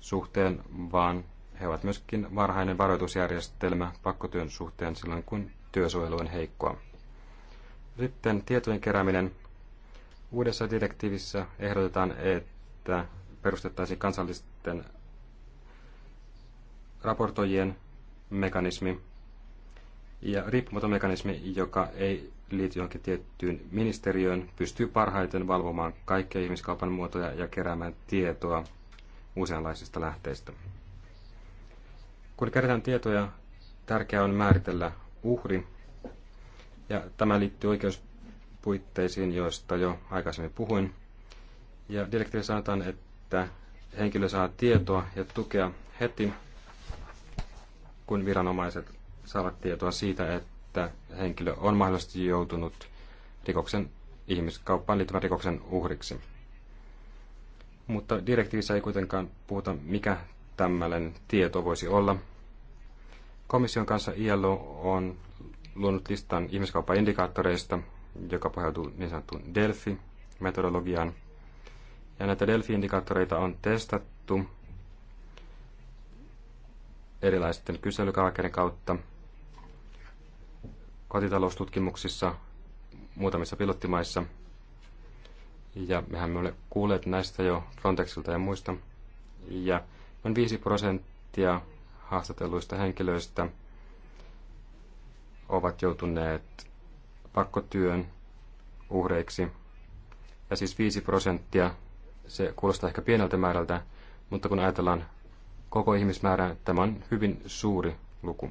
suhteen, vaan he ovat myöskin varhainen varoitusjärjestelmä pakkotyön suhteen silloin, kun työsuojelu on heikkoa. Sitten tietojen kerääminen. Uudessa direktiivissä ehdotetaan, että perustettaisiin kansallisten raportoijien mekanismi, ja riippumaton mekanismi, joka ei liity johonkin tiettyyn ministeriöön, pystyy parhaiten valvomaan kaikkia ihmiskaupan muotoja ja keräämään tietoa useanlaisista lähteistä. Kun kerätään tietoja, tärkeää on määritellä uhri, ja tämä liittyy oikeuspuitteisiin, joista jo aikaisemmin puhuin. Ja direktiivissä sanotaan, että henkilö saa tietoa ja tukea heti, kun viranomaiset saavat tietoa siitä, että henkilö on mahdollisesti joutunut rikoksen ihmiskauppaan liittyvän rikoksen uhriksi. Mutta direktiivissä ei kuitenkaan puhuta, mikä tämmöinen tieto voisi olla. Komission kanssa ILO on luonut listan ihmiskauppaindikaattoreista, joka pohjautuu niin sanottuun Delphi-metodologiaan. Ja näitä Delphi-indikaattoreita on testattu erilaisten kyselykaakkeiden kautta – kotitaloustutkimuksissa muutamissa pilottimaissa. Ja mehän me olemme kuulleet näistä jo Frontexilta ja muista. Ja noin 5 prosenttia haastatelluista henkilöistä ovat joutuneet pakkotyön uhreiksi. Ja siis 5 prosenttia, se kuulostaa ehkä pieneltä määrältä, mutta kun ajatellaan koko ihmismäärää, tämä on hyvin suuri luku.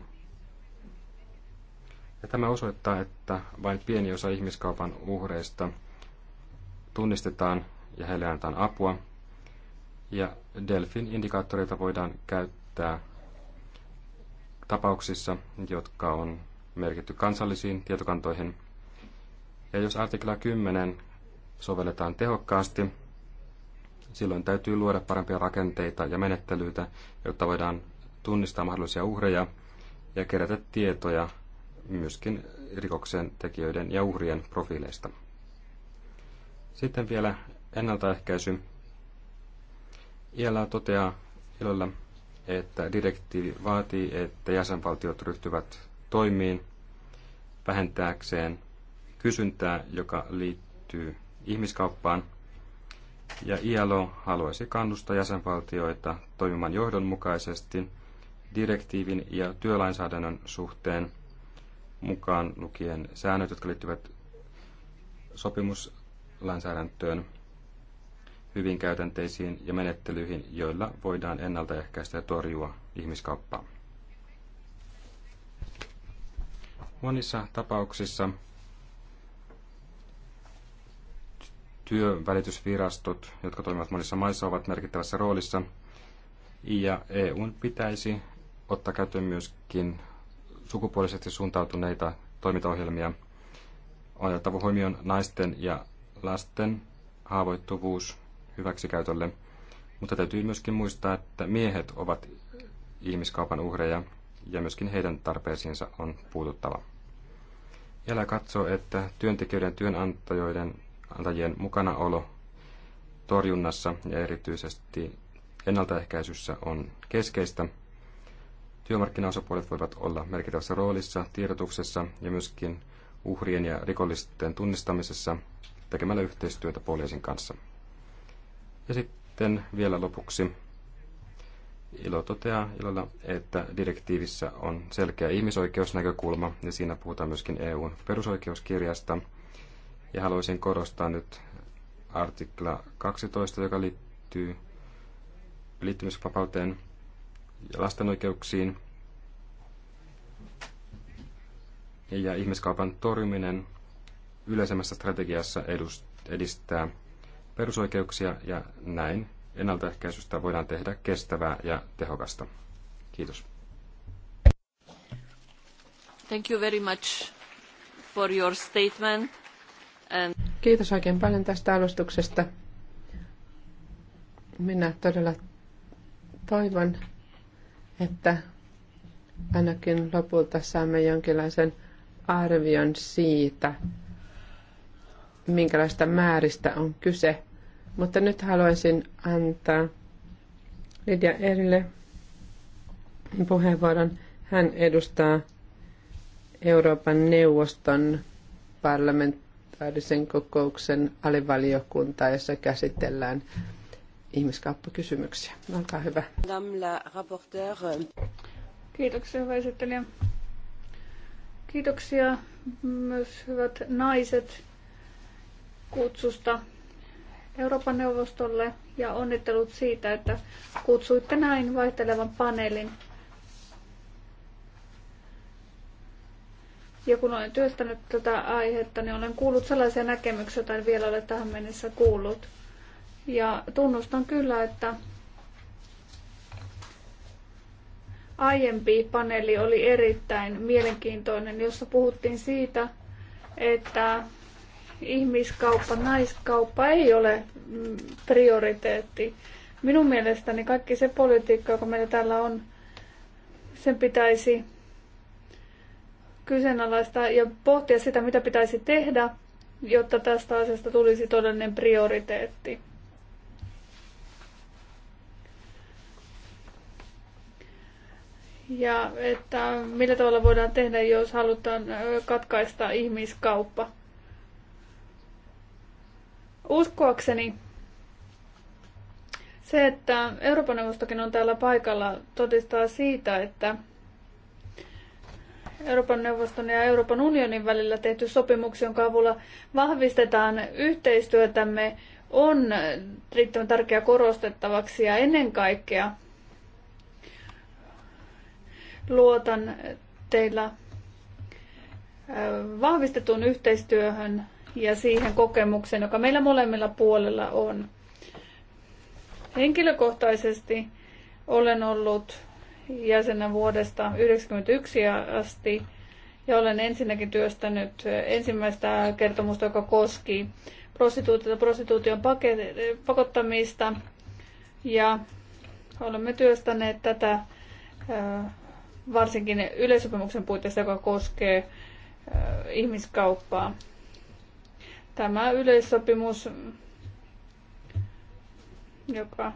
Ja tämä osoittaa, että vain pieni osa ihmiskaupan uhreista tunnistetaan ja heille annetaan apua. Ja Delfin indikaattoreita voidaan käyttää tapauksissa, jotka on merkitty kansallisiin tietokantoihin. Ja jos artikla 10 sovelletaan tehokkaasti, silloin täytyy luoda parempia rakenteita ja menettelyitä, jotta voidaan tunnistaa mahdollisia uhreja ja kerätä tietoja myöskin rikoksen tekijöiden ja uhrien profiileista. Sitten vielä ennaltaehkäisy. Iällä toteaa ilolla, että direktiivi vaatii, että jäsenvaltiot ryhtyvät toimiin vähentääkseen kysyntää, joka liittyy ihmiskauppaan, ja ILO haluaisi kannustaa jäsenvaltioita toimimaan johdonmukaisesti direktiivin ja työlainsäädännön suhteen – mukaan lukien säännöt, jotka liittyvät sopimuslainsäädäntöön, hyviin käytänteisiin ja menettelyihin, joilla voidaan ennaltaehkäistä ja torjua ihmiskauppaa. Monissa tapauksissa työvälitysvirastot, jotka toimivat monissa maissa, ovat merkittävässä roolissa, ja EUn pitäisi ottaa käyttöön myöskin sukupuolisesti suuntautuneita toimintaohjelmia. On otettava huomioon naisten ja lasten haavoittuvuus hyväksikäytölle, mutta täytyy myöskin muistaa, että miehet ovat ihmiskaupan uhreja ja myöskin heidän tarpeisiinsa on puututtava. Jälä katsoo, että työntekijöiden työnantajien antajien mukanaolo torjunnassa ja erityisesti ennaltaehkäisyssä on keskeistä – Työmarkkinaosapuolet voivat olla merkittävässä roolissa tiedotuksessa ja myöskin uhrien ja rikollisten tunnistamisessa tekemällä yhteistyötä poliisin kanssa. Ja sitten vielä lopuksi. Ilo toteaa ilolla, että direktiivissä on selkeä ihmisoikeusnäkökulma ja siinä puhutaan myöskin EUn perusoikeuskirjasta. Ja haluaisin korostaa nyt artikla 12, joka liittyy liittymisvapauteen ja lasten oikeuksiin. Ja ihmiskaupan torjuminen yleisemmässä strategiassa edistää perusoikeuksia ja näin ennaltaehkäisystä voidaan tehdä kestävää ja tehokasta. Kiitos. Thank you very much for your statement. And... Kiitos oikein paljon tästä alustuksesta. Minä todella toivon, että ainakin lopulta saamme jonkinlaisen arvion siitä, minkälaista määristä on kyse. Mutta nyt haluaisin antaa Lydia Erille puheenvuoron. Hän edustaa Euroopan neuvoston parlamentaarisen kokouksen alivaliokuntaa, jossa käsitellään ihmiskauppakysymyksiä. Olkaa hyvä. Kiitoksia, hyvä esittelijä. Kiitoksia myös hyvät naiset kutsusta Euroopan neuvostolle ja onnittelut siitä, että kutsuitte näin vaihtelevan paneelin. Ja kun olen työstänyt tätä aihetta, niin olen kuullut sellaisia näkemyksiä, joita en vielä ole tähän mennessä kuullut. Ja tunnustan kyllä, että aiempi paneeli oli erittäin mielenkiintoinen, jossa puhuttiin siitä, että ihmiskauppa, naiskauppa ei ole mm, prioriteetti. Minun mielestäni kaikki se politiikka, joka meillä täällä on, sen pitäisi kyseenalaista ja pohtia sitä, mitä pitäisi tehdä, jotta tästä asiasta tulisi todellinen prioriteetti. ja että millä tavalla voidaan tehdä, jos halutaan katkaista ihmiskauppa. Uskoakseni se, että Euroopan neuvostokin on täällä paikalla, todistaa siitä, että Euroopan neuvoston ja Euroopan unionin välillä tehty sopimus, jonka avulla vahvistetaan yhteistyötämme, on riittävän tärkeä korostettavaksi ja ennen kaikkea – Luotan teillä vahvistetun yhteistyöhön ja siihen kokemukseen, joka meillä molemmilla puolella on. Henkilökohtaisesti olen ollut jäsenä vuodesta 1991 asti ja olen ensinnäkin työstänyt ensimmäistä kertomusta, joka koski prostituutiota, prostituution pakottamista ja olemme työstäneet tätä varsinkin yleisopimuksen puitteissa, joka koskee ihmiskauppaa. Tämä yleissopimus, joka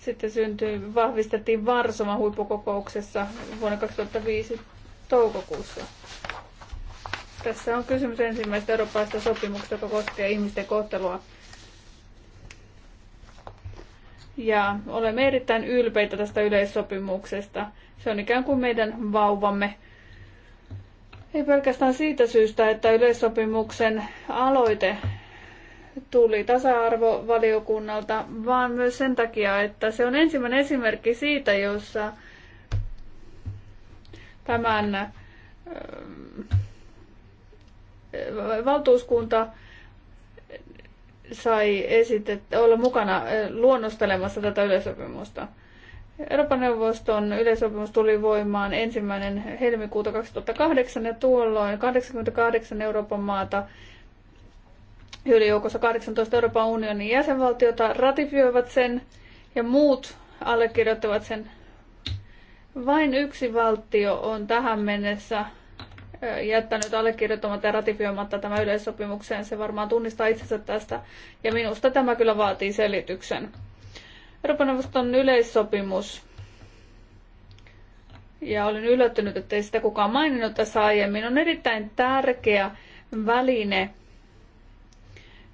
sitten syntyi, vahvistettiin Varsovan huippukokouksessa vuonna 2005 toukokuussa. Tässä on kysymys ensimmäisestä eurooppalaisesta sopimuksesta, joka koskee ihmisten kohtelua ja olemme erittäin ylpeitä tästä yleissopimuksesta. Se on ikään kuin meidän vauvamme. Ei pelkästään siitä syystä, että yleissopimuksen aloite tuli tasa-arvovaliokunnalta, vaan myös sen takia, että se on ensimmäinen esimerkki siitä, jossa tämän valtuuskunta sai esitet, olla mukana luonnostelemassa tätä yleisopimusta. Euroopan neuvoston yleisopimus tuli voimaan ensimmäinen helmikuuta 2008 ja tuolloin 88 Euroopan maata yli joukossa 18 Euroopan unionin jäsenvaltiota ratifioivat sen ja muut allekirjoittavat sen. Vain yksi valtio on tähän mennessä jättänyt allekirjoittamatta ja ratifioimatta tämä yleissopimukseen. Se varmaan tunnistaa itsensä tästä ja minusta tämä kyllä vaatii selityksen. Euroopan neuvoston yleissopimus ja olen yllättynyt, ei sitä kukaan maininnut tässä aiemmin, on erittäin tärkeä väline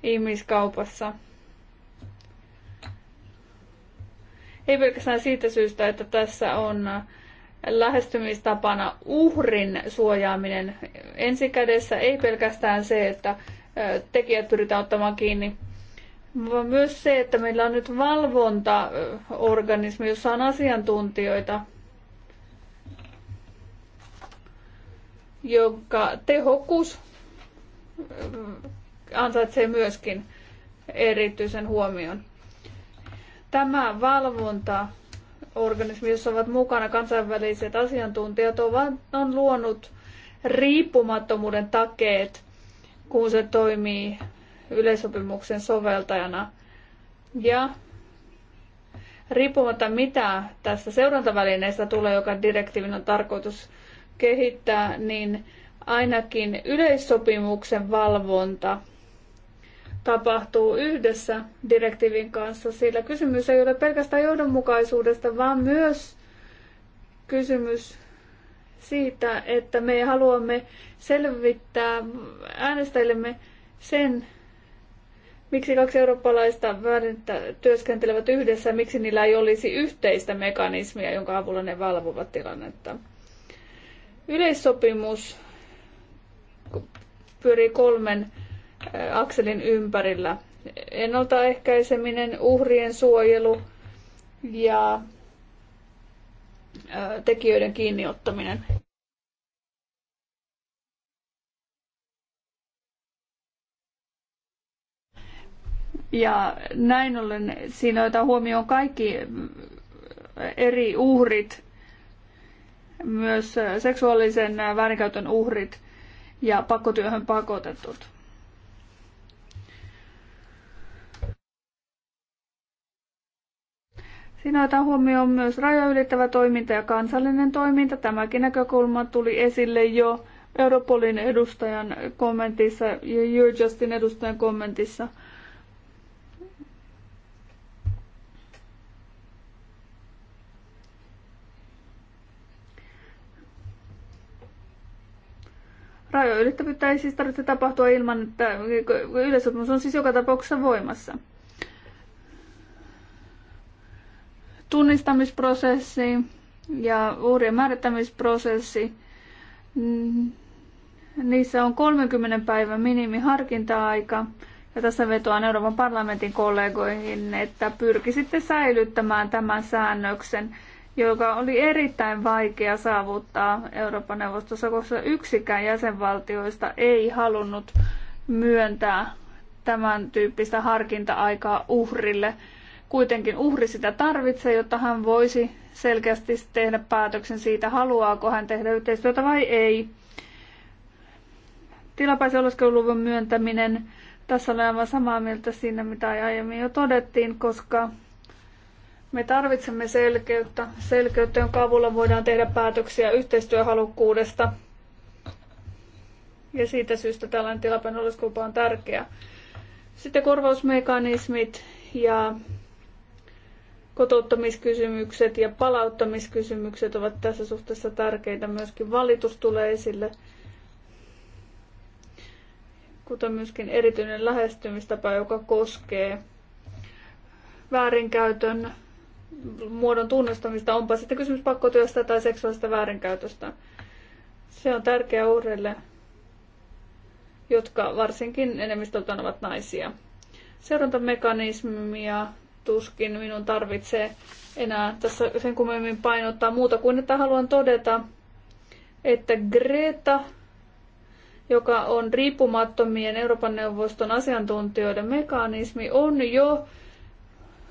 ihmiskaupassa. Ei pelkästään siitä syystä, että tässä on lähestymistapana uhrin suojaaminen ensikädessä, ei pelkästään se, että tekijät pyritään ottamaan kiinni, vaan myös se, että meillä on nyt valvontaorganismi, jossa on asiantuntijoita, jonka tehokkuus ansaitsee myöskin erityisen huomion. Tämä valvonta organismi, jossa ovat mukana kansainväliset asiantuntijat, ovat, on luonut riippumattomuuden takeet, kun se toimii yleisopimuksen soveltajana. Ja riippumatta mitä tässä seurantavälineestä tulee, joka direktiivin on tarkoitus kehittää, niin ainakin yleissopimuksen valvonta tapahtuu yhdessä direktiivin kanssa, sillä kysymys ei ole pelkästään johdonmukaisuudesta, vaan myös kysymys siitä, että me haluamme selvittää äänestäjillemme sen, miksi kaksi eurooppalaista väärintä työskentelevät yhdessä, miksi niillä ei olisi yhteistä mekanismia, jonka avulla ne valvovat tilannetta. Yleissopimus pyörii kolmen akselin ympärillä. Ennaltaehkäiseminen, uhrien suojelu ja tekijöiden kiinniottaminen. Ja näin ollen siinä otetaan huomioon kaikki eri uhrit, myös seksuaalisen väärinkäytön uhrit ja pakkotyöhön pakotetut. Siinä otetaan huomioon myös rajoylittävä toiminta ja kansallinen toiminta. Tämäkin näkökulma tuli esille jo Europolin edustajan kommentissa ja Eurojustin edustajan kommentissa. Rajoja ei siis tarvitse tapahtua ilman, että yleisopimus on siis joka tapauksessa voimassa. tunnistamisprosessi ja uhrien määrittämisprosessi. Niissä on 30 päivän minimiharkinta-aika. Ja tässä vetoan Euroopan parlamentin kollegoihin, että pyrkisitte säilyttämään tämän säännöksen, joka oli erittäin vaikea saavuttaa Euroopan neuvostossa, koska yksikään jäsenvaltioista ei halunnut myöntää tämän tyyppistä harkinta-aikaa uhrille kuitenkin uhri sitä tarvitsee, jotta hän voisi selkeästi tehdä päätöksen siitä, haluaako hän tehdä yhteistyötä vai ei. Tilapäisen oleskeluluvun myöntäminen. Tässä olen aivan samaa mieltä siinä, mitä aiemmin jo todettiin, koska me tarvitsemme selkeyttä, selkeyttä, jonka avulla voidaan tehdä päätöksiä yhteistyöhalukkuudesta. Ja siitä syystä tällainen tilapäinen oleskelupa on tärkeä. Sitten korvausmekanismit ja kotouttamiskysymykset ja palauttamiskysymykset ovat tässä suhteessa tärkeitä. Myöskin valitus tulee esille, kuten myöskin erityinen lähestymistapa, joka koskee väärinkäytön muodon tunnustamista. onpa sitten kysymys pakkotyöstä tai seksuaalista väärinkäytöstä. Se on tärkeä uhreille, jotka varsinkin enemmistöltään ovat naisia. Seurantamekanismia tuskin minun tarvitsee enää tässä sen kummemmin painottaa muuta kuin, että haluan todeta, että Greta, joka on riippumattomien Euroopan neuvoston asiantuntijoiden mekanismi, on jo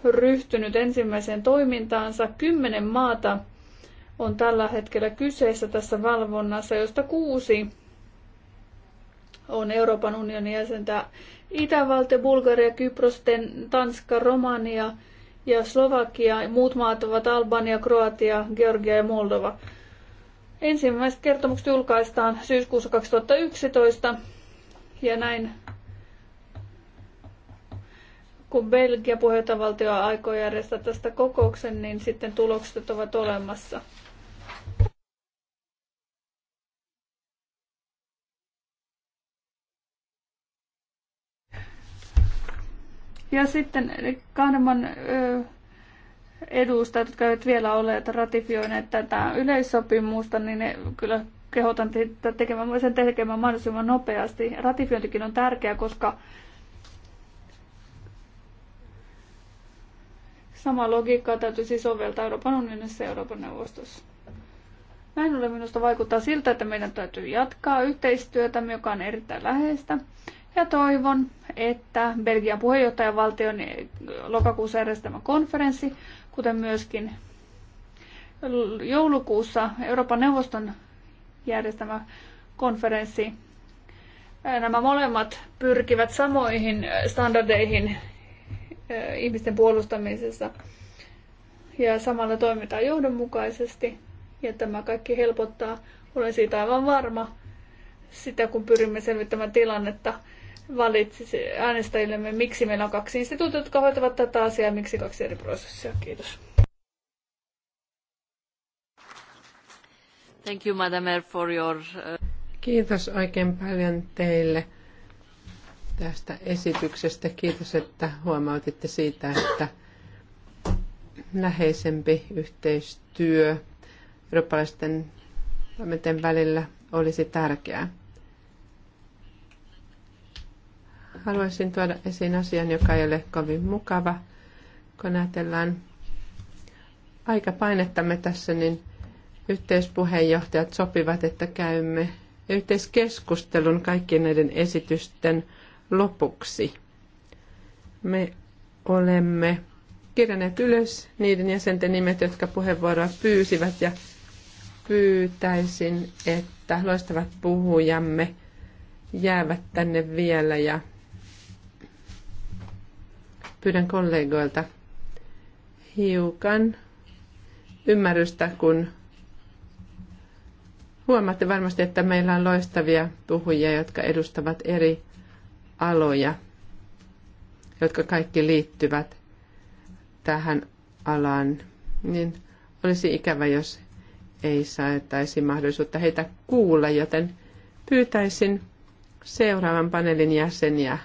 ryhtynyt ensimmäiseen toimintaansa. Kymmenen maata on tällä hetkellä kyseessä tässä valvonnassa, josta kuusi on Euroopan unionin jäsentä. Itävalta, Bulgaria, Kyprosten, Tanska, Romania ja Slovakia. Muut maat ovat Albania, Kroatia, Georgia ja Moldova. Ensimmäiset kertomukset julkaistaan syyskuussa 2011 ja näin kun Belgia puheenjohtajavaltio aikoo järjestää tästä kokouksen, niin sitten tulokset ovat olemassa. Ja sitten Kahneman edustajat, jotka eivät vielä ole ratifioineet tätä yleissopimusta, niin ne kyllä kehotan teitä tekemään, sen tekemään mahdollisimman nopeasti. Ratifiointikin on tärkeää, koska Sama logiikkaa täytyisi siis soveltaa Euroopan unionissa ja Euroopan neuvostossa. Näin ollen minusta vaikuttaa siltä, että meidän täytyy jatkaa yhteistyötä, joka on erittäin läheistä. Ja toivon, että Belgian puheenjohtajavaltion lokakuussa järjestämä konferenssi, kuten myöskin joulukuussa Euroopan neuvoston järjestämä konferenssi, nämä molemmat pyrkivät samoihin standardeihin eh, ihmisten puolustamisessa ja samalla toimitaan johdonmukaisesti ja tämä kaikki helpottaa, olen siitä aivan varma, sitä kun pyrimme selvittämään tilannetta valitsisi äänestäjillemme, miksi meillä on kaksi instituutiota, jotka hoitavat tätä asiaa ja miksi kaksi eri prosessia. Kiitos. Thank you, Madam Mayor, for your... Uh, Kiitos oikein paljon teille tästä esityksestä. Kiitos, että huomautitte siitä, että läheisempi yhteistyö eurooppalaisten välillä olisi tärkeää. haluaisin tuoda esiin asian, joka ei ole kovin mukava. Kun ajatellaan painettamme tässä, niin yhteispuheenjohtajat sopivat, että käymme yhteiskeskustelun kaikkien näiden esitysten lopuksi. Me olemme kirjanneet ylös niiden jäsenten nimet, jotka puheenvuoroa pyysivät ja pyytäisin, että loistavat puhujamme jäävät tänne vielä ja pyydän kollegoilta hiukan ymmärrystä, kun huomaatte varmasti, että meillä on loistavia puhujia, jotka edustavat eri aloja, jotka kaikki liittyvät tähän alaan, niin olisi ikävä, jos ei saataisi mahdollisuutta heitä kuulla, joten pyytäisin seuraavan paneelin jäseniä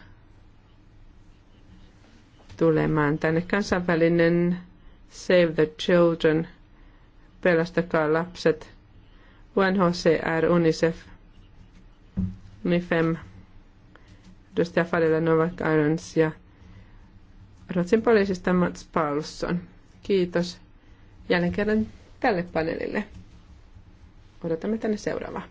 tulemaan tänne. Kansainvälinen Save the Children, pelastakaa lapset, UNHCR, UNICEF, UNIFEM, Dostia Fadela Novak Irons ja Ruotsin poliisista Mats Paulsson. Kiitos jälleen kerran tälle paneelille. Odotamme tänne seuraavaa.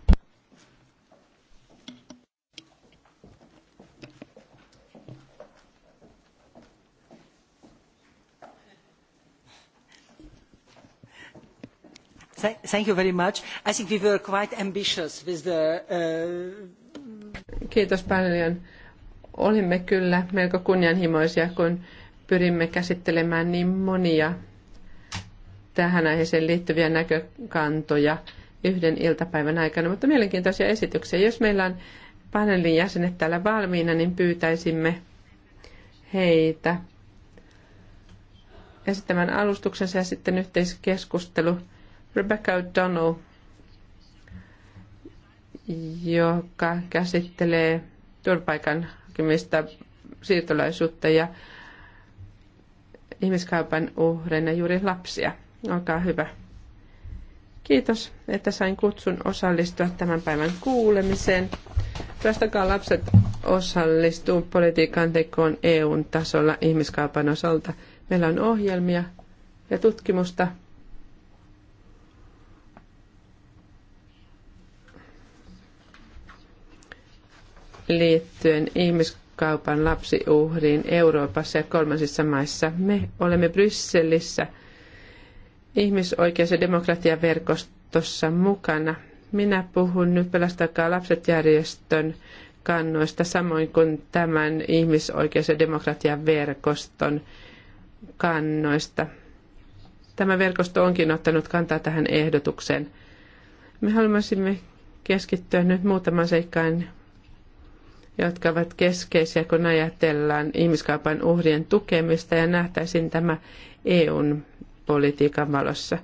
thank you very much. I think we were quite ambitious with the... Uh... Kiitos paljon. Olimme kyllä melko kunnianhimoisia, kun pyrimme käsittelemään niin monia tähän aiheeseen liittyviä näkökantoja yhden iltapäivän aikana, mutta mielenkiintoisia esityksiä. Jos meillä on paneelin jäsenet täällä valmiina, niin pyytäisimme heitä esittämään alustuksensa ja sitten yhteiskeskustelu. Rebecca O'Donnell, joka käsittelee turvapaikan hakemista siirtolaisuutta ja ihmiskaupan uhreina juuri lapsia. Olkaa hyvä. Kiitos, että sain kutsun osallistua tämän päivän kuulemiseen. Päästäkää lapset osallistuu politiikan tekoon EUn tasolla ihmiskaupan osalta. Meillä on ohjelmia ja tutkimusta liittyen ihmiskaupan lapsiuhriin Euroopassa ja kolmansissa maissa. Me olemme Brysselissä ihmisoikeus- ja demokratiaverkostossa mukana. Minä puhun nyt Pelastakaa lapset järjestön kannoista, samoin kuin tämän ihmisoikeus- ja demokratiaverkoston kannoista. Tämä verkosto onkin ottanut kantaa tähän ehdotukseen. Me haluaisimme keskittyä nyt muutaman seikkaan, jotka ovat keskeisiä, kun ajatellaan ihmiskaupan uhrien tukemista ja nähtäisiin tämä EUn politiikan valossa.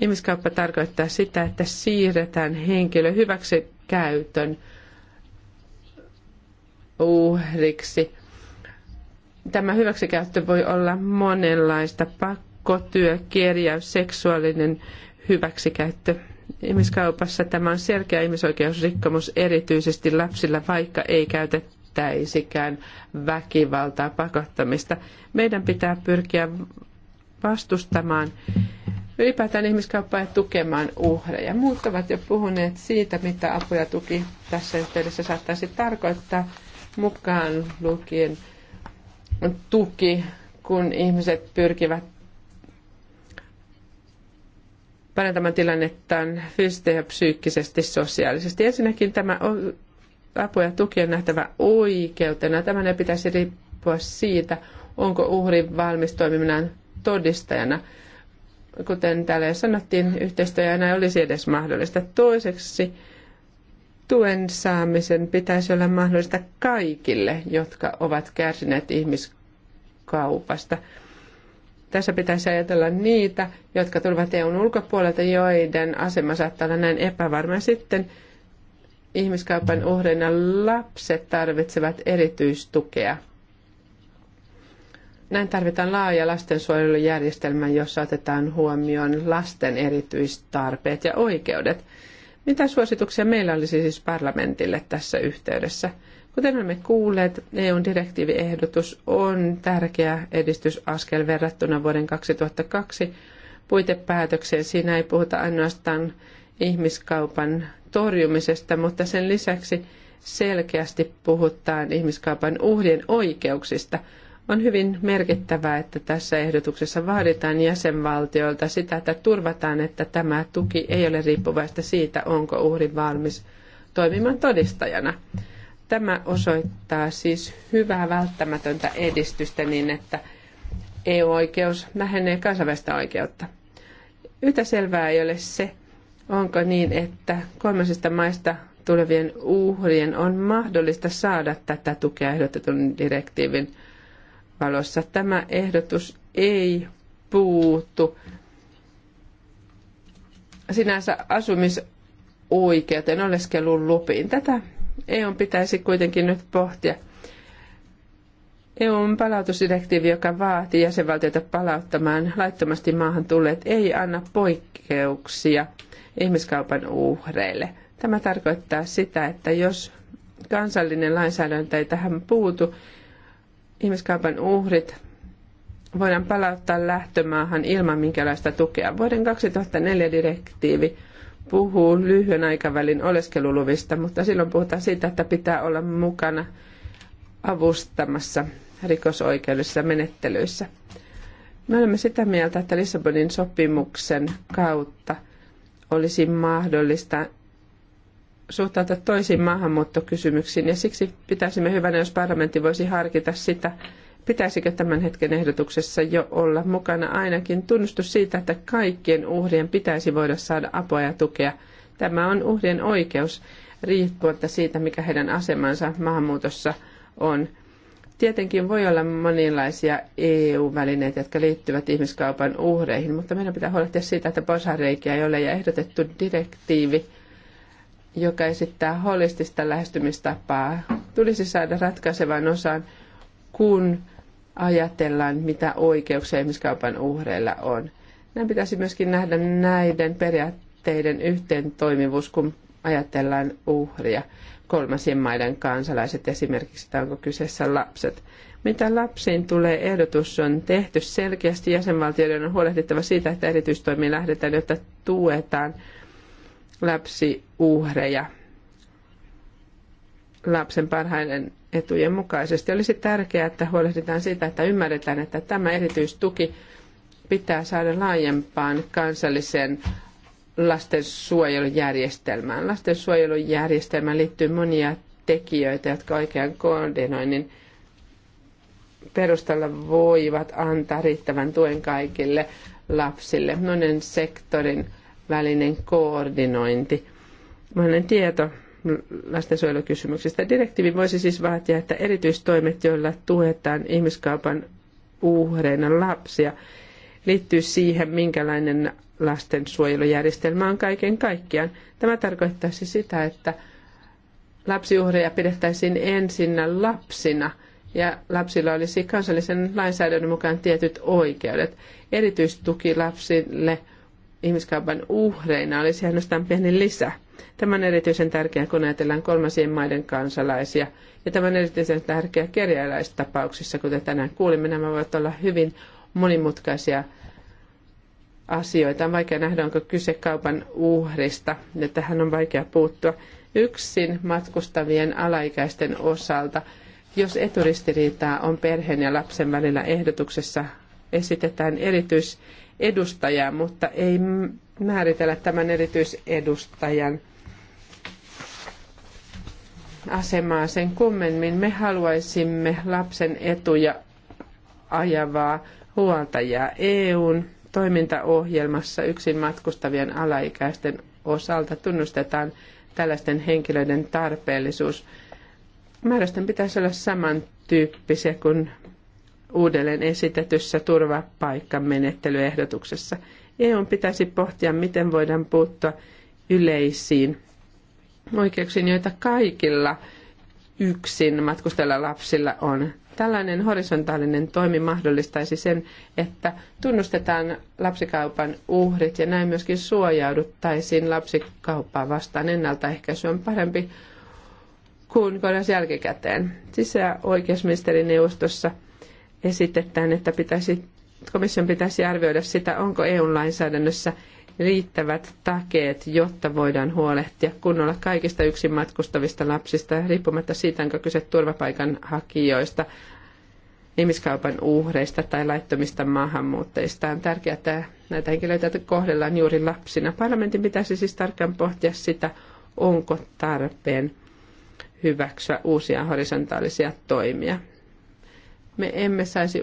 Ihmiskauppa tarkoittaa sitä, että siirretään henkilö hyväksikäytön uhriksi. Tämä hyväksikäyttö voi olla monenlaista pakkotyö, kirjaus, seksuaalinen hyväksikäyttö Ihmiskaupassa tämä on selkeä ihmisoikeusrikkomus erityisesti lapsilla, vaikka ei käytettäisikään väkivaltaa pakottamista. Meidän pitää pyrkiä vastustamaan ylipäätään ihmiskauppaa ja tukemaan uhreja. Muut ovat jo puhuneet siitä, mitä apu ja tuki tässä yhteydessä saattaisi tarkoittaa mukaan lukien tuki, kun ihmiset pyrkivät parantamaan tilannettaan fyysisesti ja psyykkisesti sosiaalisesti. Ensinnäkin tämä apu ja tuki on nähtävä oikeutena. Tämän ei pitäisi riippua siitä, onko uhri valmis toimimaan todistajana. Kuten täällä jo sanottiin, yhteistyö ei enää olisi edes mahdollista. Toiseksi tuen saamisen pitäisi olla mahdollista kaikille, jotka ovat kärsineet ihmiskaupasta tässä pitäisi ajatella niitä, jotka tulevat EUn ulkopuolelta, joiden asema saattaa olla näin epävarma. Sitten ihmiskaupan uhreina lapset tarvitsevat erityistukea. Näin tarvitaan laaja lastensuojelujärjestelmä, jossa otetaan huomioon lasten erityistarpeet ja oikeudet. Mitä suosituksia meillä olisi siis parlamentille tässä yhteydessä? Kuten olemme kuulleet, EUn direktiiviehdotus on tärkeä edistysaskel verrattuna vuoden 2002 puitepäätökseen. Siinä ei puhuta ainoastaan ihmiskaupan torjumisesta, mutta sen lisäksi selkeästi puhutaan ihmiskaupan uhrien oikeuksista. On hyvin merkittävää, että tässä ehdotuksessa vaaditaan jäsenvaltioilta sitä, että turvataan, että tämä tuki ei ole riippuvaista siitä, onko uhri valmis toimimaan todistajana. Tämä osoittaa siis hyvää välttämätöntä edistystä niin, että EU-oikeus lähenee kansainvälistä oikeutta. Yhtä selvää ei ole se, onko niin, että kolmansista maista tulevien uhrien on mahdollista saada tätä tukea ehdotetun direktiivin valossa. Tämä ehdotus ei puutu sinänsä asumisoikeuteen oleskelun lupiin. Tätä EUn pitäisi kuitenkin nyt pohtia. EUn palautusdirektiivi, joka vaatii jäsenvaltioita palauttamaan laittomasti maahan tulleet, ei anna poikkeuksia ihmiskaupan uhreille. Tämä tarkoittaa sitä, että jos kansallinen lainsäädäntö ei tähän puutu, ihmiskaupan uhrit voidaan palauttaa lähtömaahan ilman minkälaista tukea. Vuoden 2004 direktiivi puhuu lyhyen aikavälin oleskeluluvista, mutta silloin puhutaan siitä, että pitää olla mukana avustamassa rikosoikeudellisissa menettelyissä. Me olemme sitä mieltä, että Lissabonin sopimuksen kautta olisi mahdollista suhtautua toisiin maahanmuuttokysymyksiin ja siksi pitäisimme hyvänä, jos parlamentti voisi harkita sitä, Pitäisikö tämän hetken ehdotuksessa jo olla mukana ainakin tunnustus siitä, että kaikkien uhrien pitäisi voida saada apua ja tukea? Tämä on uhrien oikeus riippuutta siitä, mikä heidän asemansa maahanmuutossa on. Tietenkin voi olla monenlaisia EU-välineitä, jotka liittyvät ihmiskaupan uhreihin, mutta meidän pitää huolehtia siitä, että porsareikiä ei ole ja ehdotettu direktiivi, joka esittää holistista lähestymistapaa, tulisi saada ratkaisevan osan, kun ajatellaan, mitä oikeuksia ihmiskaupan uhreilla on. Nämä pitäisi myöskin nähdä näiden periaatteiden yhteen toimivuus, kun ajatellaan uhria. Kolmasien maiden kansalaiset esimerkiksi, tai onko kyseessä lapset. Mitä lapsiin tulee, ehdotus on tehty selkeästi. Jäsenvaltioiden on huolehdittava siitä, että erityistoimiin lähdetään, jotta tuetaan lapsiuhreja. Lapsen parhaiden etujen mukaisesti. Olisi tärkeää, että huolehditaan siitä, että ymmärretään, että tämä erityistuki pitää saada laajempaan kansalliseen lastensuojelujärjestelmään. Lastensuojelujärjestelmään liittyy monia tekijöitä, jotka oikean koordinoinnin perustalla voivat antaa riittävän tuen kaikille lapsille. Monen sektorin välinen koordinointi, monen tieto lastensuojelukysymyksistä. Direktiivi voisi siis vaatia, että erityistoimet, joilla tuetaan ihmiskaupan uhreina lapsia, liittyy siihen, minkälainen lastensuojelujärjestelmä on kaiken kaikkiaan. Tämä tarkoittaisi sitä, että lapsiuhreja pidettäisiin ensinnä lapsina ja lapsilla olisi kansallisen lainsäädännön mukaan tietyt oikeudet. Erityistuki lapsille – ihmiskaupan uhreina olisi ainoastaan pieni lisä. Tämä on erityisen tärkeää, kun ajatellaan kolmansien maiden kansalaisia. Ja tämä on erityisen tärkeää kerjäläistapauksissa, kuten tänään kuulimme. Nämä voivat olla hyvin monimutkaisia asioita. On vaikea nähdä, onko kyse kaupan uhrista, ja tähän on vaikea puuttua yksin matkustavien alaikäisten osalta. Jos eturistiriitaa on perheen ja lapsen välillä ehdotuksessa, esitetään erityis edustajaa, mutta ei määritellä tämän erityisedustajan asemaa sen kummemmin. Me haluaisimme lapsen etuja ajavaa huoltajaa EUn toimintaohjelmassa yksin matkustavien alaikäisten osalta tunnustetaan tällaisten henkilöiden tarpeellisuus. Määrästen pitäisi olla samantyyppisiä kuin uudelleen esitetyssä turvapaikkamenettelyehdotuksessa. EUn pitäisi pohtia, miten voidaan puuttua yleisiin oikeuksiin, joita kaikilla yksin matkustella lapsilla on. Tällainen horisontaalinen toimi mahdollistaisi sen, että tunnustetaan lapsikaupan uhrit ja näin myöskin suojauduttaisiin lapsikauppaa vastaan. Ennaltaehkäisy on parempi kuin kodas jälkikäteen. Sisä- oikeusministerineuvostossa – esitetään, että pitäisi, komission pitäisi arvioida sitä, onko EU-lainsäädännössä riittävät takeet, jotta voidaan huolehtia kunnolla kaikista yksin matkustavista lapsista, riippumatta siitä, onko kyse turvapaikanhakijoista, ihmiskaupan uhreista tai laittomista maahanmuuttajista. On tärkeää, että näitä henkilöitä kohdellaan juuri lapsina. Parlamentin pitäisi siis tarkkaan pohtia sitä, onko tarpeen hyväksyä uusia horisontaalisia toimia. Me emme saisi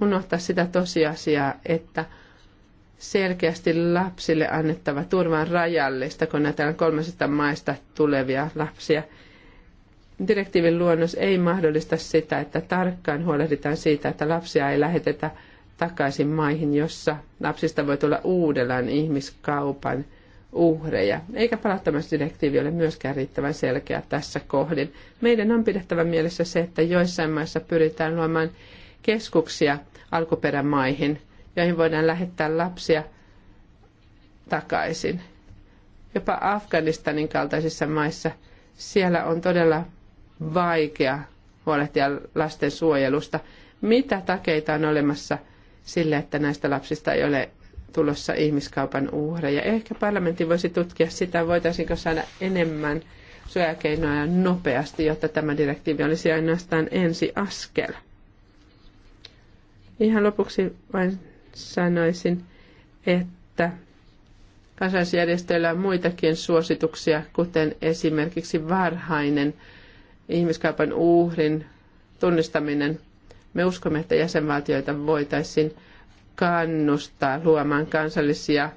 unohtaa sitä tosiasiaa, että selkeästi lapsille annettava turva on rajallista, kun näitä kolmesta maista tulevia lapsia. Direktiivin luonnos ei mahdollista sitä, että tarkkaan huolehditaan siitä, että lapsia ei lähetetä takaisin maihin, jossa lapsista voi tulla uudelleen ihmiskaupan – uhreja, eikä palauttamisdirektiivi ole myöskään riittävän selkeä tässä kohdin. Meidän on pidettävä mielessä se, että joissain maissa pyritään luomaan keskuksia alkuperämaihin, joihin voidaan lähettää lapsia takaisin. Jopa Afganistanin kaltaisissa maissa siellä on todella vaikea huolehtia lasten suojelusta. Mitä takeita on olemassa sille, että näistä lapsista ei ole tulossa ihmiskaupan uhreja. Ehkä parlamentti voisi tutkia sitä, voitaisiinko saada enemmän suojakeinoja nopeasti, jotta tämä direktiivi olisi ainoastaan ensi askel. Ihan lopuksi vain sanoisin, että kansalaisjärjestöillä on muitakin suosituksia, kuten esimerkiksi varhainen ihmiskaupan uhrin tunnistaminen. Me uskomme, että jäsenvaltioita voitaisiin kannustaa luomaan kansallisia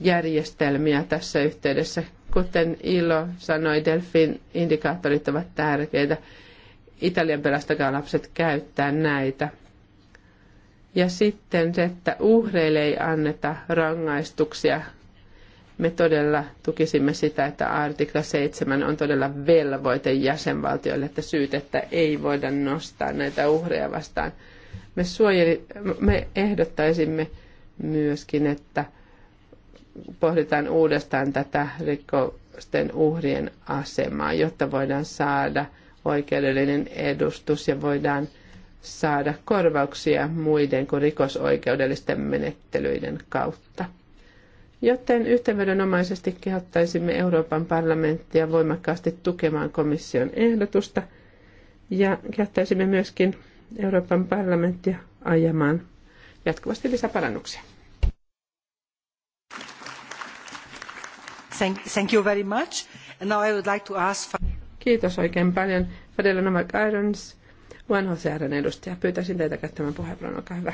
järjestelmiä tässä yhteydessä. Kuten Ilo sanoi, Delfin indikaattorit ovat tärkeitä. Italian pelastakaa lapset käyttää näitä. Ja sitten se, että uhreille ei anneta rangaistuksia. Me todella tukisimme sitä, että artikla 7 on todella velvoite jäsenvaltioille, että syytettä ei voida nostaa näitä uhreja vastaan – me, suojeli, me ehdottaisimme myöskin, että pohditaan uudestaan tätä rikosten uhrien asemaa, jotta voidaan saada oikeudellinen edustus ja voidaan saada korvauksia muiden kuin rikosoikeudellisten menettelyiden kautta. Joten yhteenvedonomaisesti kehottaisimme Euroopan parlamenttia voimakkaasti tukemaan komission ehdotusta ja kehottaisimme myöskin Euroopan parlamenttia ajamaan jatkuvasti lisäparannuksia. Thank, thank you very much. And now I would like to ask... for Kiitos oikein paljon. Fadela Novak Irons, UNHCRn edustaja. Pyytäisin teitä käyttämään puheenvuoron. Olkaa hyvä.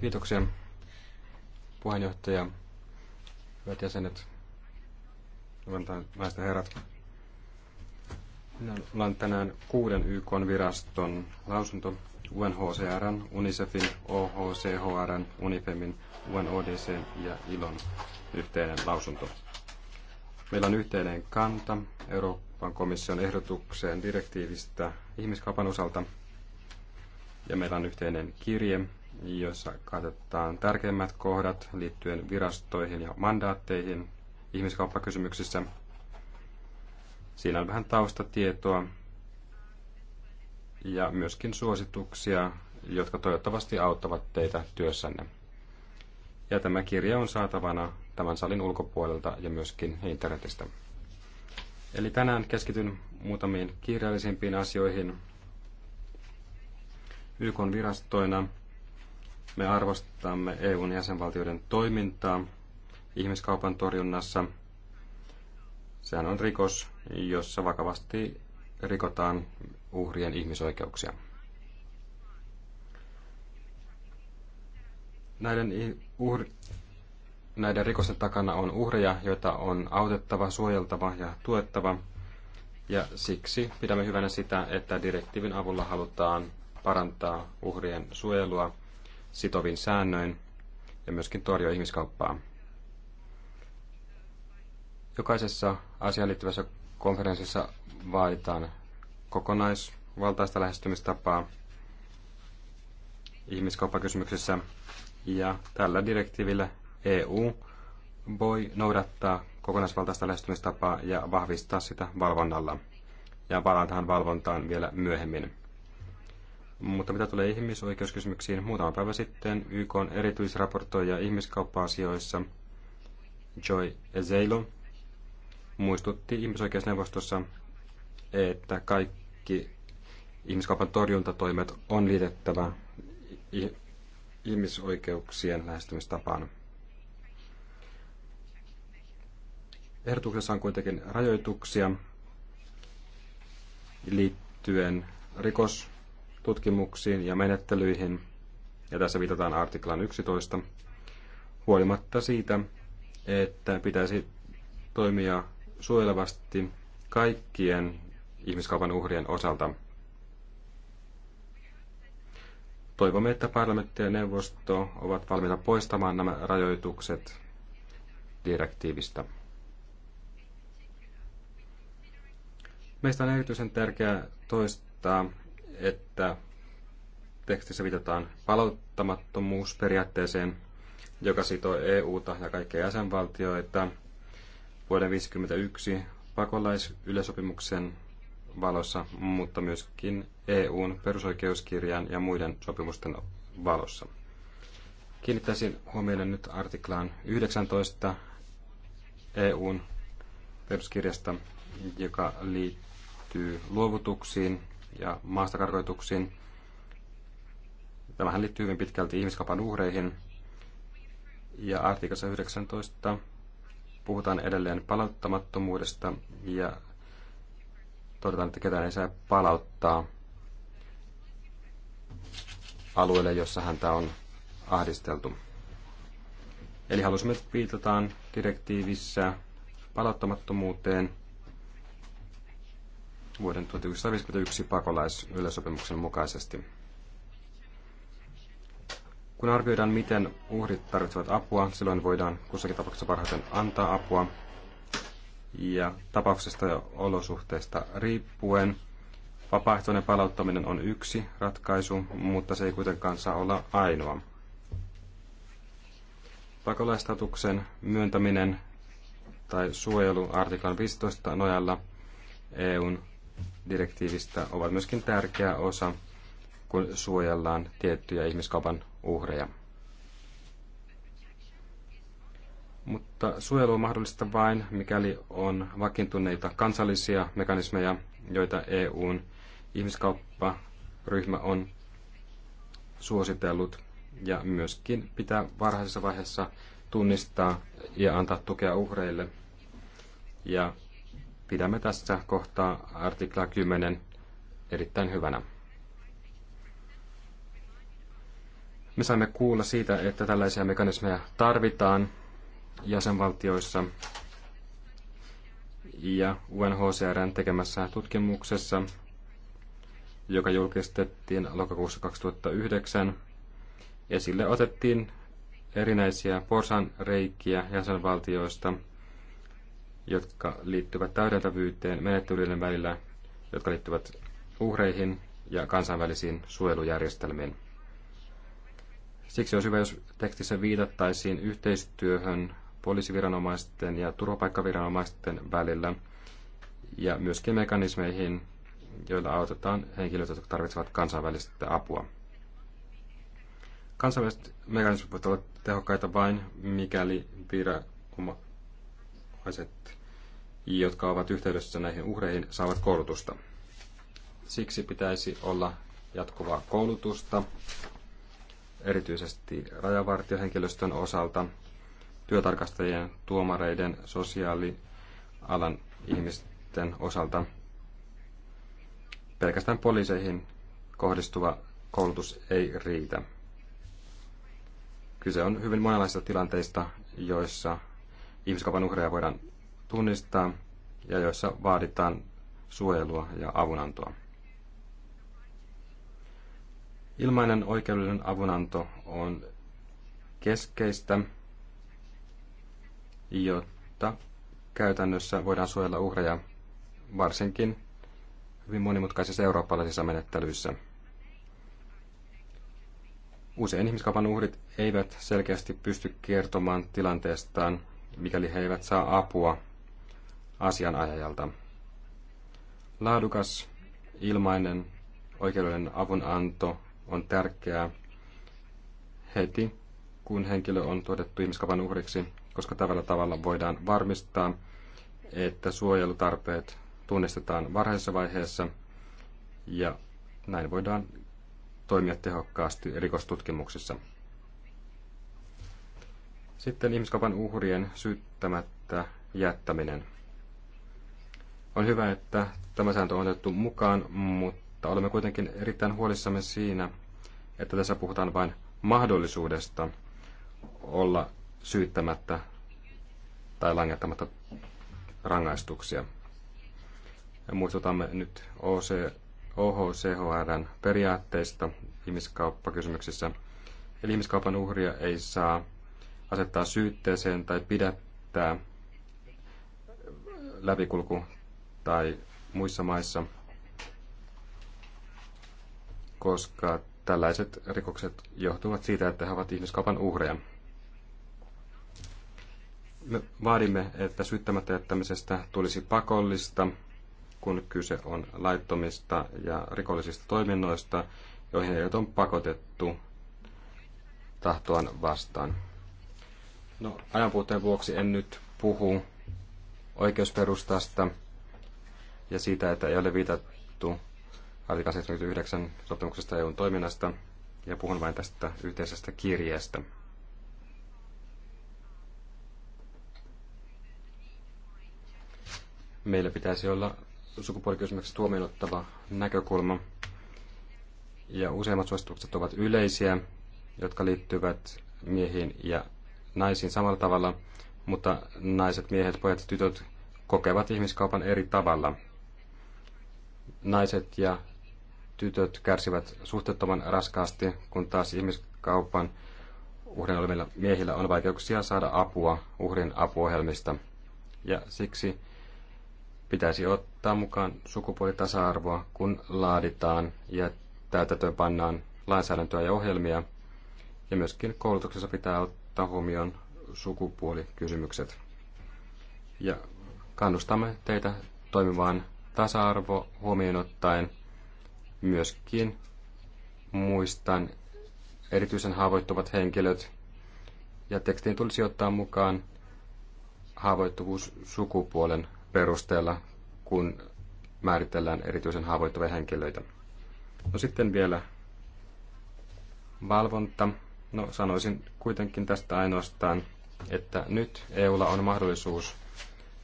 Kiitoksia puheenjohtaja, hyvät jäsenet, hyvät naiset herrat. Minä luen tänään kuuden YK-viraston lausunto UNHCRn, UNICEFin, OHCHRn, UNIFEMin, UNODC ja ILON yhteinen lausunto. Meillä on yhteinen kanta Euroopan komission ehdotukseen direktiivistä ihmiskaupan osalta. Ja meillä on yhteinen kirje, jossa katsotaan tärkeimmät kohdat liittyen virastoihin ja mandaatteihin ihmiskauppakysymyksissä – Siinä on vähän taustatietoa ja myöskin suosituksia, jotka toivottavasti auttavat teitä työssänne. Ja tämä kirja on saatavana tämän salin ulkopuolelta ja myöskin internetistä. Eli tänään keskityn muutamiin kirjallisimpiin asioihin. YK virastoina me arvostamme EUn jäsenvaltioiden toimintaa ihmiskaupan torjunnassa – Sehän on rikos, jossa vakavasti rikotaan uhrien ihmisoikeuksia. Näiden, uhri, näiden rikosten takana on uhreja, joita on autettava, suojeltava ja tuettava. Ja siksi pidämme hyvänä sitä, että direktiivin avulla halutaan parantaa uhrien suojelua sitovin säännöin ja myöskin torjua ihmiskauppaa. Jokaisessa asiaan liittyvässä konferenssissa vaaditaan kokonaisvaltaista lähestymistapaa ihmiskauppakysymyksissä ja tällä direktiivillä EU voi noudattaa kokonaisvaltaista lähestymistapaa ja vahvistaa sitä valvonnalla. Ja palaan tähän valvontaan vielä myöhemmin. Mutta mitä tulee ihmisoikeuskysymyksiin, muutama päivä sitten YK on erityisraportoija ihmiskauppa-asioissa Joy Ezeilo muistutti ihmisoikeusneuvostossa, että kaikki ihmiskaupan torjuntatoimet on liitettävä ihmisoikeuksien lähestymistapaan. Ehdotuksessa on kuitenkin rajoituksia liittyen rikostutkimuksiin ja menettelyihin, ja tässä viitataan artiklan 11, huolimatta siitä, että pitäisi toimia suojelevasti kaikkien ihmiskaupan uhrien osalta. Toivomme, että parlamentti ja neuvosto ovat valmiita poistamaan nämä rajoitukset direktiivistä. Meistä on erityisen tärkeää toistaa, että tekstissä viitataan palauttamattomuusperiaatteeseen, joka sitoo EUta ja kaikkia jäsenvaltioita – vuoden 1951 pakolaisyleisopimuksen valossa, mutta myöskin EUn perusoikeuskirjan ja muiden sopimusten valossa. Kiinnittäisin huomioon nyt artiklaan 19 EUn peruskirjasta, joka liittyy luovutuksiin ja maastakarkoituksiin. Tämähän liittyy hyvin pitkälti ihmiskaupan uhreihin. Ja artiklassa 19 puhutaan edelleen palauttamattomuudesta ja todetaan, että ketään ei saa palauttaa alueelle, jossa häntä on ahdisteltu. Eli halusimme, että viitataan direktiivissä palauttamattomuuteen vuoden 1951 pakolaisyleisopimuksen mukaisesti. Kun arvioidaan, miten uhrit tarvitsevat apua, silloin voidaan kussakin tapauksessa parhaiten antaa apua. Ja tapauksesta ja olosuhteista riippuen vapaaehtoinen palauttaminen on yksi ratkaisu, mutta se ei kuitenkaan saa olla ainoa. Pakolaistatuksen myöntäminen tai suojelu artiklan 15 nojalla EUn direktiivistä ovat myöskin tärkeä osa, kun suojellaan tiettyjä ihmiskaupan uhreja. Mutta suojelu on mahdollista vain, mikäli on vakiintuneita kansallisia mekanismeja, joita EUn ihmiskaupparyhmä on suositellut. Ja myöskin pitää varhaisessa vaiheessa tunnistaa ja antaa tukea uhreille. Ja pidämme tässä kohtaa artikla 10 erittäin hyvänä. Me saimme kuulla siitä, että tällaisia mekanismeja tarvitaan jäsenvaltioissa. Ja UNHCRn tekemässä tutkimuksessa, joka julkistettiin lokakuussa 2009, esille otettiin erinäisiä porsanreikiä jäsenvaltioista, jotka liittyvät täydentävyyteen menettelyiden välillä, jotka liittyvät uhreihin ja kansainvälisiin suojelujärjestelmiin. Siksi olisi hyvä, jos tekstissä viitattaisiin yhteistyöhön poliisiviranomaisten ja turvapaikkaviranomaisten välillä ja myöskin mekanismeihin, joilla autetaan henkilöt, jotka tarvitsevat kansainvälistä apua. Kansainväliset mekanismit voivat olla tehokkaita vain, mikäli viranomaiset, jotka ovat yhteydessä näihin uhreihin, saavat koulutusta. Siksi pitäisi olla jatkuvaa koulutusta erityisesti rajavartiohenkilöstön osalta, työtarkastajien, tuomareiden, sosiaalialan ihmisten osalta. Pelkästään poliiseihin kohdistuva koulutus ei riitä. Kyse on hyvin monenlaisista tilanteista, joissa ihmiskaupan uhreja voidaan tunnistaa ja joissa vaaditaan suojelua ja avunantoa. Ilmainen oikeudellinen avunanto on keskeistä, jotta käytännössä voidaan suojella uhreja varsinkin hyvin monimutkaisissa eurooppalaisissa menettelyissä. Usein ihmiskaupan uhrit eivät selkeästi pysty kertomaan tilanteestaan, mikäli he eivät saa apua asianajajalta. Laadukas, ilmainen, oikeudellinen avunanto on tärkeää heti, kun henkilö on todettu ihmiskaupan uhriksi, koska tällä tavalla voidaan varmistaa, että suojelutarpeet tunnistetaan varhaisessa vaiheessa ja näin voidaan toimia tehokkaasti rikostutkimuksissa. Sitten ihmiskaupan uhrien syyttämättä jättäminen. On hyvä, että tämä sääntö on otettu mukaan, mutta mutta olemme kuitenkin erittäin huolissamme siinä, että tässä puhutaan vain mahdollisuudesta olla syyttämättä tai langettamatta rangaistuksia. Ja muistutamme nyt OC, OHCHRn periaatteista ihmiskauppakysymyksissä. Eli ihmiskaupan uhria ei saa asettaa syytteeseen tai pidättää läpikulku tai muissa maissa – koska tällaiset rikokset johtuvat siitä, että he ovat ihmiskaupan uhreja. Me vaadimme, että syyttämättä jättämisestä tulisi pakollista, kun kyse on laittomista ja rikollisista toiminnoista, joihin heidät on pakotettu tahtoan vastaan. No, ajanpuutteen vuoksi en nyt puhu oikeusperustasta ja siitä, että ei ole viitattu artikla 79 sopimuksesta EUn toiminnasta ja puhun vain tästä yhteisestä kirjeestä. Meillä pitäisi olla sukupuolikysymyksessä tuomioittava näkökulma. Ja useimmat suositukset ovat yleisiä, jotka liittyvät miehiin ja naisiin samalla tavalla, mutta naiset, miehet, pojat ja tytöt kokevat ihmiskaupan eri tavalla. Naiset ja tytöt kärsivät suhteettoman raskaasti, kun taas ihmiskaupan uhrin olevilla miehillä on vaikeuksia saada apua uhrin apuohjelmista. Ja siksi pitäisi ottaa mukaan sukupuolitasa-arvoa, kun laaditaan ja täytäntöön pannaan lainsäädäntöä ja ohjelmia. Ja myöskin koulutuksessa pitää ottaa huomioon sukupuolikysymykset. Ja kannustamme teitä toimimaan tasa-arvo huomioon ottaen – myöskin muistan erityisen haavoittuvat henkilöt. Ja tekstiin tulisi ottaa mukaan haavoittuvuus sukupuolen perusteella, kun määritellään erityisen haavoittuvia henkilöitä. No sitten vielä valvonta. No sanoisin kuitenkin tästä ainoastaan, että nyt EUlla on mahdollisuus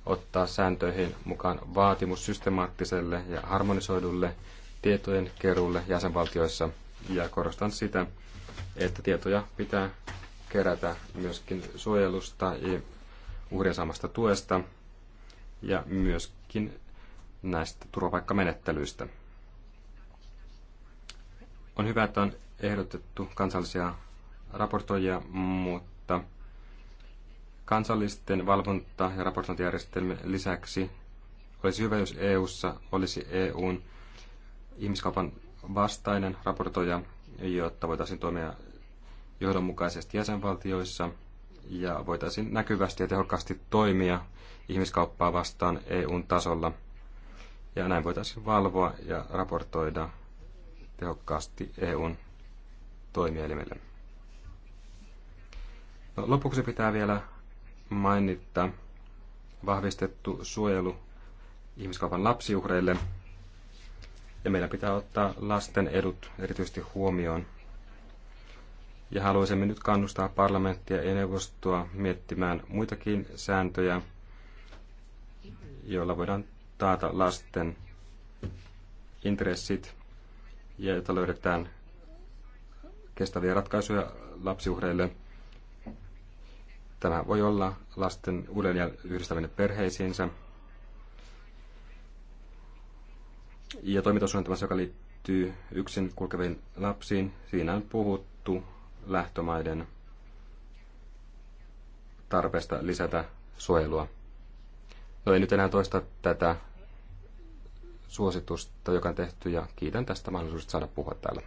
ottaa sääntöihin mukaan vaatimus systemaattiselle ja harmonisoidulle tietojen keruulle jäsenvaltioissa ja korostan sitä, että tietoja pitää kerätä myöskin suojelusta ja uhrien saamasta tuesta ja myöskin näistä turvapaikkamenettelyistä. On hyvä, että on ehdotettu kansallisia raportoijia, mutta kansallisten valvonta- ja raportointijärjestelmien lisäksi olisi hyvä, jos EU:ssa olisi EUn ihmiskaupan vastainen raportoija, jotta voitaisiin toimia johdonmukaisesti jäsenvaltioissa ja voitaisiin näkyvästi ja tehokkaasti toimia ihmiskauppaa vastaan EUn tasolla. Ja näin voitaisiin valvoa ja raportoida tehokkaasti EUn toimielimelle. No, lopuksi pitää vielä mainita vahvistettu suojelu ihmiskaupan lapsiuhreille – ja meidän pitää ottaa lasten edut erityisesti huomioon. Ja haluaisimme nyt kannustaa parlamenttia ja neuvostoa miettimään muitakin sääntöjä, joilla voidaan taata lasten intressit ja joita löydetään kestäviä ratkaisuja lapsiuhreille. Tämä voi olla lasten uudelleen yhdistäminen perheisiinsä, ja toimintasuunnitelmassa, joka liittyy yksin kulkeviin lapsiin, siinä on puhuttu lähtömaiden tarpeesta lisätä suojelua. No ei nyt enää toista tätä suositusta, joka on tehty, ja kiitän tästä mahdollisuudesta saada puhua täällä.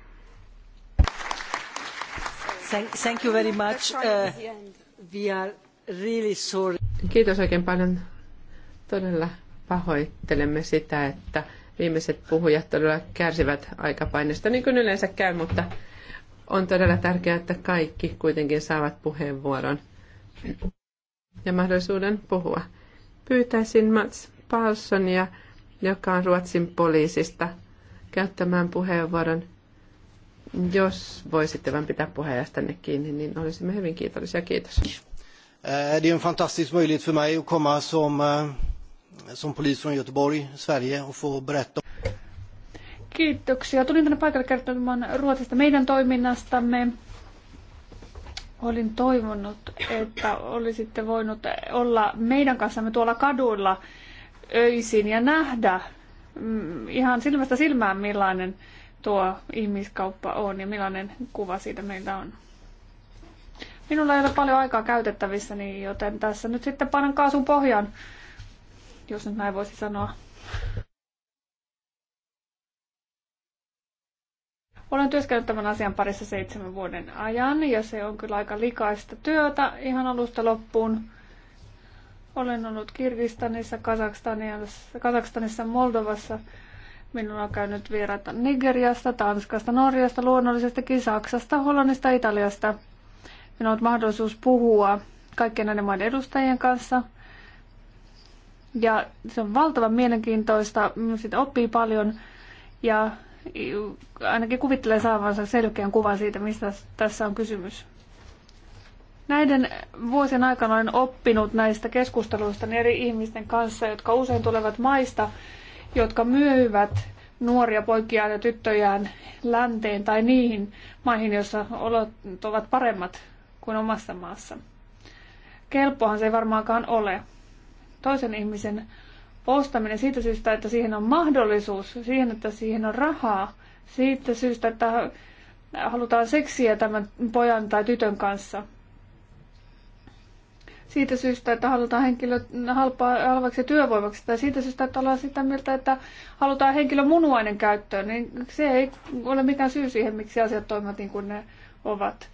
Thank, you very much. Uh, we are really sorry. Kiitos oikein paljon. Todella pahoittelemme sitä, että viimeiset puhujat todella kärsivät aikapainesta, niin kuin yleensä käy, mutta on todella tärkeää, että kaikki kuitenkin saavat puheenvuoron ja mahdollisuuden puhua. Pyytäisin Mats Paulsonia, joka on Ruotsin poliisista, käyttämään puheenvuoron. Jos voisitte vain pitää puheenjohtajanne kiinni, niin olisimme hyvin kiitollisia. Kiitos. Eh, det är en fantastisk möjlighet för mig att komma som eh, som polis från Göteborg, Sverige och få berätta. Kiitoksia. Tulin tänne paikalle kertomaan Ruotsista meidän toiminnastamme. Olin toivonut, että olisitte voinut olla meidän kanssamme tuolla kaduilla öisin ja nähdä mm, ihan silmästä silmään, millainen tuo ihmiskauppa on ja millainen kuva siitä meillä on. Minulla ei ole paljon aikaa käytettävissä, niin joten tässä nyt sitten panen kaasun pohjaan jos nyt näin voisi sanoa. Olen työskennellyt tämän asian parissa seitsemän vuoden ajan ja se on kyllä aika likaista työtä ihan alusta loppuun. Olen ollut Kirgistanissa, Kazakstanissa, Kazakstanissa Moldovassa. Minulla on käynyt vieraita Nigeriasta, Tanskasta, Norjasta, luonnollisestikin Saksasta, Hollannista, Italiasta. Minulla on ollut mahdollisuus puhua kaikkien näiden maiden edustajien kanssa – ja se on valtavan mielenkiintoista, sitä oppii paljon ja ainakin kuvittelee saavansa selkeän kuvan siitä, mistä tässä on kysymys. Näiden vuosien aikana olen oppinut näistä keskusteluista eri ihmisten kanssa, jotka usein tulevat maista, jotka myyvät nuoria poikia ja tyttöjään länteen tai niihin maihin, joissa olot ovat paremmat kuin omassa maassa. Kelpohan se ei varmaankaan ole toisen ihmisen ostaminen siitä syystä, että siihen on mahdollisuus, siihen, että siihen on rahaa, siitä syystä, että halutaan seksiä tämän pojan tai tytön kanssa. Siitä syystä, että halutaan henkilö halvaksi työvoimaksi tai siitä syystä, että ollaan sitä mieltä, että halutaan henkilö munuainen käyttöön, niin se ei ole mikään syy siihen, miksi asiat toimivat niin kuin ne ovat.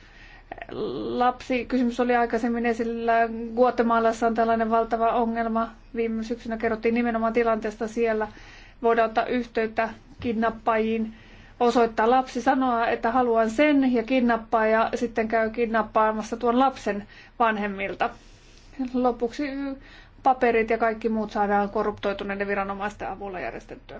Lapsikysymys oli aikaisemmin esillä. Guatemalassa on tällainen valtava ongelma. Viime syksynä kerrottiin nimenomaan tilanteesta siellä. Voidaan ottaa yhteyttä kidnappajiin, osoittaa lapsi, sanoa, että haluan sen ja ja sitten käy kidnappaamassa tuon lapsen vanhemmilta. Lopuksi paperit ja kaikki muut saadaan korruptoituneiden viranomaisten avulla järjestettyä.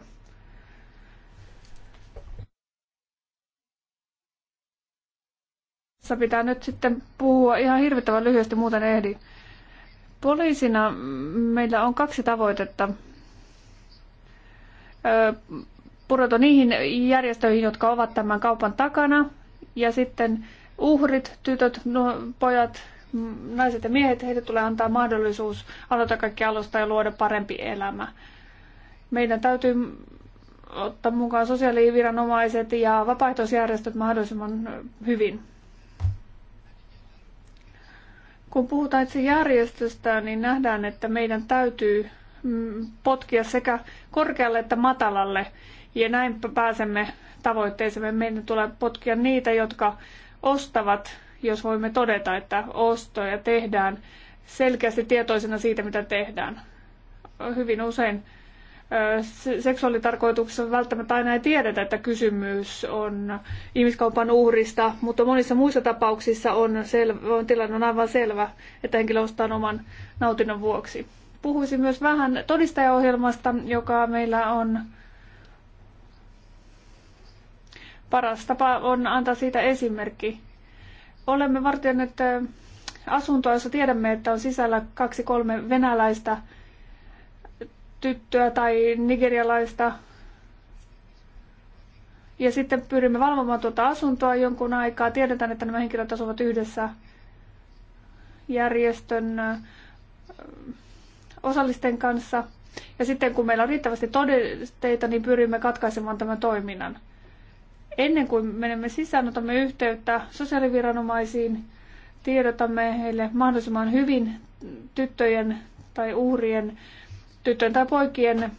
Tässä pitää nyt sitten puhua ihan hirvittävän lyhyesti, muuten ehdi. Poliisina meillä on kaksi tavoitetta. Pureutua niihin järjestöihin, jotka ovat tämän kaupan takana, ja sitten uhrit, tytöt, pojat, naiset ja miehet, heille tulee antaa mahdollisuus aloittaa kaikki alusta ja luoda parempi elämä. Meidän täytyy ottaa mukaan sosiaaliviranomaiset ja vapaaehtoisjärjestöt mahdollisimman hyvin. Kun puhutaan itse järjestöstä, niin nähdään, että meidän täytyy mm, potkia sekä korkealle että matalalle. Ja näin pääsemme tavoitteeseen, Meidän tulee potkia niitä, jotka ostavat, jos voimme todeta, että ostoja tehdään selkeästi tietoisena siitä, mitä tehdään. Hyvin usein seksuaalitarkoituksessa välttämättä aina ei tiedetä, että kysymys on ihmiskaupan uhrista, mutta monissa muissa tapauksissa on, selvä, on tilanne on aivan selvä, että henkilö ostaa oman nautinnon vuoksi. Puhuisin myös vähän todistajaohjelmasta, joka meillä on paras tapa on antaa siitä esimerkki. Olemme vartioineet asuntoa, jossa tiedämme, että on sisällä kaksi kolme venäläistä tyttöä tai nigerialaista. Ja sitten pyrimme valvomaan tuota asuntoa jonkun aikaa. Tiedetään, että nämä henkilöt asuvat yhdessä järjestön osallisten kanssa. Ja sitten kun meillä on riittävästi todisteita, niin pyrimme katkaisemaan tämän toiminnan. Ennen kuin menemme sisään, otamme yhteyttä sosiaaliviranomaisiin, tiedotamme heille mahdollisimman hyvin tyttöjen tai uhrien tyttöjen tai poikien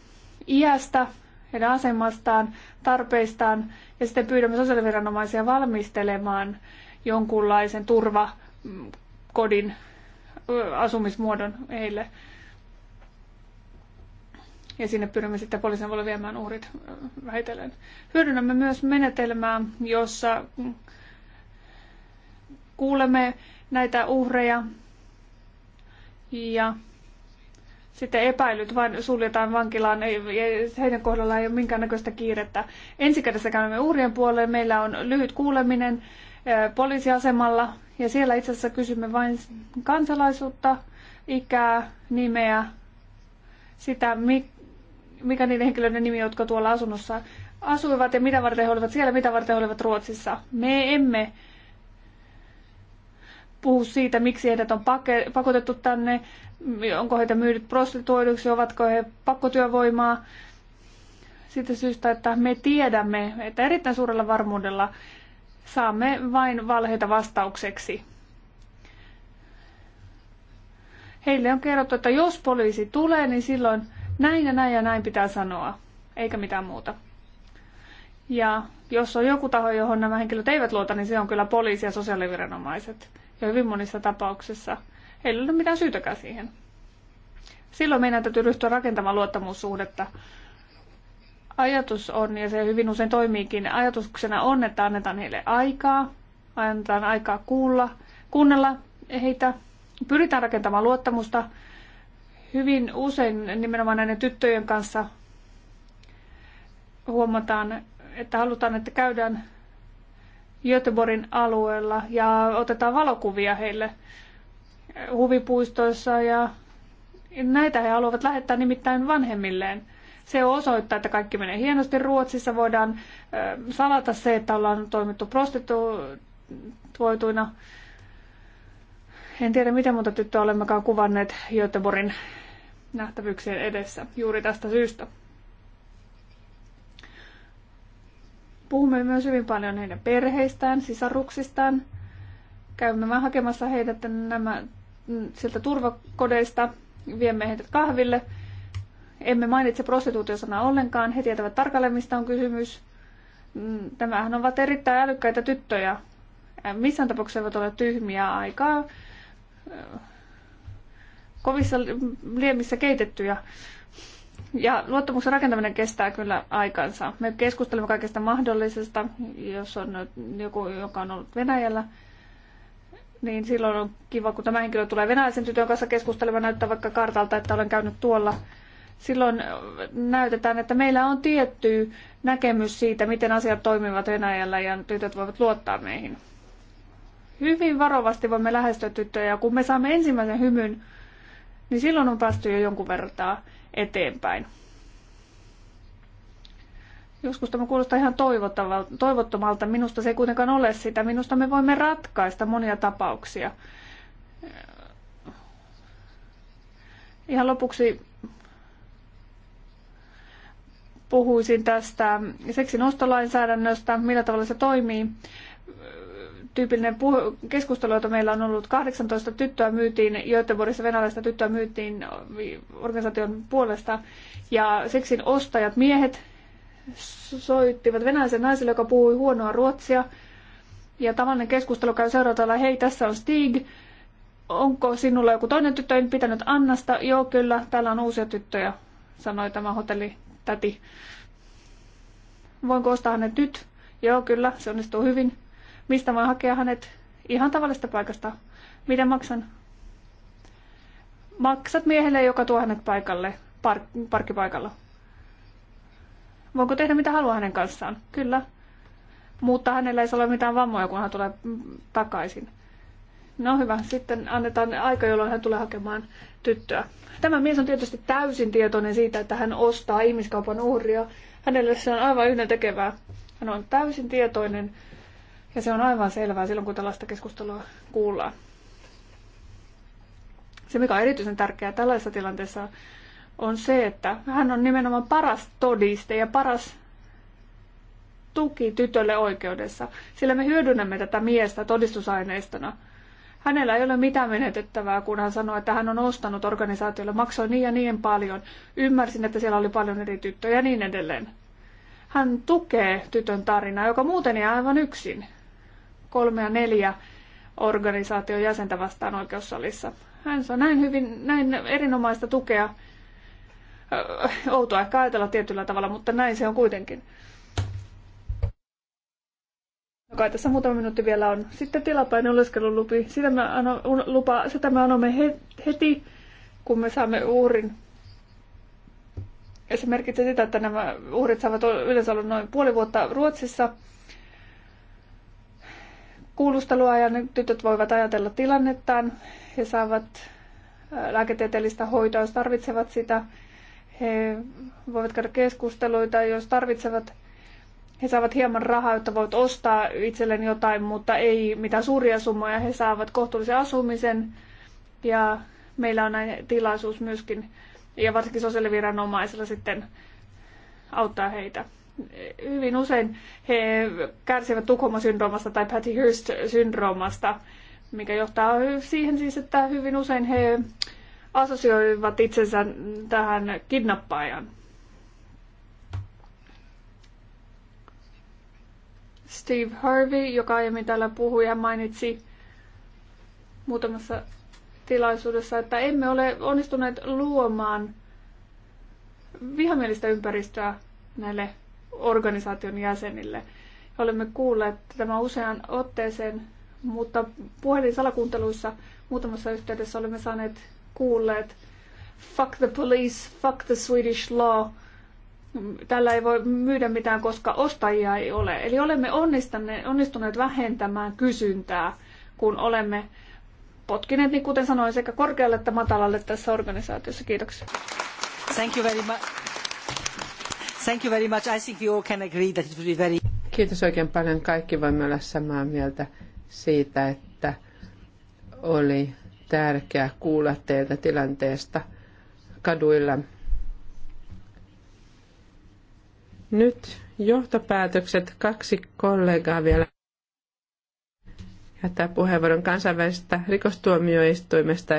iästä, heidän asemastaan, tarpeistaan ja sitten pyydämme sosiaaliviranomaisia valmistelemaan jonkunlaisen turvakodin asumismuodon heille. Ja sinne pyrimme sitten poliisin voi viemään uhrit vähitellen. Hyödynnämme myös menetelmää, jossa kuulemme näitä uhreja ja sitten epäilyt vain suljetaan vankilaan, ei, ei, heidän kohdallaan ei ole minkäännäköistä kiirettä. kädessä käymme uurien puoleen, meillä on lyhyt kuuleminen eh, poliisiasemalla ja siellä itse asiassa kysymme vain kansalaisuutta, ikää, nimeä, sitä, mikä niiden henkilöiden nimi, jotka tuolla asunnossa asuivat ja mitä varten he olivat siellä, mitä varten he olivat Ruotsissa. Me emme puhu siitä, miksi heidät on pakotettu tänne, onko heitä myydyt prostituoiduksi, ovatko he pakkotyövoimaa. Siitä syystä, että me tiedämme, että erittäin suurella varmuudella saamme vain valheita vastaukseksi. Heille on kerrottu, että jos poliisi tulee, niin silloin näin ja näin ja näin pitää sanoa, eikä mitään muuta. Ja jos on joku taho, johon nämä henkilöt eivät luota, niin se on kyllä poliisi ja sosiaaliviranomaiset. Ja hyvin monissa tapauksissa heillä ei ole mitään syytäkään siihen. Silloin meidän täytyy ryhtyä rakentamaan luottamussuhdetta. Ajatus on, ja se hyvin usein toimiikin, ajatuksena on, että annetaan heille aikaa, annetaan aikaa kuulla, kuunnella heitä, pyritään rakentamaan luottamusta. Hyvin usein nimenomaan näiden tyttöjen kanssa huomataan, että halutaan, että käydään Göteborgin alueella ja otetaan valokuvia heille huvipuistoissa ja näitä he haluavat lähettää nimittäin vanhemmilleen. Se osoittaa, että kaikki menee hienosti. Ruotsissa voidaan salata se, että ollaan toimittu prostituoituina. En tiedä, miten monta tyttöä olemmekaan kuvanneet Göteborgin nähtävyyksien edessä juuri tästä syystä. Puhumme myös hyvin paljon heidän perheistään, sisaruksistaan. Käymme vaan hakemassa heitä nämä, mm, sieltä turvakodeista, viemme heidät kahville. Emme mainitse prostituutiosanaa ollenkaan, he tietävät tarkalleen mistä on kysymys. Mm, tämähän ovat erittäin älykkäitä tyttöjä. Missään tapauksessa eivät ole tyhmiä aikaa kovissa liemissä keitettyjä. Ja luottamuksen rakentaminen kestää kyllä aikansa. Me keskustelemme kaikesta mahdollisesta, jos on joku, joka on ollut Venäjällä, niin silloin on kiva, kun tämä henkilö tulee venäläisen tytön kanssa keskustelemaan, näyttää vaikka kartalta, että olen käynyt tuolla. Silloin näytetään, että meillä on tietty näkemys siitä, miten asiat toimivat Venäjällä ja tytöt voivat luottaa meihin. Hyvin varovasti voimme lähestyä tyttöjä ja kun me saamme ensimmäisen hymyn, niin silloin on päästy jo jonkun vertaa eteenpäin. Joskus tämä kuulostaa ihan toivottomalta. Minusta se ei kuitenkaan ole sitä. Minusta me voimme ratkaista monia tapauksia. Ihan lopuksi puhuisin tästä seksin ostolainsäädännöstä, millä tavalla se toimii tyypillinen keskustelu, jota meillä on ollut. 18 tyttöä myytiin, vuodessa venäläistä tyttöä myytiin organisaation puolesta. Ja seksin ostajat, miehet, soittivat venäläisen naiselle, joka puhui huonoa ruotsia. Ja tavallinen keskustelu käy seuraavalla, hei tässä on Stig, onko sinulla joku toinen tyttö, en pitänyt Annasta. Joo kyllä, täällä on uusia tyttöjä, sanoi tämä hotellitäti. Voinko ostaa hänet nyt? Joo kyllä, se onnistuu hyvin. Mistä voin hakea hänet ihan tavallista paikasta? Miten maksan? Maksat miehelle, joka tuo hänet paikalle, park- parkkipaikalla. Voinko tehdä mitä haluaa hänen kanssaan? Kyllä. Mutta hänellä ei ole mitään vammoja, kun hän tulee takaisin. No hyvä, sitten annetaan aika, jolloin hän tulee hakemaan tyttöä. Tämä mies on tietysti täysin tietoinen siitä, että hän ostaa ihmiskaupan uhria. Hänelle se on aivan yhden tekevää. Hän on täysin tietoinen ja se on aivan selvää silloin, kun tällaista keskustelua kuullaan. Se, mikä on erityisen tärkeää tällaisessa tilanteessa, on se, että hän on nimenomaan paras todiste ja paras tuki tytölle oikeudessa, sillä me hyödynnämme tätä miestä todistusaineistona. Hänellä ei ole mitään menetettävää, kun hän sanoi, että hän on ostanut organisaatiolle, maksoi niin ja niin paljon, ymmärsin, että siellä oli paljon eri tyttöjä ja niin edelleen. Hän tukee tytön tarinaa, joka muuten jää aivan yksin kolme ja neljä organisaation jäsentä vastaan oikeussalissa. Hän saa näin, hyvin, näin erinomaista tukea. Outoa ehkä ajatella tietyllä tavalla, mutta näin se on kuitenkin. No kai tässä muutama minuutti vielä on. Sitten tilapäinen oleskelulupi. Sitä me, ano, lupa, sitä me anomme heti, kun me saamme uhrin. Ja se merkitsee sitä, että nämä uhrit saavat yleensä olla noin puoli vuotta Ruotsissa – kuulusteluajan tytöt voivat ajatella tilannettaan, he saavat lääketieteellistä hoitoa, jos tarvitsevat sitä, he voivat käydä keskusteluita, jos tarvitsevat, he saavat hieman rahaa, jotta voivat ostaa itselleen jotain, mutta ei mitään suuria summoja, he saavat kohtuullisen asumisen ja meillä on näin tilaisuus myöskin ja varsinkin sosiaaliviranomaisilla sitten auttaa heitä hyvin usein he kärsivät Tukholma-syndroomasta tai Patty Hearst-syndroomasta, mikä johtaa siihen siis, että hyvin usein he asosioivat itsensä tähän kidnappaajan. Steve Harvey, joka aiemmin täällä puhui, hän mainitsi muutamassa tilaisuudessa, että emme ole onnistuneet luomaan vihamielistä ympäristöä näille organisaation jäsenille. Olemme kuulleet tämä usean otteeseen, mutta puhelinsalakuunteluissa muutamassa yhteydessä olemme saaneet kuulleet fuck the police, fuck the Swedish law. Tällä ei voi myydä mitään, koska ostajia ei ole. Eli olemme onnistuneet vähentämään kysyntää, kun olemme potkineet, niin kuten sanoin, sekä korkealle että matalalle tässä organisaatiossa. Kiitoksia. Thank you very much. Thank you very much. I think all can agree that it would be very... Kiitos oikein paljon. Kaikki voimme olla samaa mieltä siitä, että oli tärkeää kuulla teiltä tilanteesta kaduilla. Nyt johtopäätökset. Kaksi kollegaa vielä jättää puheenvuoron kansainvälisestä rikostuomioistuimesta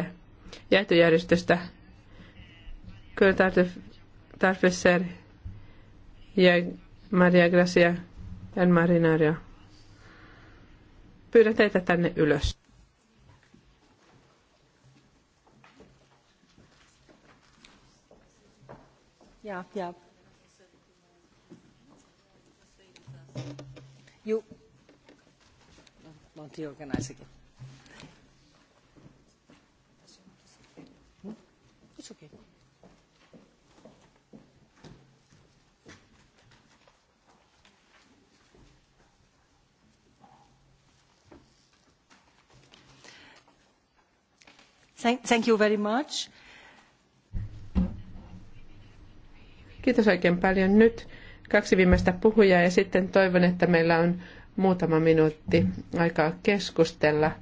ja etujärjestöstä Kyllä tarvitsee ja Maria Gracia ja Marinaria. Pyydän teitä tänne ylös. Ja, ja. You want to It's okay. Thank, you very much. Kiitos oikein paljon. Nyt kaksi viimeistä puhujaa ja sitten toivon, että meillä on muutama minuutti aikaa keskustella.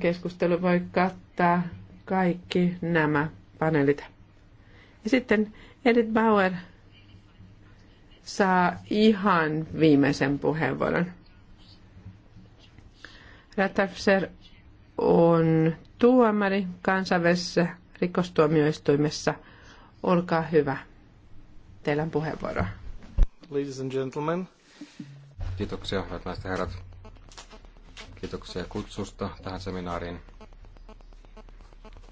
Keskustelu voi kattaa kaikki nämä paneelit. Ja sitten Edith Bauer saa ihan viimeisen puheenvuoron. Ratafser on tuomari kansainvälisessä rikostuomioistuimessa. Olkaa hyvä. Teillä on puheenvuoro. Ladies and gentlemen. Kiitoksia, hyvät naiset herrat. Kiitoksia kutsusta tähän seminaariin.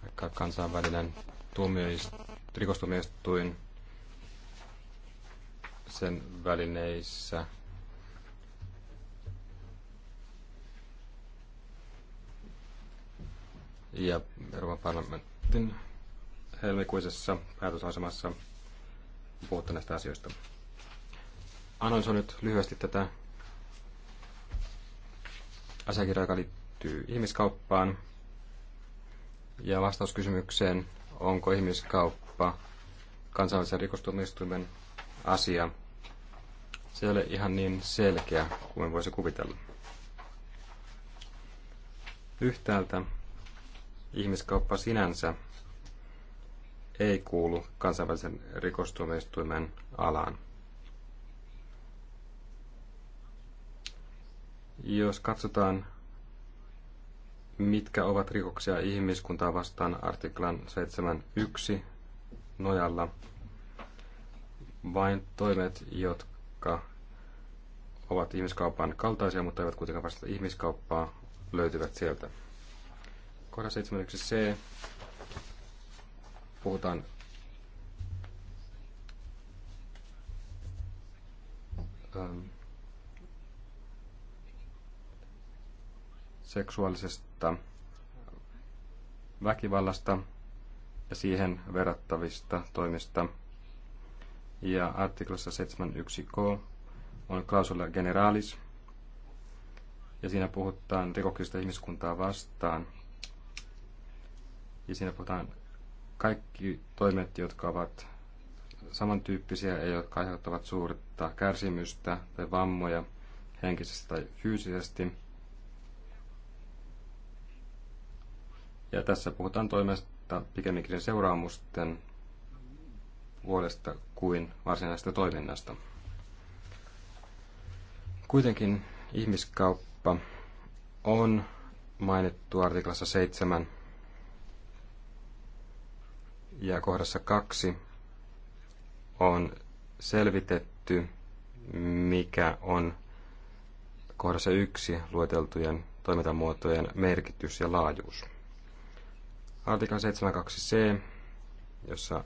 Vaikka kansainvälinen tuomioistuin, rikostuomioistuin sen välineissä – ja Euroopan parlamentin helmikuisessa päätösasemassa puhutte näistä asioista. Analysoin nyt lyhyesti tätä asiakirjaa, joka liittyy ihmiskauppaan ja vastauskysymykseen, onko ihmiskauppa kansainvälisen rikostuomioistuimen asia. Se ei ole ihan niin selkeä kuin voisi kuvitella. Yhtäältä ihmiskauppa sinänsä ei kuulu kansainvälisen rikostuomioistuimen alaan. Jos katsotaan, mitkä ovat rikoksia ihmiskuntaa vastaan artiklan 7.1 nojalla, vain toimet, jotka ovat ihmiskaupan kaltaisia, mutta eivät kuitenkaan vastata ihmiskauppaa, löytyvät sieltä. Kohda 71c. Puhutaan ähm, seksuaalisesta väkivallasta ja siihen verrattavista toimista. Ja artiklassa 71k on klausula generalis, ja siinä puhutaan rikoksista ihmiskuntaa vastaan – ja siinä puhutaan kaikki toimet, jotka ovat samantyyppisiä ja jotka aiheuttavat suurta kärsimystä tai vammoja henkisesti tai fyysisesti. Ja tässä puhutaan toimesta pikemminkin seuraamusten puolesta kuin varsinaisesta toiminnasta. Kuitenkin ihmiskauppa on mainittu artiklassa 7 ja kohdassa kaksi on selvitetty, mikä on kohdassa yksi lueteltujen toimintamuotojen merkitys ja laajuus. Artikla 72c, jossa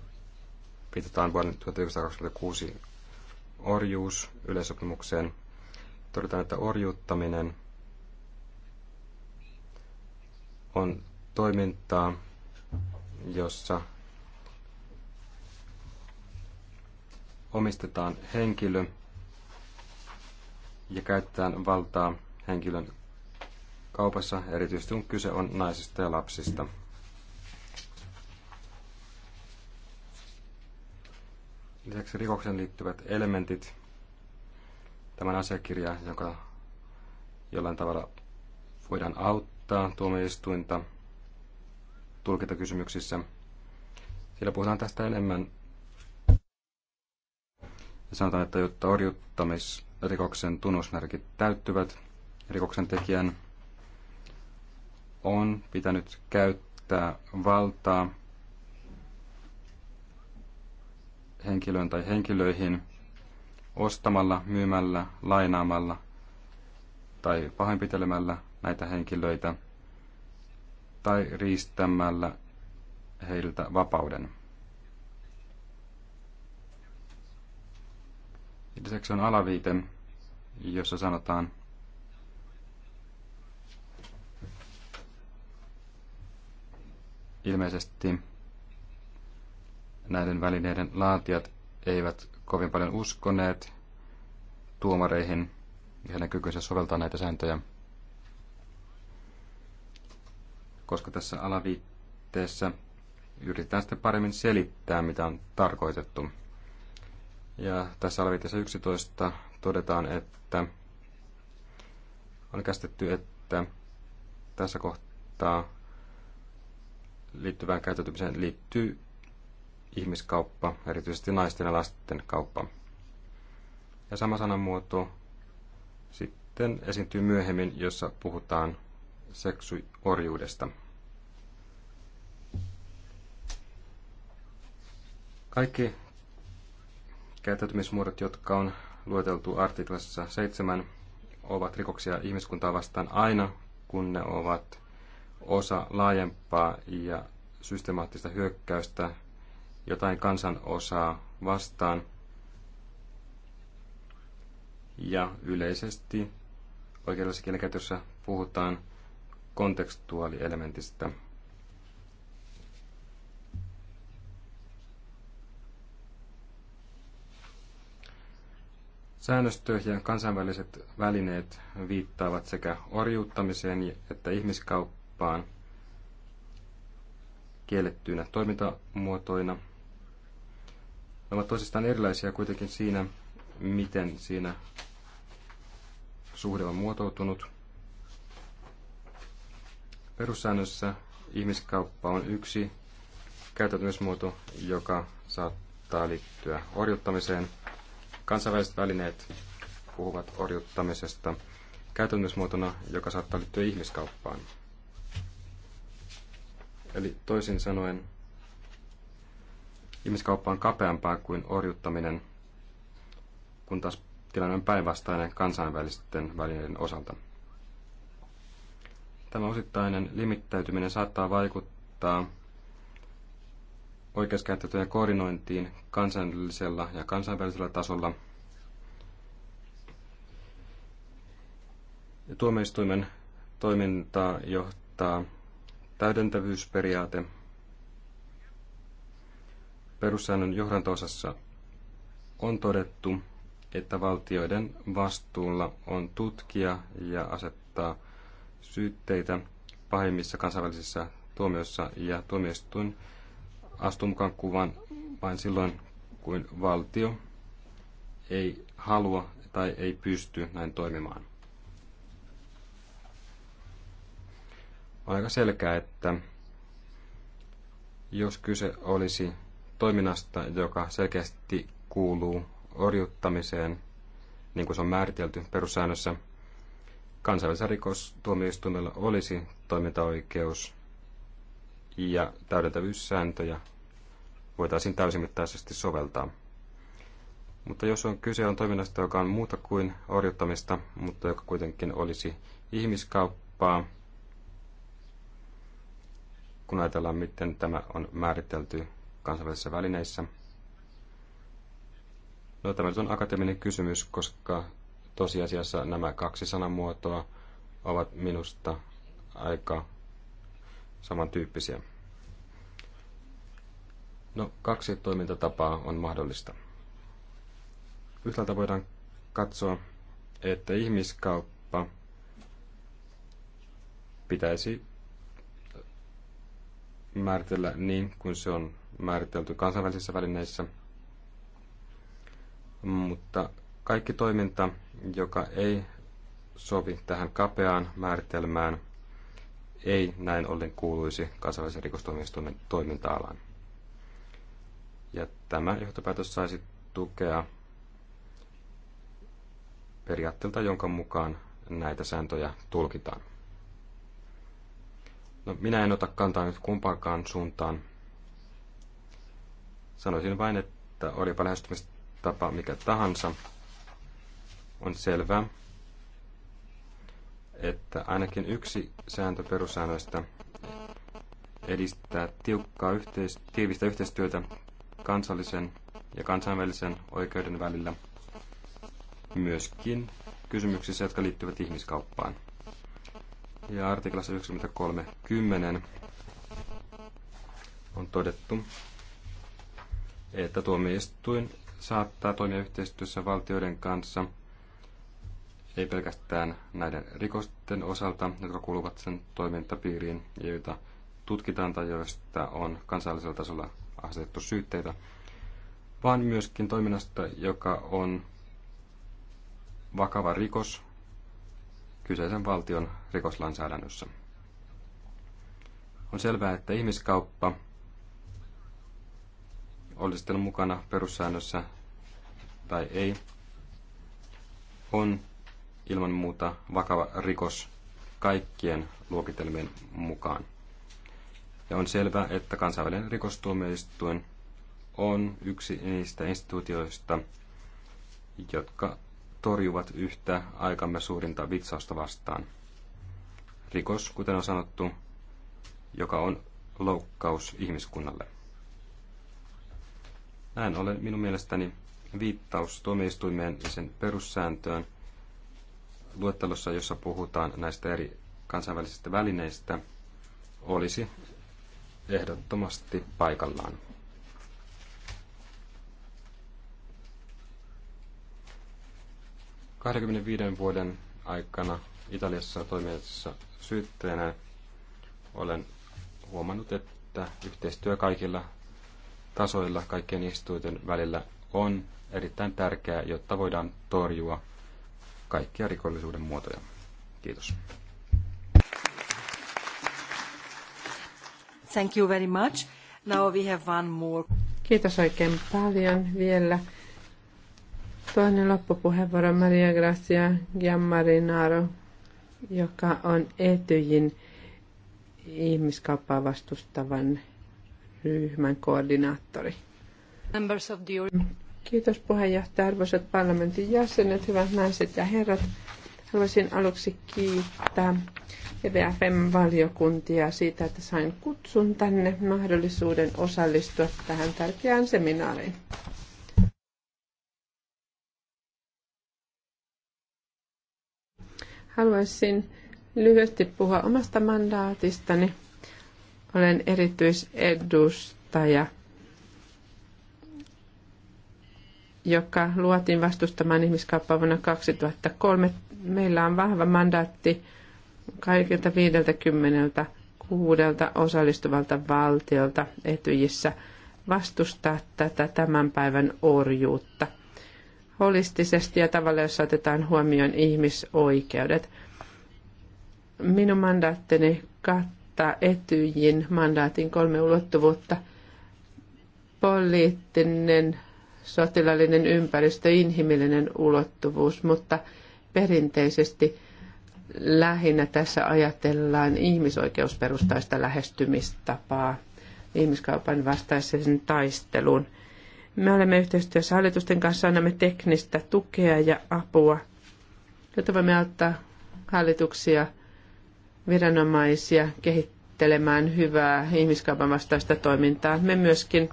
viitataan vuoden 1926 orjuus yleisopimukseen, todetaan, että orjuuttaminen on toimintaa, jossa omistetaan henkilö ja käytetään valtaa henkilön kaupassa, erityisesti kun kyse on naisista ja lapsista. Lisäksi rikoksen liittyvät elementit, tämän asiakirja, joka jollain tavalla voidaan auttaa tuomioistuinta tulkintakysymyksissä. Siellä puhutaan tästä enemmän sanotaan, että jotta orjuttamisrikoksen tunnusmerkit täyttyvät, rikoksen tekijän on pitänyt käyttää valtaa henkilöön tai henkilöihin ostamalla, myymällä, lainaamalla tai pahoinpitelemällä näitä henkilöitä tai riistämällä heiltä vapauden. Lisäksi on alaviite, jossa sanotaan, ilmeisesti näiden välineiden laatijat eivät kovin paljon uskoneet tuomareihin ja heidän kykynsä soveltaa näitä sääntöjä. Koska tässä alaviitteessä yritetään sitten paremmin selittää, mitä on tarkoitettu. Ja tässä alvitessa 11 todetaan, että on käsitetty, että tässä kohtaa liittyvään käyttäytymiseen liittyy ihmiskauppa, erityisesti naisten ja lasten kauppa. Ja sama sanamuoto sitten esiintyy myöhemmin, jossa puhutaan seksuorjuudesta. Kaikki Käyttäytymismuodot, jotka on lueteltu artiklassa 7, ovat rikoksia ihmiskuntaa vastaan aina, kun ne ovat osa laajempaa ja systemaattista hyökkäystä jotain kansanosaa vastaan. Ja yleisesti oikeudellisessa kielenkäytössä puhutaan kontekstuaalielementistä – Säännöstö ja kansainväliset välineet viittaavat sekä orjuuttamiseen että ihmiskauppaan kiellettyinä toimintamuotoina. Ne ovat toisistaan erilaisia kuitenkin siinä, miten siinä suhde on muotoutunut. Perussäännössä ihmiskauppa on yksi muoto, joka saattaa liittyä orjuttamiseen – Kansainväliset välineet puhuvat orjuttamisesta käytännösmuotona, joka saattaa liittyä ihmiskauppaan. Eli toisin sanoen, ihmiskauppa on kapeampaa kuin orjuttaminen, kun taas tilanne on päinvastainen kansainvälisten välineiden osalta. Tämä osittainen limittäytyminen saattaa vaikuttaa oikeuskäytäntöjen koordinointiin kansallisella ja kansainvälisellä tasolla. Ja tuomioistuimen toimintaa johtaa täydentävyysperiaate. Perussäännön johdantoosassa on todettu, että valtioiden vastuulla on tutkia ja asettaa syytteitä pahimmissa kansainvälisissä tuomioissa ja tuomioistuin astuu mukaan kuvan vain silloin, kun valtio ei halua tai ei pysty näin toimimaan. On aika selkeää, että jos kyse olisi toiminnasta, joka selkeästi kuuluu orjuttamiseen, niin kuin se on määritelty perussäännössä, kansainvälisellä rikostuomioistuimella olisi toimintaoikeus ja täydentävyyssääntöjä voitaisiin täysimittaisesti soveltaa. Mutta jos on kyse on toiminnasta, joka on muuta kuin orjuttamista, mutta joka kuitenkin olisi ihmiskauppaa, kun ajatellaan, miten tämä on määritelty kansainvälisissä välineissä. No, tämä nyt on akateeminen kysymys, koska tosiasiassa nämä kaksi sanamuotoa ovat minusta aika samantyyppisiä. No, kaksi toimintatapaa on mahdollista. Yhtäältä voidaan katsoa, että ihmiskauppa pitäisi määritellä niin kuin se on määritelty kansainvälisissä välineissä. Mutta kaikki toiminta, joka ei sovi tähän kapeaan määritelmään – ei näin ollen kuuluisi kansainvälisen rikostuomioistuimen toiminta-alaan. Ja tämä johtopäätös saisi tukea periaatteelta, jonka mukaan näitä sääntöjä tulkitaan. No, minä en ota kantaa nyt kumpaankaan suuntaan. Sanoisin vain, että olipa lähestymistapa mikä tahansa, on selvää, että ainakin yksi sääntö perussäännöistä edistää tiukkaa yhteis- tiivistä yhteistyötä kansallisen ja kansainvälisen oikeuden välillä myöskin kysymyksissä, jotka liittyvät ihmiskauppaan. Ja artiklassa 93.10 on todettu, että tuomioistuin saattaa toimia yhteistyössä valtioiden kanssa – ei pelkästään näiden rikosten osalta, jotka kuuluvat sen toimintapiiriin ja joita tutkitaan tai joista on kansallisella tasolla asetettu syytteitä, vaan myöskin toiminnasta, joka on vakava rikos kyseisen valtion rikoslainsäädännössä. On selvää, että ihmiskauppa oli sitten mukana perussäännössä tai ei, on ilman muuta vakava rikos kaikkien luokitelmien mukaan. Ja on selvää, että kansainvälinen rikostuomioistuin on yksi niistä instituutioista, jotka torjuvat yhtä aikamme suurinta vitsausta vastaan. Rikos, kuten on sanottu, joka on loukkaus ihmiskunnalle. Näin ollen minun mielestäni viittaus tuomioistuimeen ja sen perussääntöön luettelossa, jossa puhutaan näistä eri kansainvälisistä välineistä, olisi ehdottomasti paikallaan. Kahdenkymmenenviiden vuoden aikana Italiassa toimijassa syyttäjänä olen huomannut, että yhteistyö kaikilla tasoilla, kaikkien istuinten välillä on erittäin tärkeää, jotta voidaan torjua kaikkia rikollisuuden muotoja. Kiitos. Thank you very much. Now we have one more. Kiitos oikein paljon vielä. Toinen loppupuheenvuoro Maria Gracia Giammarinaro, joka on Etyjin ihmiskauppaa vastustavan ryhmän koordinaattori. Kiitos puheenjohtaja, arvoisat parlamentin jäsenet, hyvät naiset ja herrat. Haluaisin aluksi kiittää EVFM-valiokuntia siitä, että sain kutsun tänne mahdollisuuden osallistua tähän tärkeään seminaariin. Haluaisin lyhyesti puhua omasta mandaatistani. Olen erityisedustaja joka luotiin vastustamaan ihmiskauppaa vuonna 2003. Meillä on vahva mandaatti kaikilta 56 osallistuvalta valtiolta etyjissä vastustaa tätä tämän päivän orjuutta holistisesti ja tavalla, jossa otetaan huomioon ihmisoikeudet. Minun mandaattini kattaa etyjin mandaatin kolme ulottuvuutta. Poliittinen sotilaallinen ympäristö, inhimillinen ulottuvuus, mutta perinteisesti lähinnä tässä ajatellaan ihmisoikeusperustaista lähestymistapaa ihmiskaupan vastaisen taisteluun. Me olemme yhteistyössä hallitusten kanssa, annamme teknistä tukea ja apua, jotta voimme auttaa hallituksia, viranomaisia kehittämään hyvää ihmiskaupan vastaista toimintaa. Me myöskin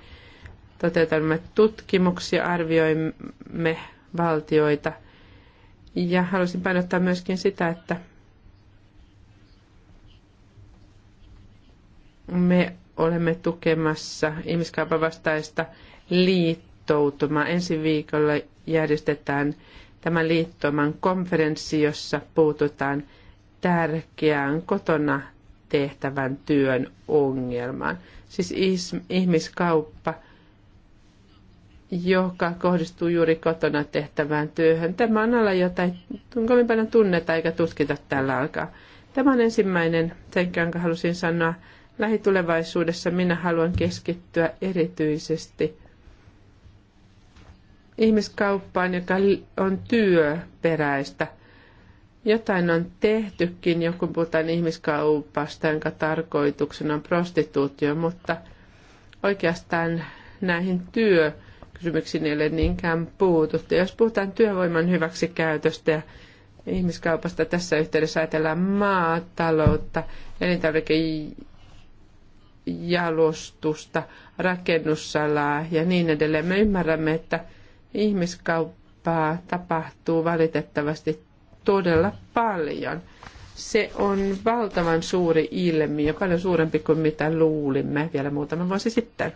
toteutamme tutkimuksia, arvioimme valtioita. Ja halusin painottaa myöskin sitä, että me olemme tukemassa ihmiskaupan vastaista liittoutumaa. Ensi viikolla järjestetään tämä liittoman konferenssi, jossa puututaan tärkeään kotona tehtävän työn ongelmaan. Siis ihmiskauppa – joka kohdistuu juuri kotona tehtävään työhön. Tämä on ala, jota ei kovin paljon tunneta eikä tutkita tällä alkaa. Tämä on ensimmäinen seikka, jonka halusin sanoa. Lähitulevaisuudessa minä haluan keskittyä erityisesti ihmiskauppaan, joka on työperäistä. Jotain on tehtykin, joku puhutaan ihmiskaupasta, jonka tarkoituksena on prostituutio, mutta oikeastaan näihin työ kysymyksiin ei ole niinkään puututtu. Jos puhutaan työvoiman hyväksikäytöstä ja ihmiskaupasta tässä yhteydessä ajatellaan maataloutta, elintarvikejalostusta, rakennussalaa ja niin edelleen. Me ymmärrämme, että ihmiskauppaa tapahtuu valitettavasti todella paljon. Se on valtavan suuri ilmiö, paljon suurempi kuin mitä luulimme vielä muutama vuosi sitten.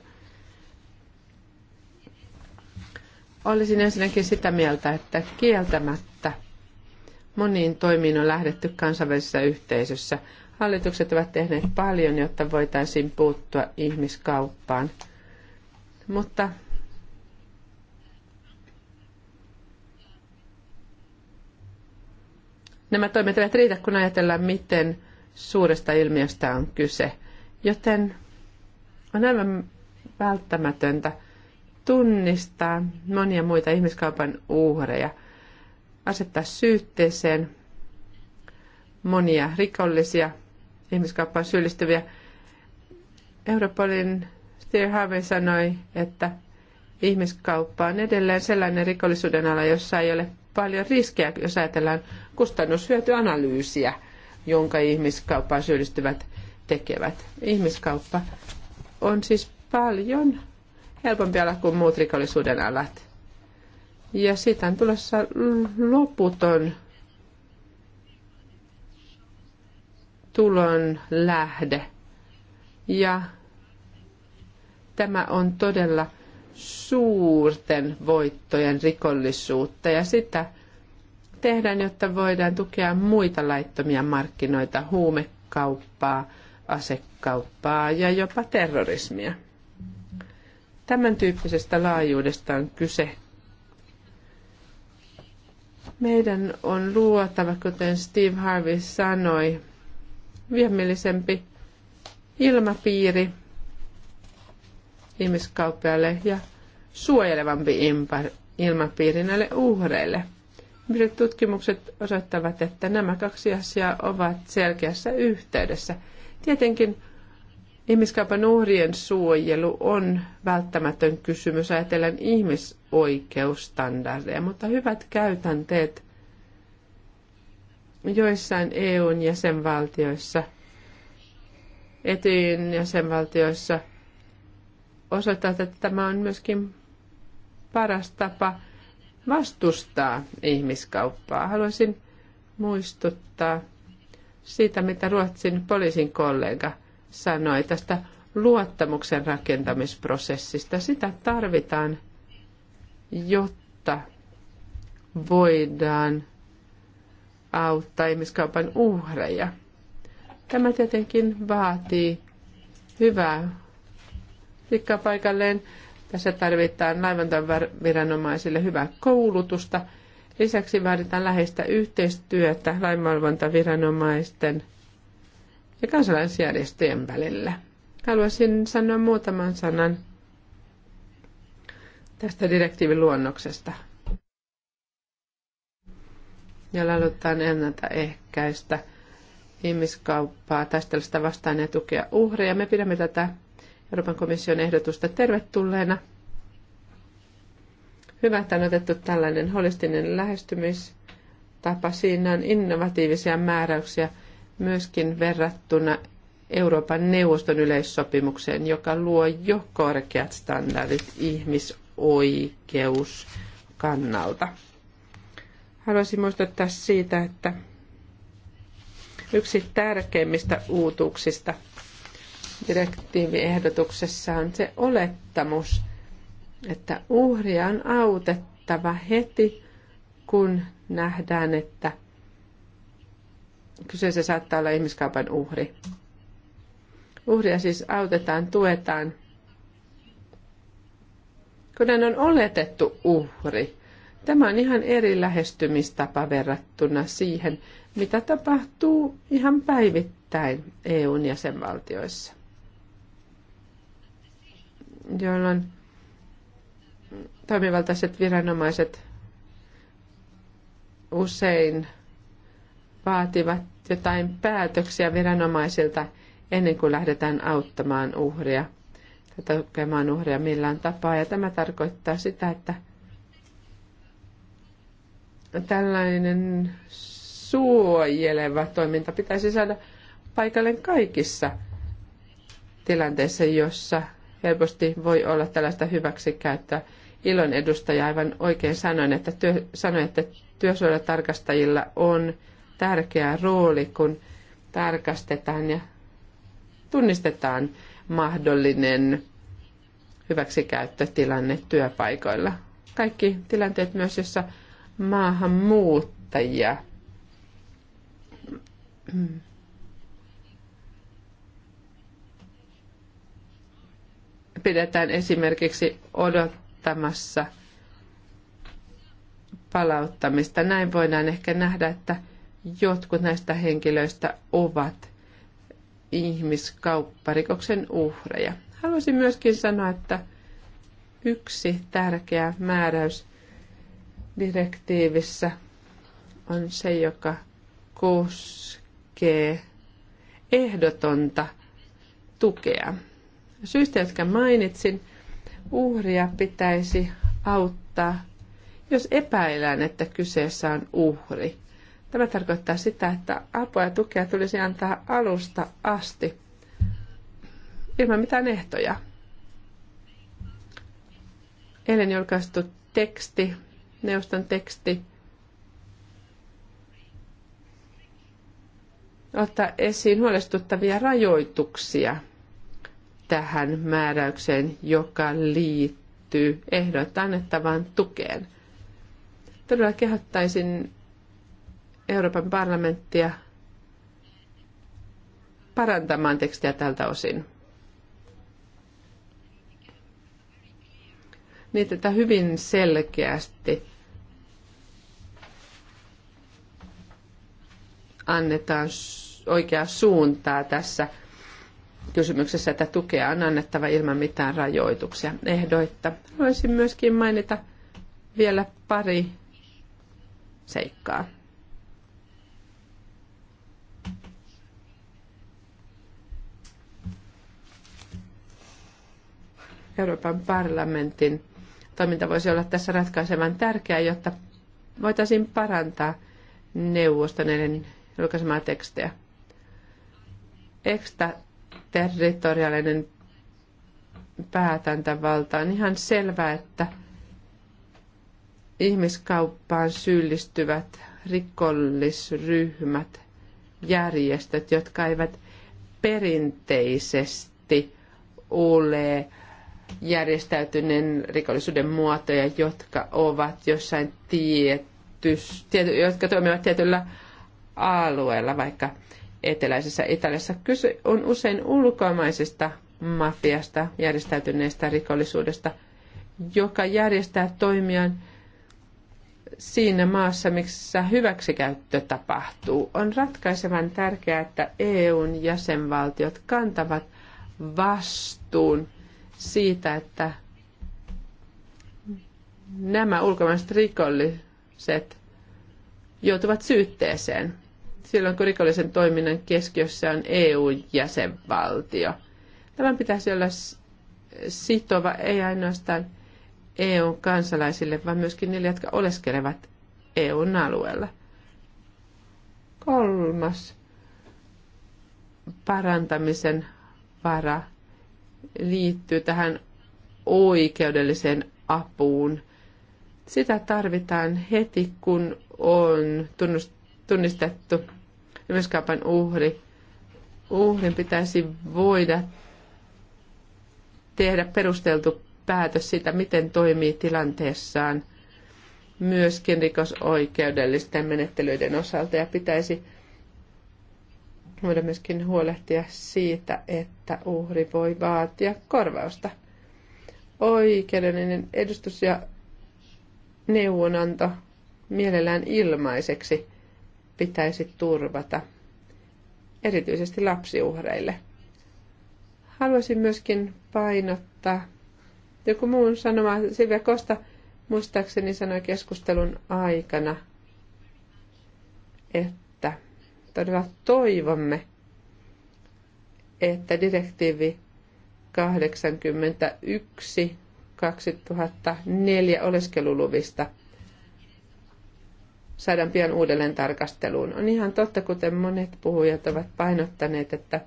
Olisin ensinnäkin sitä mieltä, että kieltämättä moniin toimiin on lähdetty kansainvälisessä yhteisössä. Hallitukset ovat tehneet paljon, jotta voitaisiin puuttua ihmiskauppaan. Mutta nämä toimet eivät riitä, kun ajatellaan, miten suuresta ilmiöstä on kyse. Joten on aivan välttämätöntä – tunnistaa monia muita ihmiskaupan uhreja, asettaa syytteeseen monia rikollisia ihmiskauppaan syyllistyviä. Europolin Steve Harvey sanoi, että ihmiskauppa on edelleen sellainen rikollisuuden ala, jossa ei ole paljon riskejä, jos ajatellaan kustannushyötyanalyysiä, jonka ihmiskauppaan syyllistyvät tekevät. Ihmiskauppa on siis paljon helpompi olla kuin muut rikollisuuden alat. Ja siitä on tulossa loputon tulon lähde. Ja tämä on todella suurten voittojen rikollisuutta ja sitä tehdään, jotta voidaan tukea muita laittomia markkinoita, huumekauppaa, asekauppaa ja jopa terrorismia. Tämän tyyppisestä laajuudesta on kyse. Meidän on luotava, kuten Steve Harvey sanoi, viemillisempi ilmapiiri ihmiskauppiaille ja suojelevampi ilmapiiri näille uhreille. Tutkimukset osoittavat, että nämä kaksi asiaa ovat selkeässä yhteydessä. Tietenkin Ihmiskaupan uhrien suojelu on välttämätön kysymys ajatellen ihmisoikeusstandardeja, mutta hyvät käytänteet joissain EUn jäsenvaltioissa, etyin jäsenvaltioissa osoittaa, että tämä on myöskin paras tapa vastustaa ihmiskauppaa. Haluaisin muistuttaa siitä, mitä Ruotsin poliisin kollega – sanoi tästä luottamuksen rakentamisprosessista. Sitä tarvitaan, jotta voidaan auttaa ihmiskaupan uhreja. Tämä tietenkin vaatii hyvää tikkaa paikalleen. Tässä tarvitaan laivantaviranomaisille hyvää koulutusta. Lisäksi vaaditaan läheistä yhteistyötä laivantaviranomaisten – ja kansalaisjärjestöjen välillä. Haluaisin sanoa muutaman sanan tästä direktiivin luonnoksesta. Jolla halutaan ennaltaehkäistä ihmiskauppaa, taistelusta vastaan ja tukea uhreja. Me pidämme tätä Euroopan komission ehdotusta tervetulleena. Hyvä, että on otettu tällainen holistinen lähestymistapa. Siinä on innovatiivisia määräyksiä – myöskin verrattuna Euroopan neuvoston yleissopimukseen, joka luo jo korkeat standardit ihmisoikeus kannalta. Haluaisin muistuttaa siitä, että yksi tärkeimmistä uutuuksista direktiiviehdotuksessa on se olettamus, että uhria on autettava heti, kun nähdään, että – kyseessä saattaa olla ihmiskaupan uhri. Uhria siis autetaan, tuetaan, kun hän on oletettu uhri. Tämä on ihan eri lähestymistapa verrattuna siihen, mitä tapahtuu ihan päivittäin EUn jäsenvaltioissa, jolloin toimivaltaiset viranomaiset usein vaativat jotain päätöksiä viranomaisilta ennen kuin lähdetään auttamaan uhria tai tukemaan uhria millään tapaa. Ja tämä tarkoittaa sitä, että tällainen suojeleva toiminta pitäisi saada paikalle kaikissa tilanteissa, jossa helposti voi olla tällaista hyväksikäyttöä. Ilon edustaja aivan oikein sanoi, että, työ, sanoi, että työsuojelutarkastajilla on tärkeä rooli, kun tarkastetaan ja tunnistetaan mahdollinen hyväksikäyttötilanne työpaikoilla. Kaikki tilanteet myös, jossa maahanmuuttajia pidetään esimerkiksi odottamassa palauttamista. Näin voidaan ehkä nähdä, että jotkut näistä henkilöistä ovat ihmiskaupparikoksen uhreja. Haluaisin myöskin sanoa, että yksi tärkeä määräys direktiivissä on se, joka koskee ehdotonta tukea. Syistä, jotka mainitsin, uhria pitäisi auttaa, jos epäillään, että kyseessä on uhri Tämä tarkoittaa sitä, että apua ja tukea tulisi antaa alusta asti ilman mitään ehtoja. Eilen julkaistu teksti, neuvoston teksti, ottaa esiin huolestuttavia rajoituksia tähän määräykseen, joka liittyy ehdot annettavaan tukeen. Todella kehottaisin Euroopan parlamenttia parantamaan tekstiä tältä osin. Niin tätä hyvin selkeästi annetaan oikeaa suuntaa tässä kysymyksessä, että tukea on annettava ilman mitään rajoituksia ehdoitta. Voisin myöskin mainita vielä pari seikkaa. Euroopan parlamentin toiminta voisi olla tässä ratkaisevan tärkeää, jotta voitaisiin parantaa neuvoston julkaisemaa tekstejä. Ekstraterritoriaalinen päätäntävalta on ihan selvää, että ihmiskauppaan syyllistyvät rikollisryhmät, järjestöt, jotka eivät perinteisesti ole järjestäytyneen rikollisuuden muotoja, jotka ovat jossain tietys, tiety, jotka toimivat tietyllä alueella, vaikka eteläisessä Italiassa. Kyse on usein ulkomaisesta mafiasta, järjestäytyneestä rikollisuudesta, joka järjestää toimijan siinä maassa, missä hyväksikäyttö tapahtuu. On ratkaisevan tärkeää, että EUn jäsenvaltiot kantavat vastuun siitä, että nämä ulkomaiset rikolliset joutuvat syytteeseen silloin, kun rikollisen toiminnan keskiössä on EU-jäsenvaltio. Tämän pitäisi olla sitova ei ainoastaan EU-kansalaisille, vaan myöskin niille, jotka oleskelevat EUn alueella. Kolmas parantamisen vara – liittyy tähän oikeudelliseen apuun. Sitä tarvitaan heti, kun on tunnistettu ihmiskaupan uhri. Uhrin pitäisi voida tehdä perusteltu päätös siitä, miten toimii tilanteessaan myöskin rikosoikeudellisten menettelyiden osalta ja pitäisi voida myöskin huolehtia siitä, että uhri voi vaatia korvausta. Oikeudellinen edustus ja neuvonanto mielellään ilmaiseksi pitäisi turvata, erityisesti lapsiuhreille. Haluaisin myöskin painottaa, joku muun sanoma, Silvia Kosta muistaakseni sanoi keskustelun aikana, että todella toivomme, että direktiivi 81 2004 oleskeluluvista saadaan pian uudelleen tarkasteluun. On ihan totta, kuten monet puhujat ovat painottaneet, että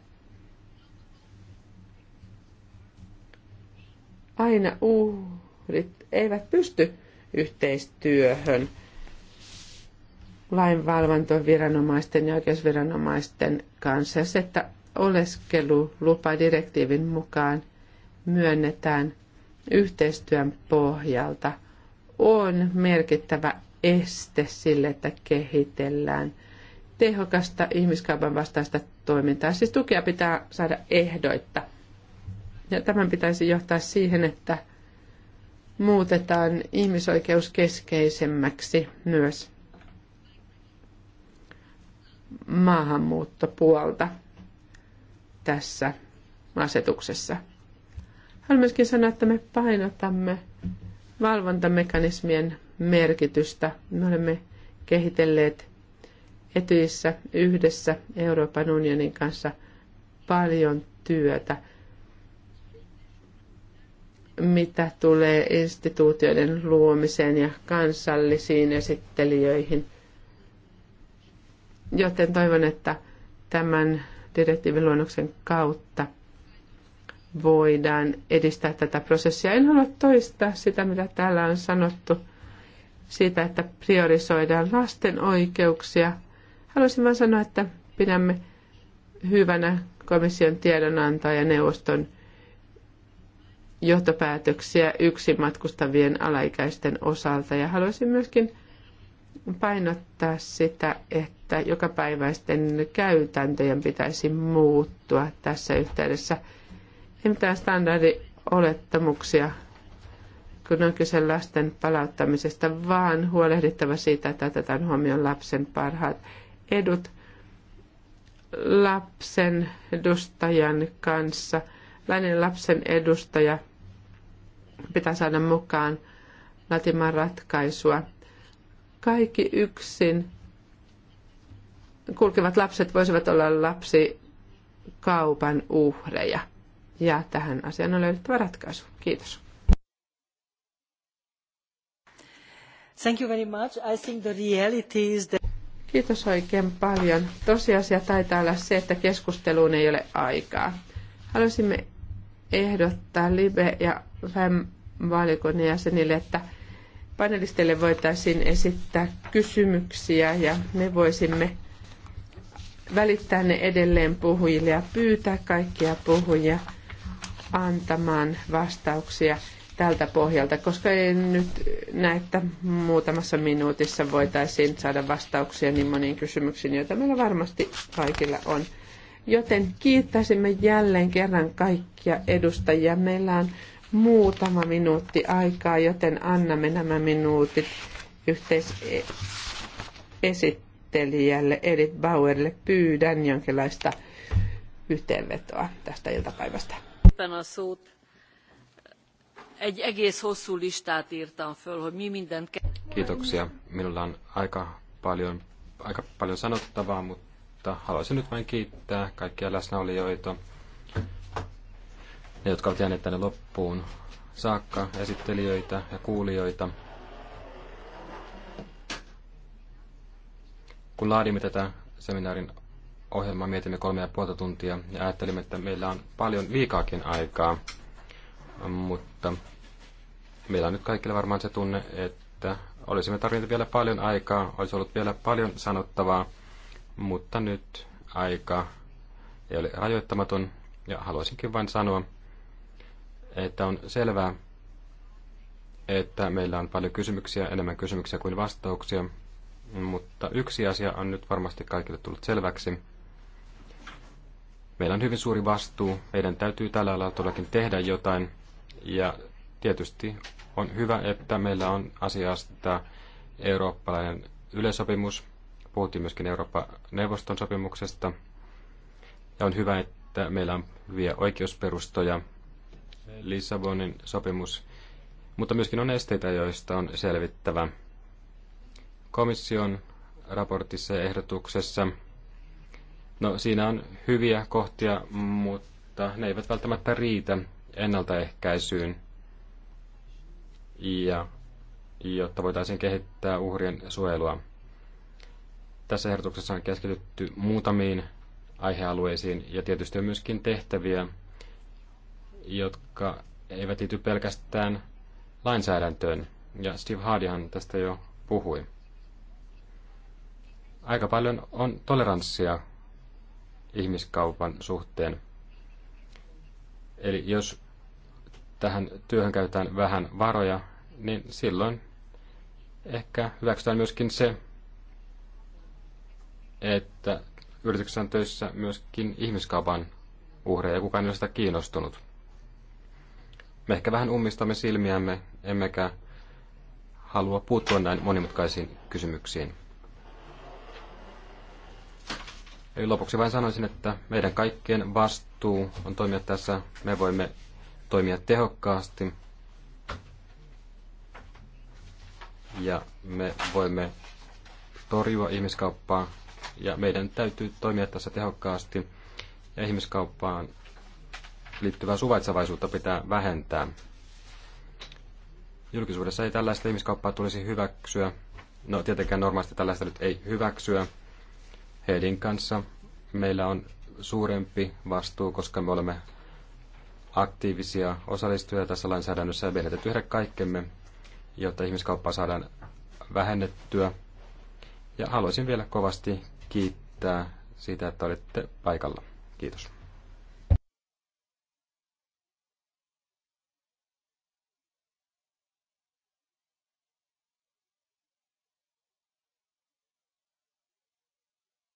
aina uhrit eivät pysty yhteistyöhön – lainvalvontoviranomaisten ja oikeusviranomaisten kanssa. se, että oleskelulupadirektiivin mukaan myönnetään yhteistyön pohjalta, on merkittävä este sille, että kehitellään tehokasta ihmiskaupan vastaista toimintaa. Siis tukea pitää saada ehdoitta. Ja tämän pitäisi johtaa siihen, että muutetaan ihmisoikeus keskeisemmäksi myös maahanmuuttopuolta tässä asetuksessa. Haluan myöskin sanoa, että me painotamme valvontamekanismien merkitystä. Me olemme kehitelleet etyissä yhdessä Euroopan unionin kanssa paljon työtä, mitä tulee instituutioiden luomiseen ja kansallisiin esittelijöihin – Joten toivon, että tämän direktiivin kautta voidaan edistää tätä prosessia. En halua toistaa sitä, mitä täällä on sanottu siitä, että priorisoidaan lasten oikeuksia. Haluaisin vain sanoa, että pidämme hyvänä komission tiedonantoa ja neuvoston johtopäätöksiä yksin matkustavien alaikäisten osalta. Ja haluaisin myöskin painottaa sitä, että että päiväisten käytäntöjen pitäisi muuttua tässä yhteydessä. Ei mitään standardiolettamuksia, kun on kyse lasten palauttamisesta, vaan huolehdittava siitä, että otetaan huomioon lapsen parhaat edut lapsen edustajan kanssa. Läinen lapsen edustaja pitää saada mukaan latimaan ratkaisua. Kaikki yksin kulkevat lapset voisivat olla lapsi kaupan uhreja. Ja tähän asiaan on löydettävä ratkaisu. Kiitos. Thank you very much. I think the reality is that... Kiitos oikein paljon. Tosiasia taitaa olla se, että keskusteluun ei ole aikaa. Haluaisimme ehdottaa Libe ja Fem valiokunnan jäsenille, että panelisteille voitaisiin esittää kysymyksiä ja me voisimme välittää ne edelleen puhujille ja pyytää kaikkia puhujia antamaan vastauksia tältä pohjalta, koska ei nyt näe, että muutamassa minuutissa voitaisiin saada vastauksia niin moniin kysymyksiin, joita meillä varmasti kaikilla on. Joten kiittäisimme jälleen kerran kaikkia edustajia. Meillä on muutama minuutti aikaa, joten annamme nämä minuutit yhteisesti esittelijälle Edith Bauerille pyydän jonkinlaista yhteenvetoa tästä iltapäivästä. Kiitoksia. Minulla on aika paljon, aika paljon sanottavaa, mutta haluaisin nyt vain kiittää kaikkia läsnäolijoita, ne jotka ovat jääneet tänne loppuun saakka, esittelijöitä ja kuulijoita. Kun laadimme tätä seminaarin ohjelmaa, mietimme kolme ja puolta tuntia ja ajattelimme, että meillä on paljon liikaakin aikaa, mutta meillä on nyt kaikille varmaan se tunne, että olisimme tarvinneet vielä paljon aikaa, olisi ollut vielä paljon sanottavaa, mutta nyt aika ei ole rajoittamaton ja haluaisinkin vain sanoa, että on selvää, että meillä on paljon kysymyksiä, enemmän kysymyksiä kuin vastauksia, mutta yksi asia on nyt varmasti kaikille tullut selväksi. Meillä on hyvin suuri vastuu. Meidän täytyy tällä alalla todellakin tehdä jotain. Ja tietysti on hyvä, että meillä on asiasta eurooppalainen yleisopimus. Puhuttiin myöskin Euroopan neuvoston sopimuksesta. Ja on hyvä, että meillä on hyviä oikeusperustoja. Lissabonin sopimus. Mutta myöskin on esteitä, joista on selvittävä komission raportissa ja ehdotuksessa. No, siinä on hyviä kohtia, mutta ne eivät välttämättä riitä ennaltaehkäisyyn ja jotta voitaisiin kehittää uhrien suojelua. Tässä ehdotuksessa on keskitytty muutamiin aihealueisiin ja tietysti on myöskin tehtäviä, jotka eivät liity pelkästään lainsäädäntöön. Ja Steve Hardihan tästä jo puhui aika paljon on toleranssia ihmiskaupan suhteen. Eli jos tähän työhön käytetään vähän varoja, niin silloin ehkä hyväksytään myöskin se, että yrityksessä on töissä myöskin ihmiskaupan uhreja ja kukaan ei ole sitä kiinnostunut. Me ehkä vähän ummistamme silmiämme, emmekä halua puuttua näin monimutkaisiin kysymyksiin. Eli lopuksi vain sanoisin, että meidän kaikkien vastuu on toimia tässä. Me voimme toimia tehokkaasti ja me voimme torjua ihmiskauppaa ja meidän täytyy toimia tässä tehokkaasti ja ihmiskauppaan liittyvää suvaitsevaisuutta pitää vähentää. Julkisuudessa ei tällaista ihmiskauppaa tulisi hyväksyä. No tietenkään normaalisti tällaista nyt ei hyväksyä, Heidin kanssa meillä on suurempi vastuu, koska me olemme aktiivisia osallistujia tässä lainsäädännössä ja meidän täytyy tehdä kaikkemme, jotta ihmiskauppaa saadaan vähennettyä. Ja haluaisin vielä kovasti kiittää siitä, että olette paikalla. Kiitos.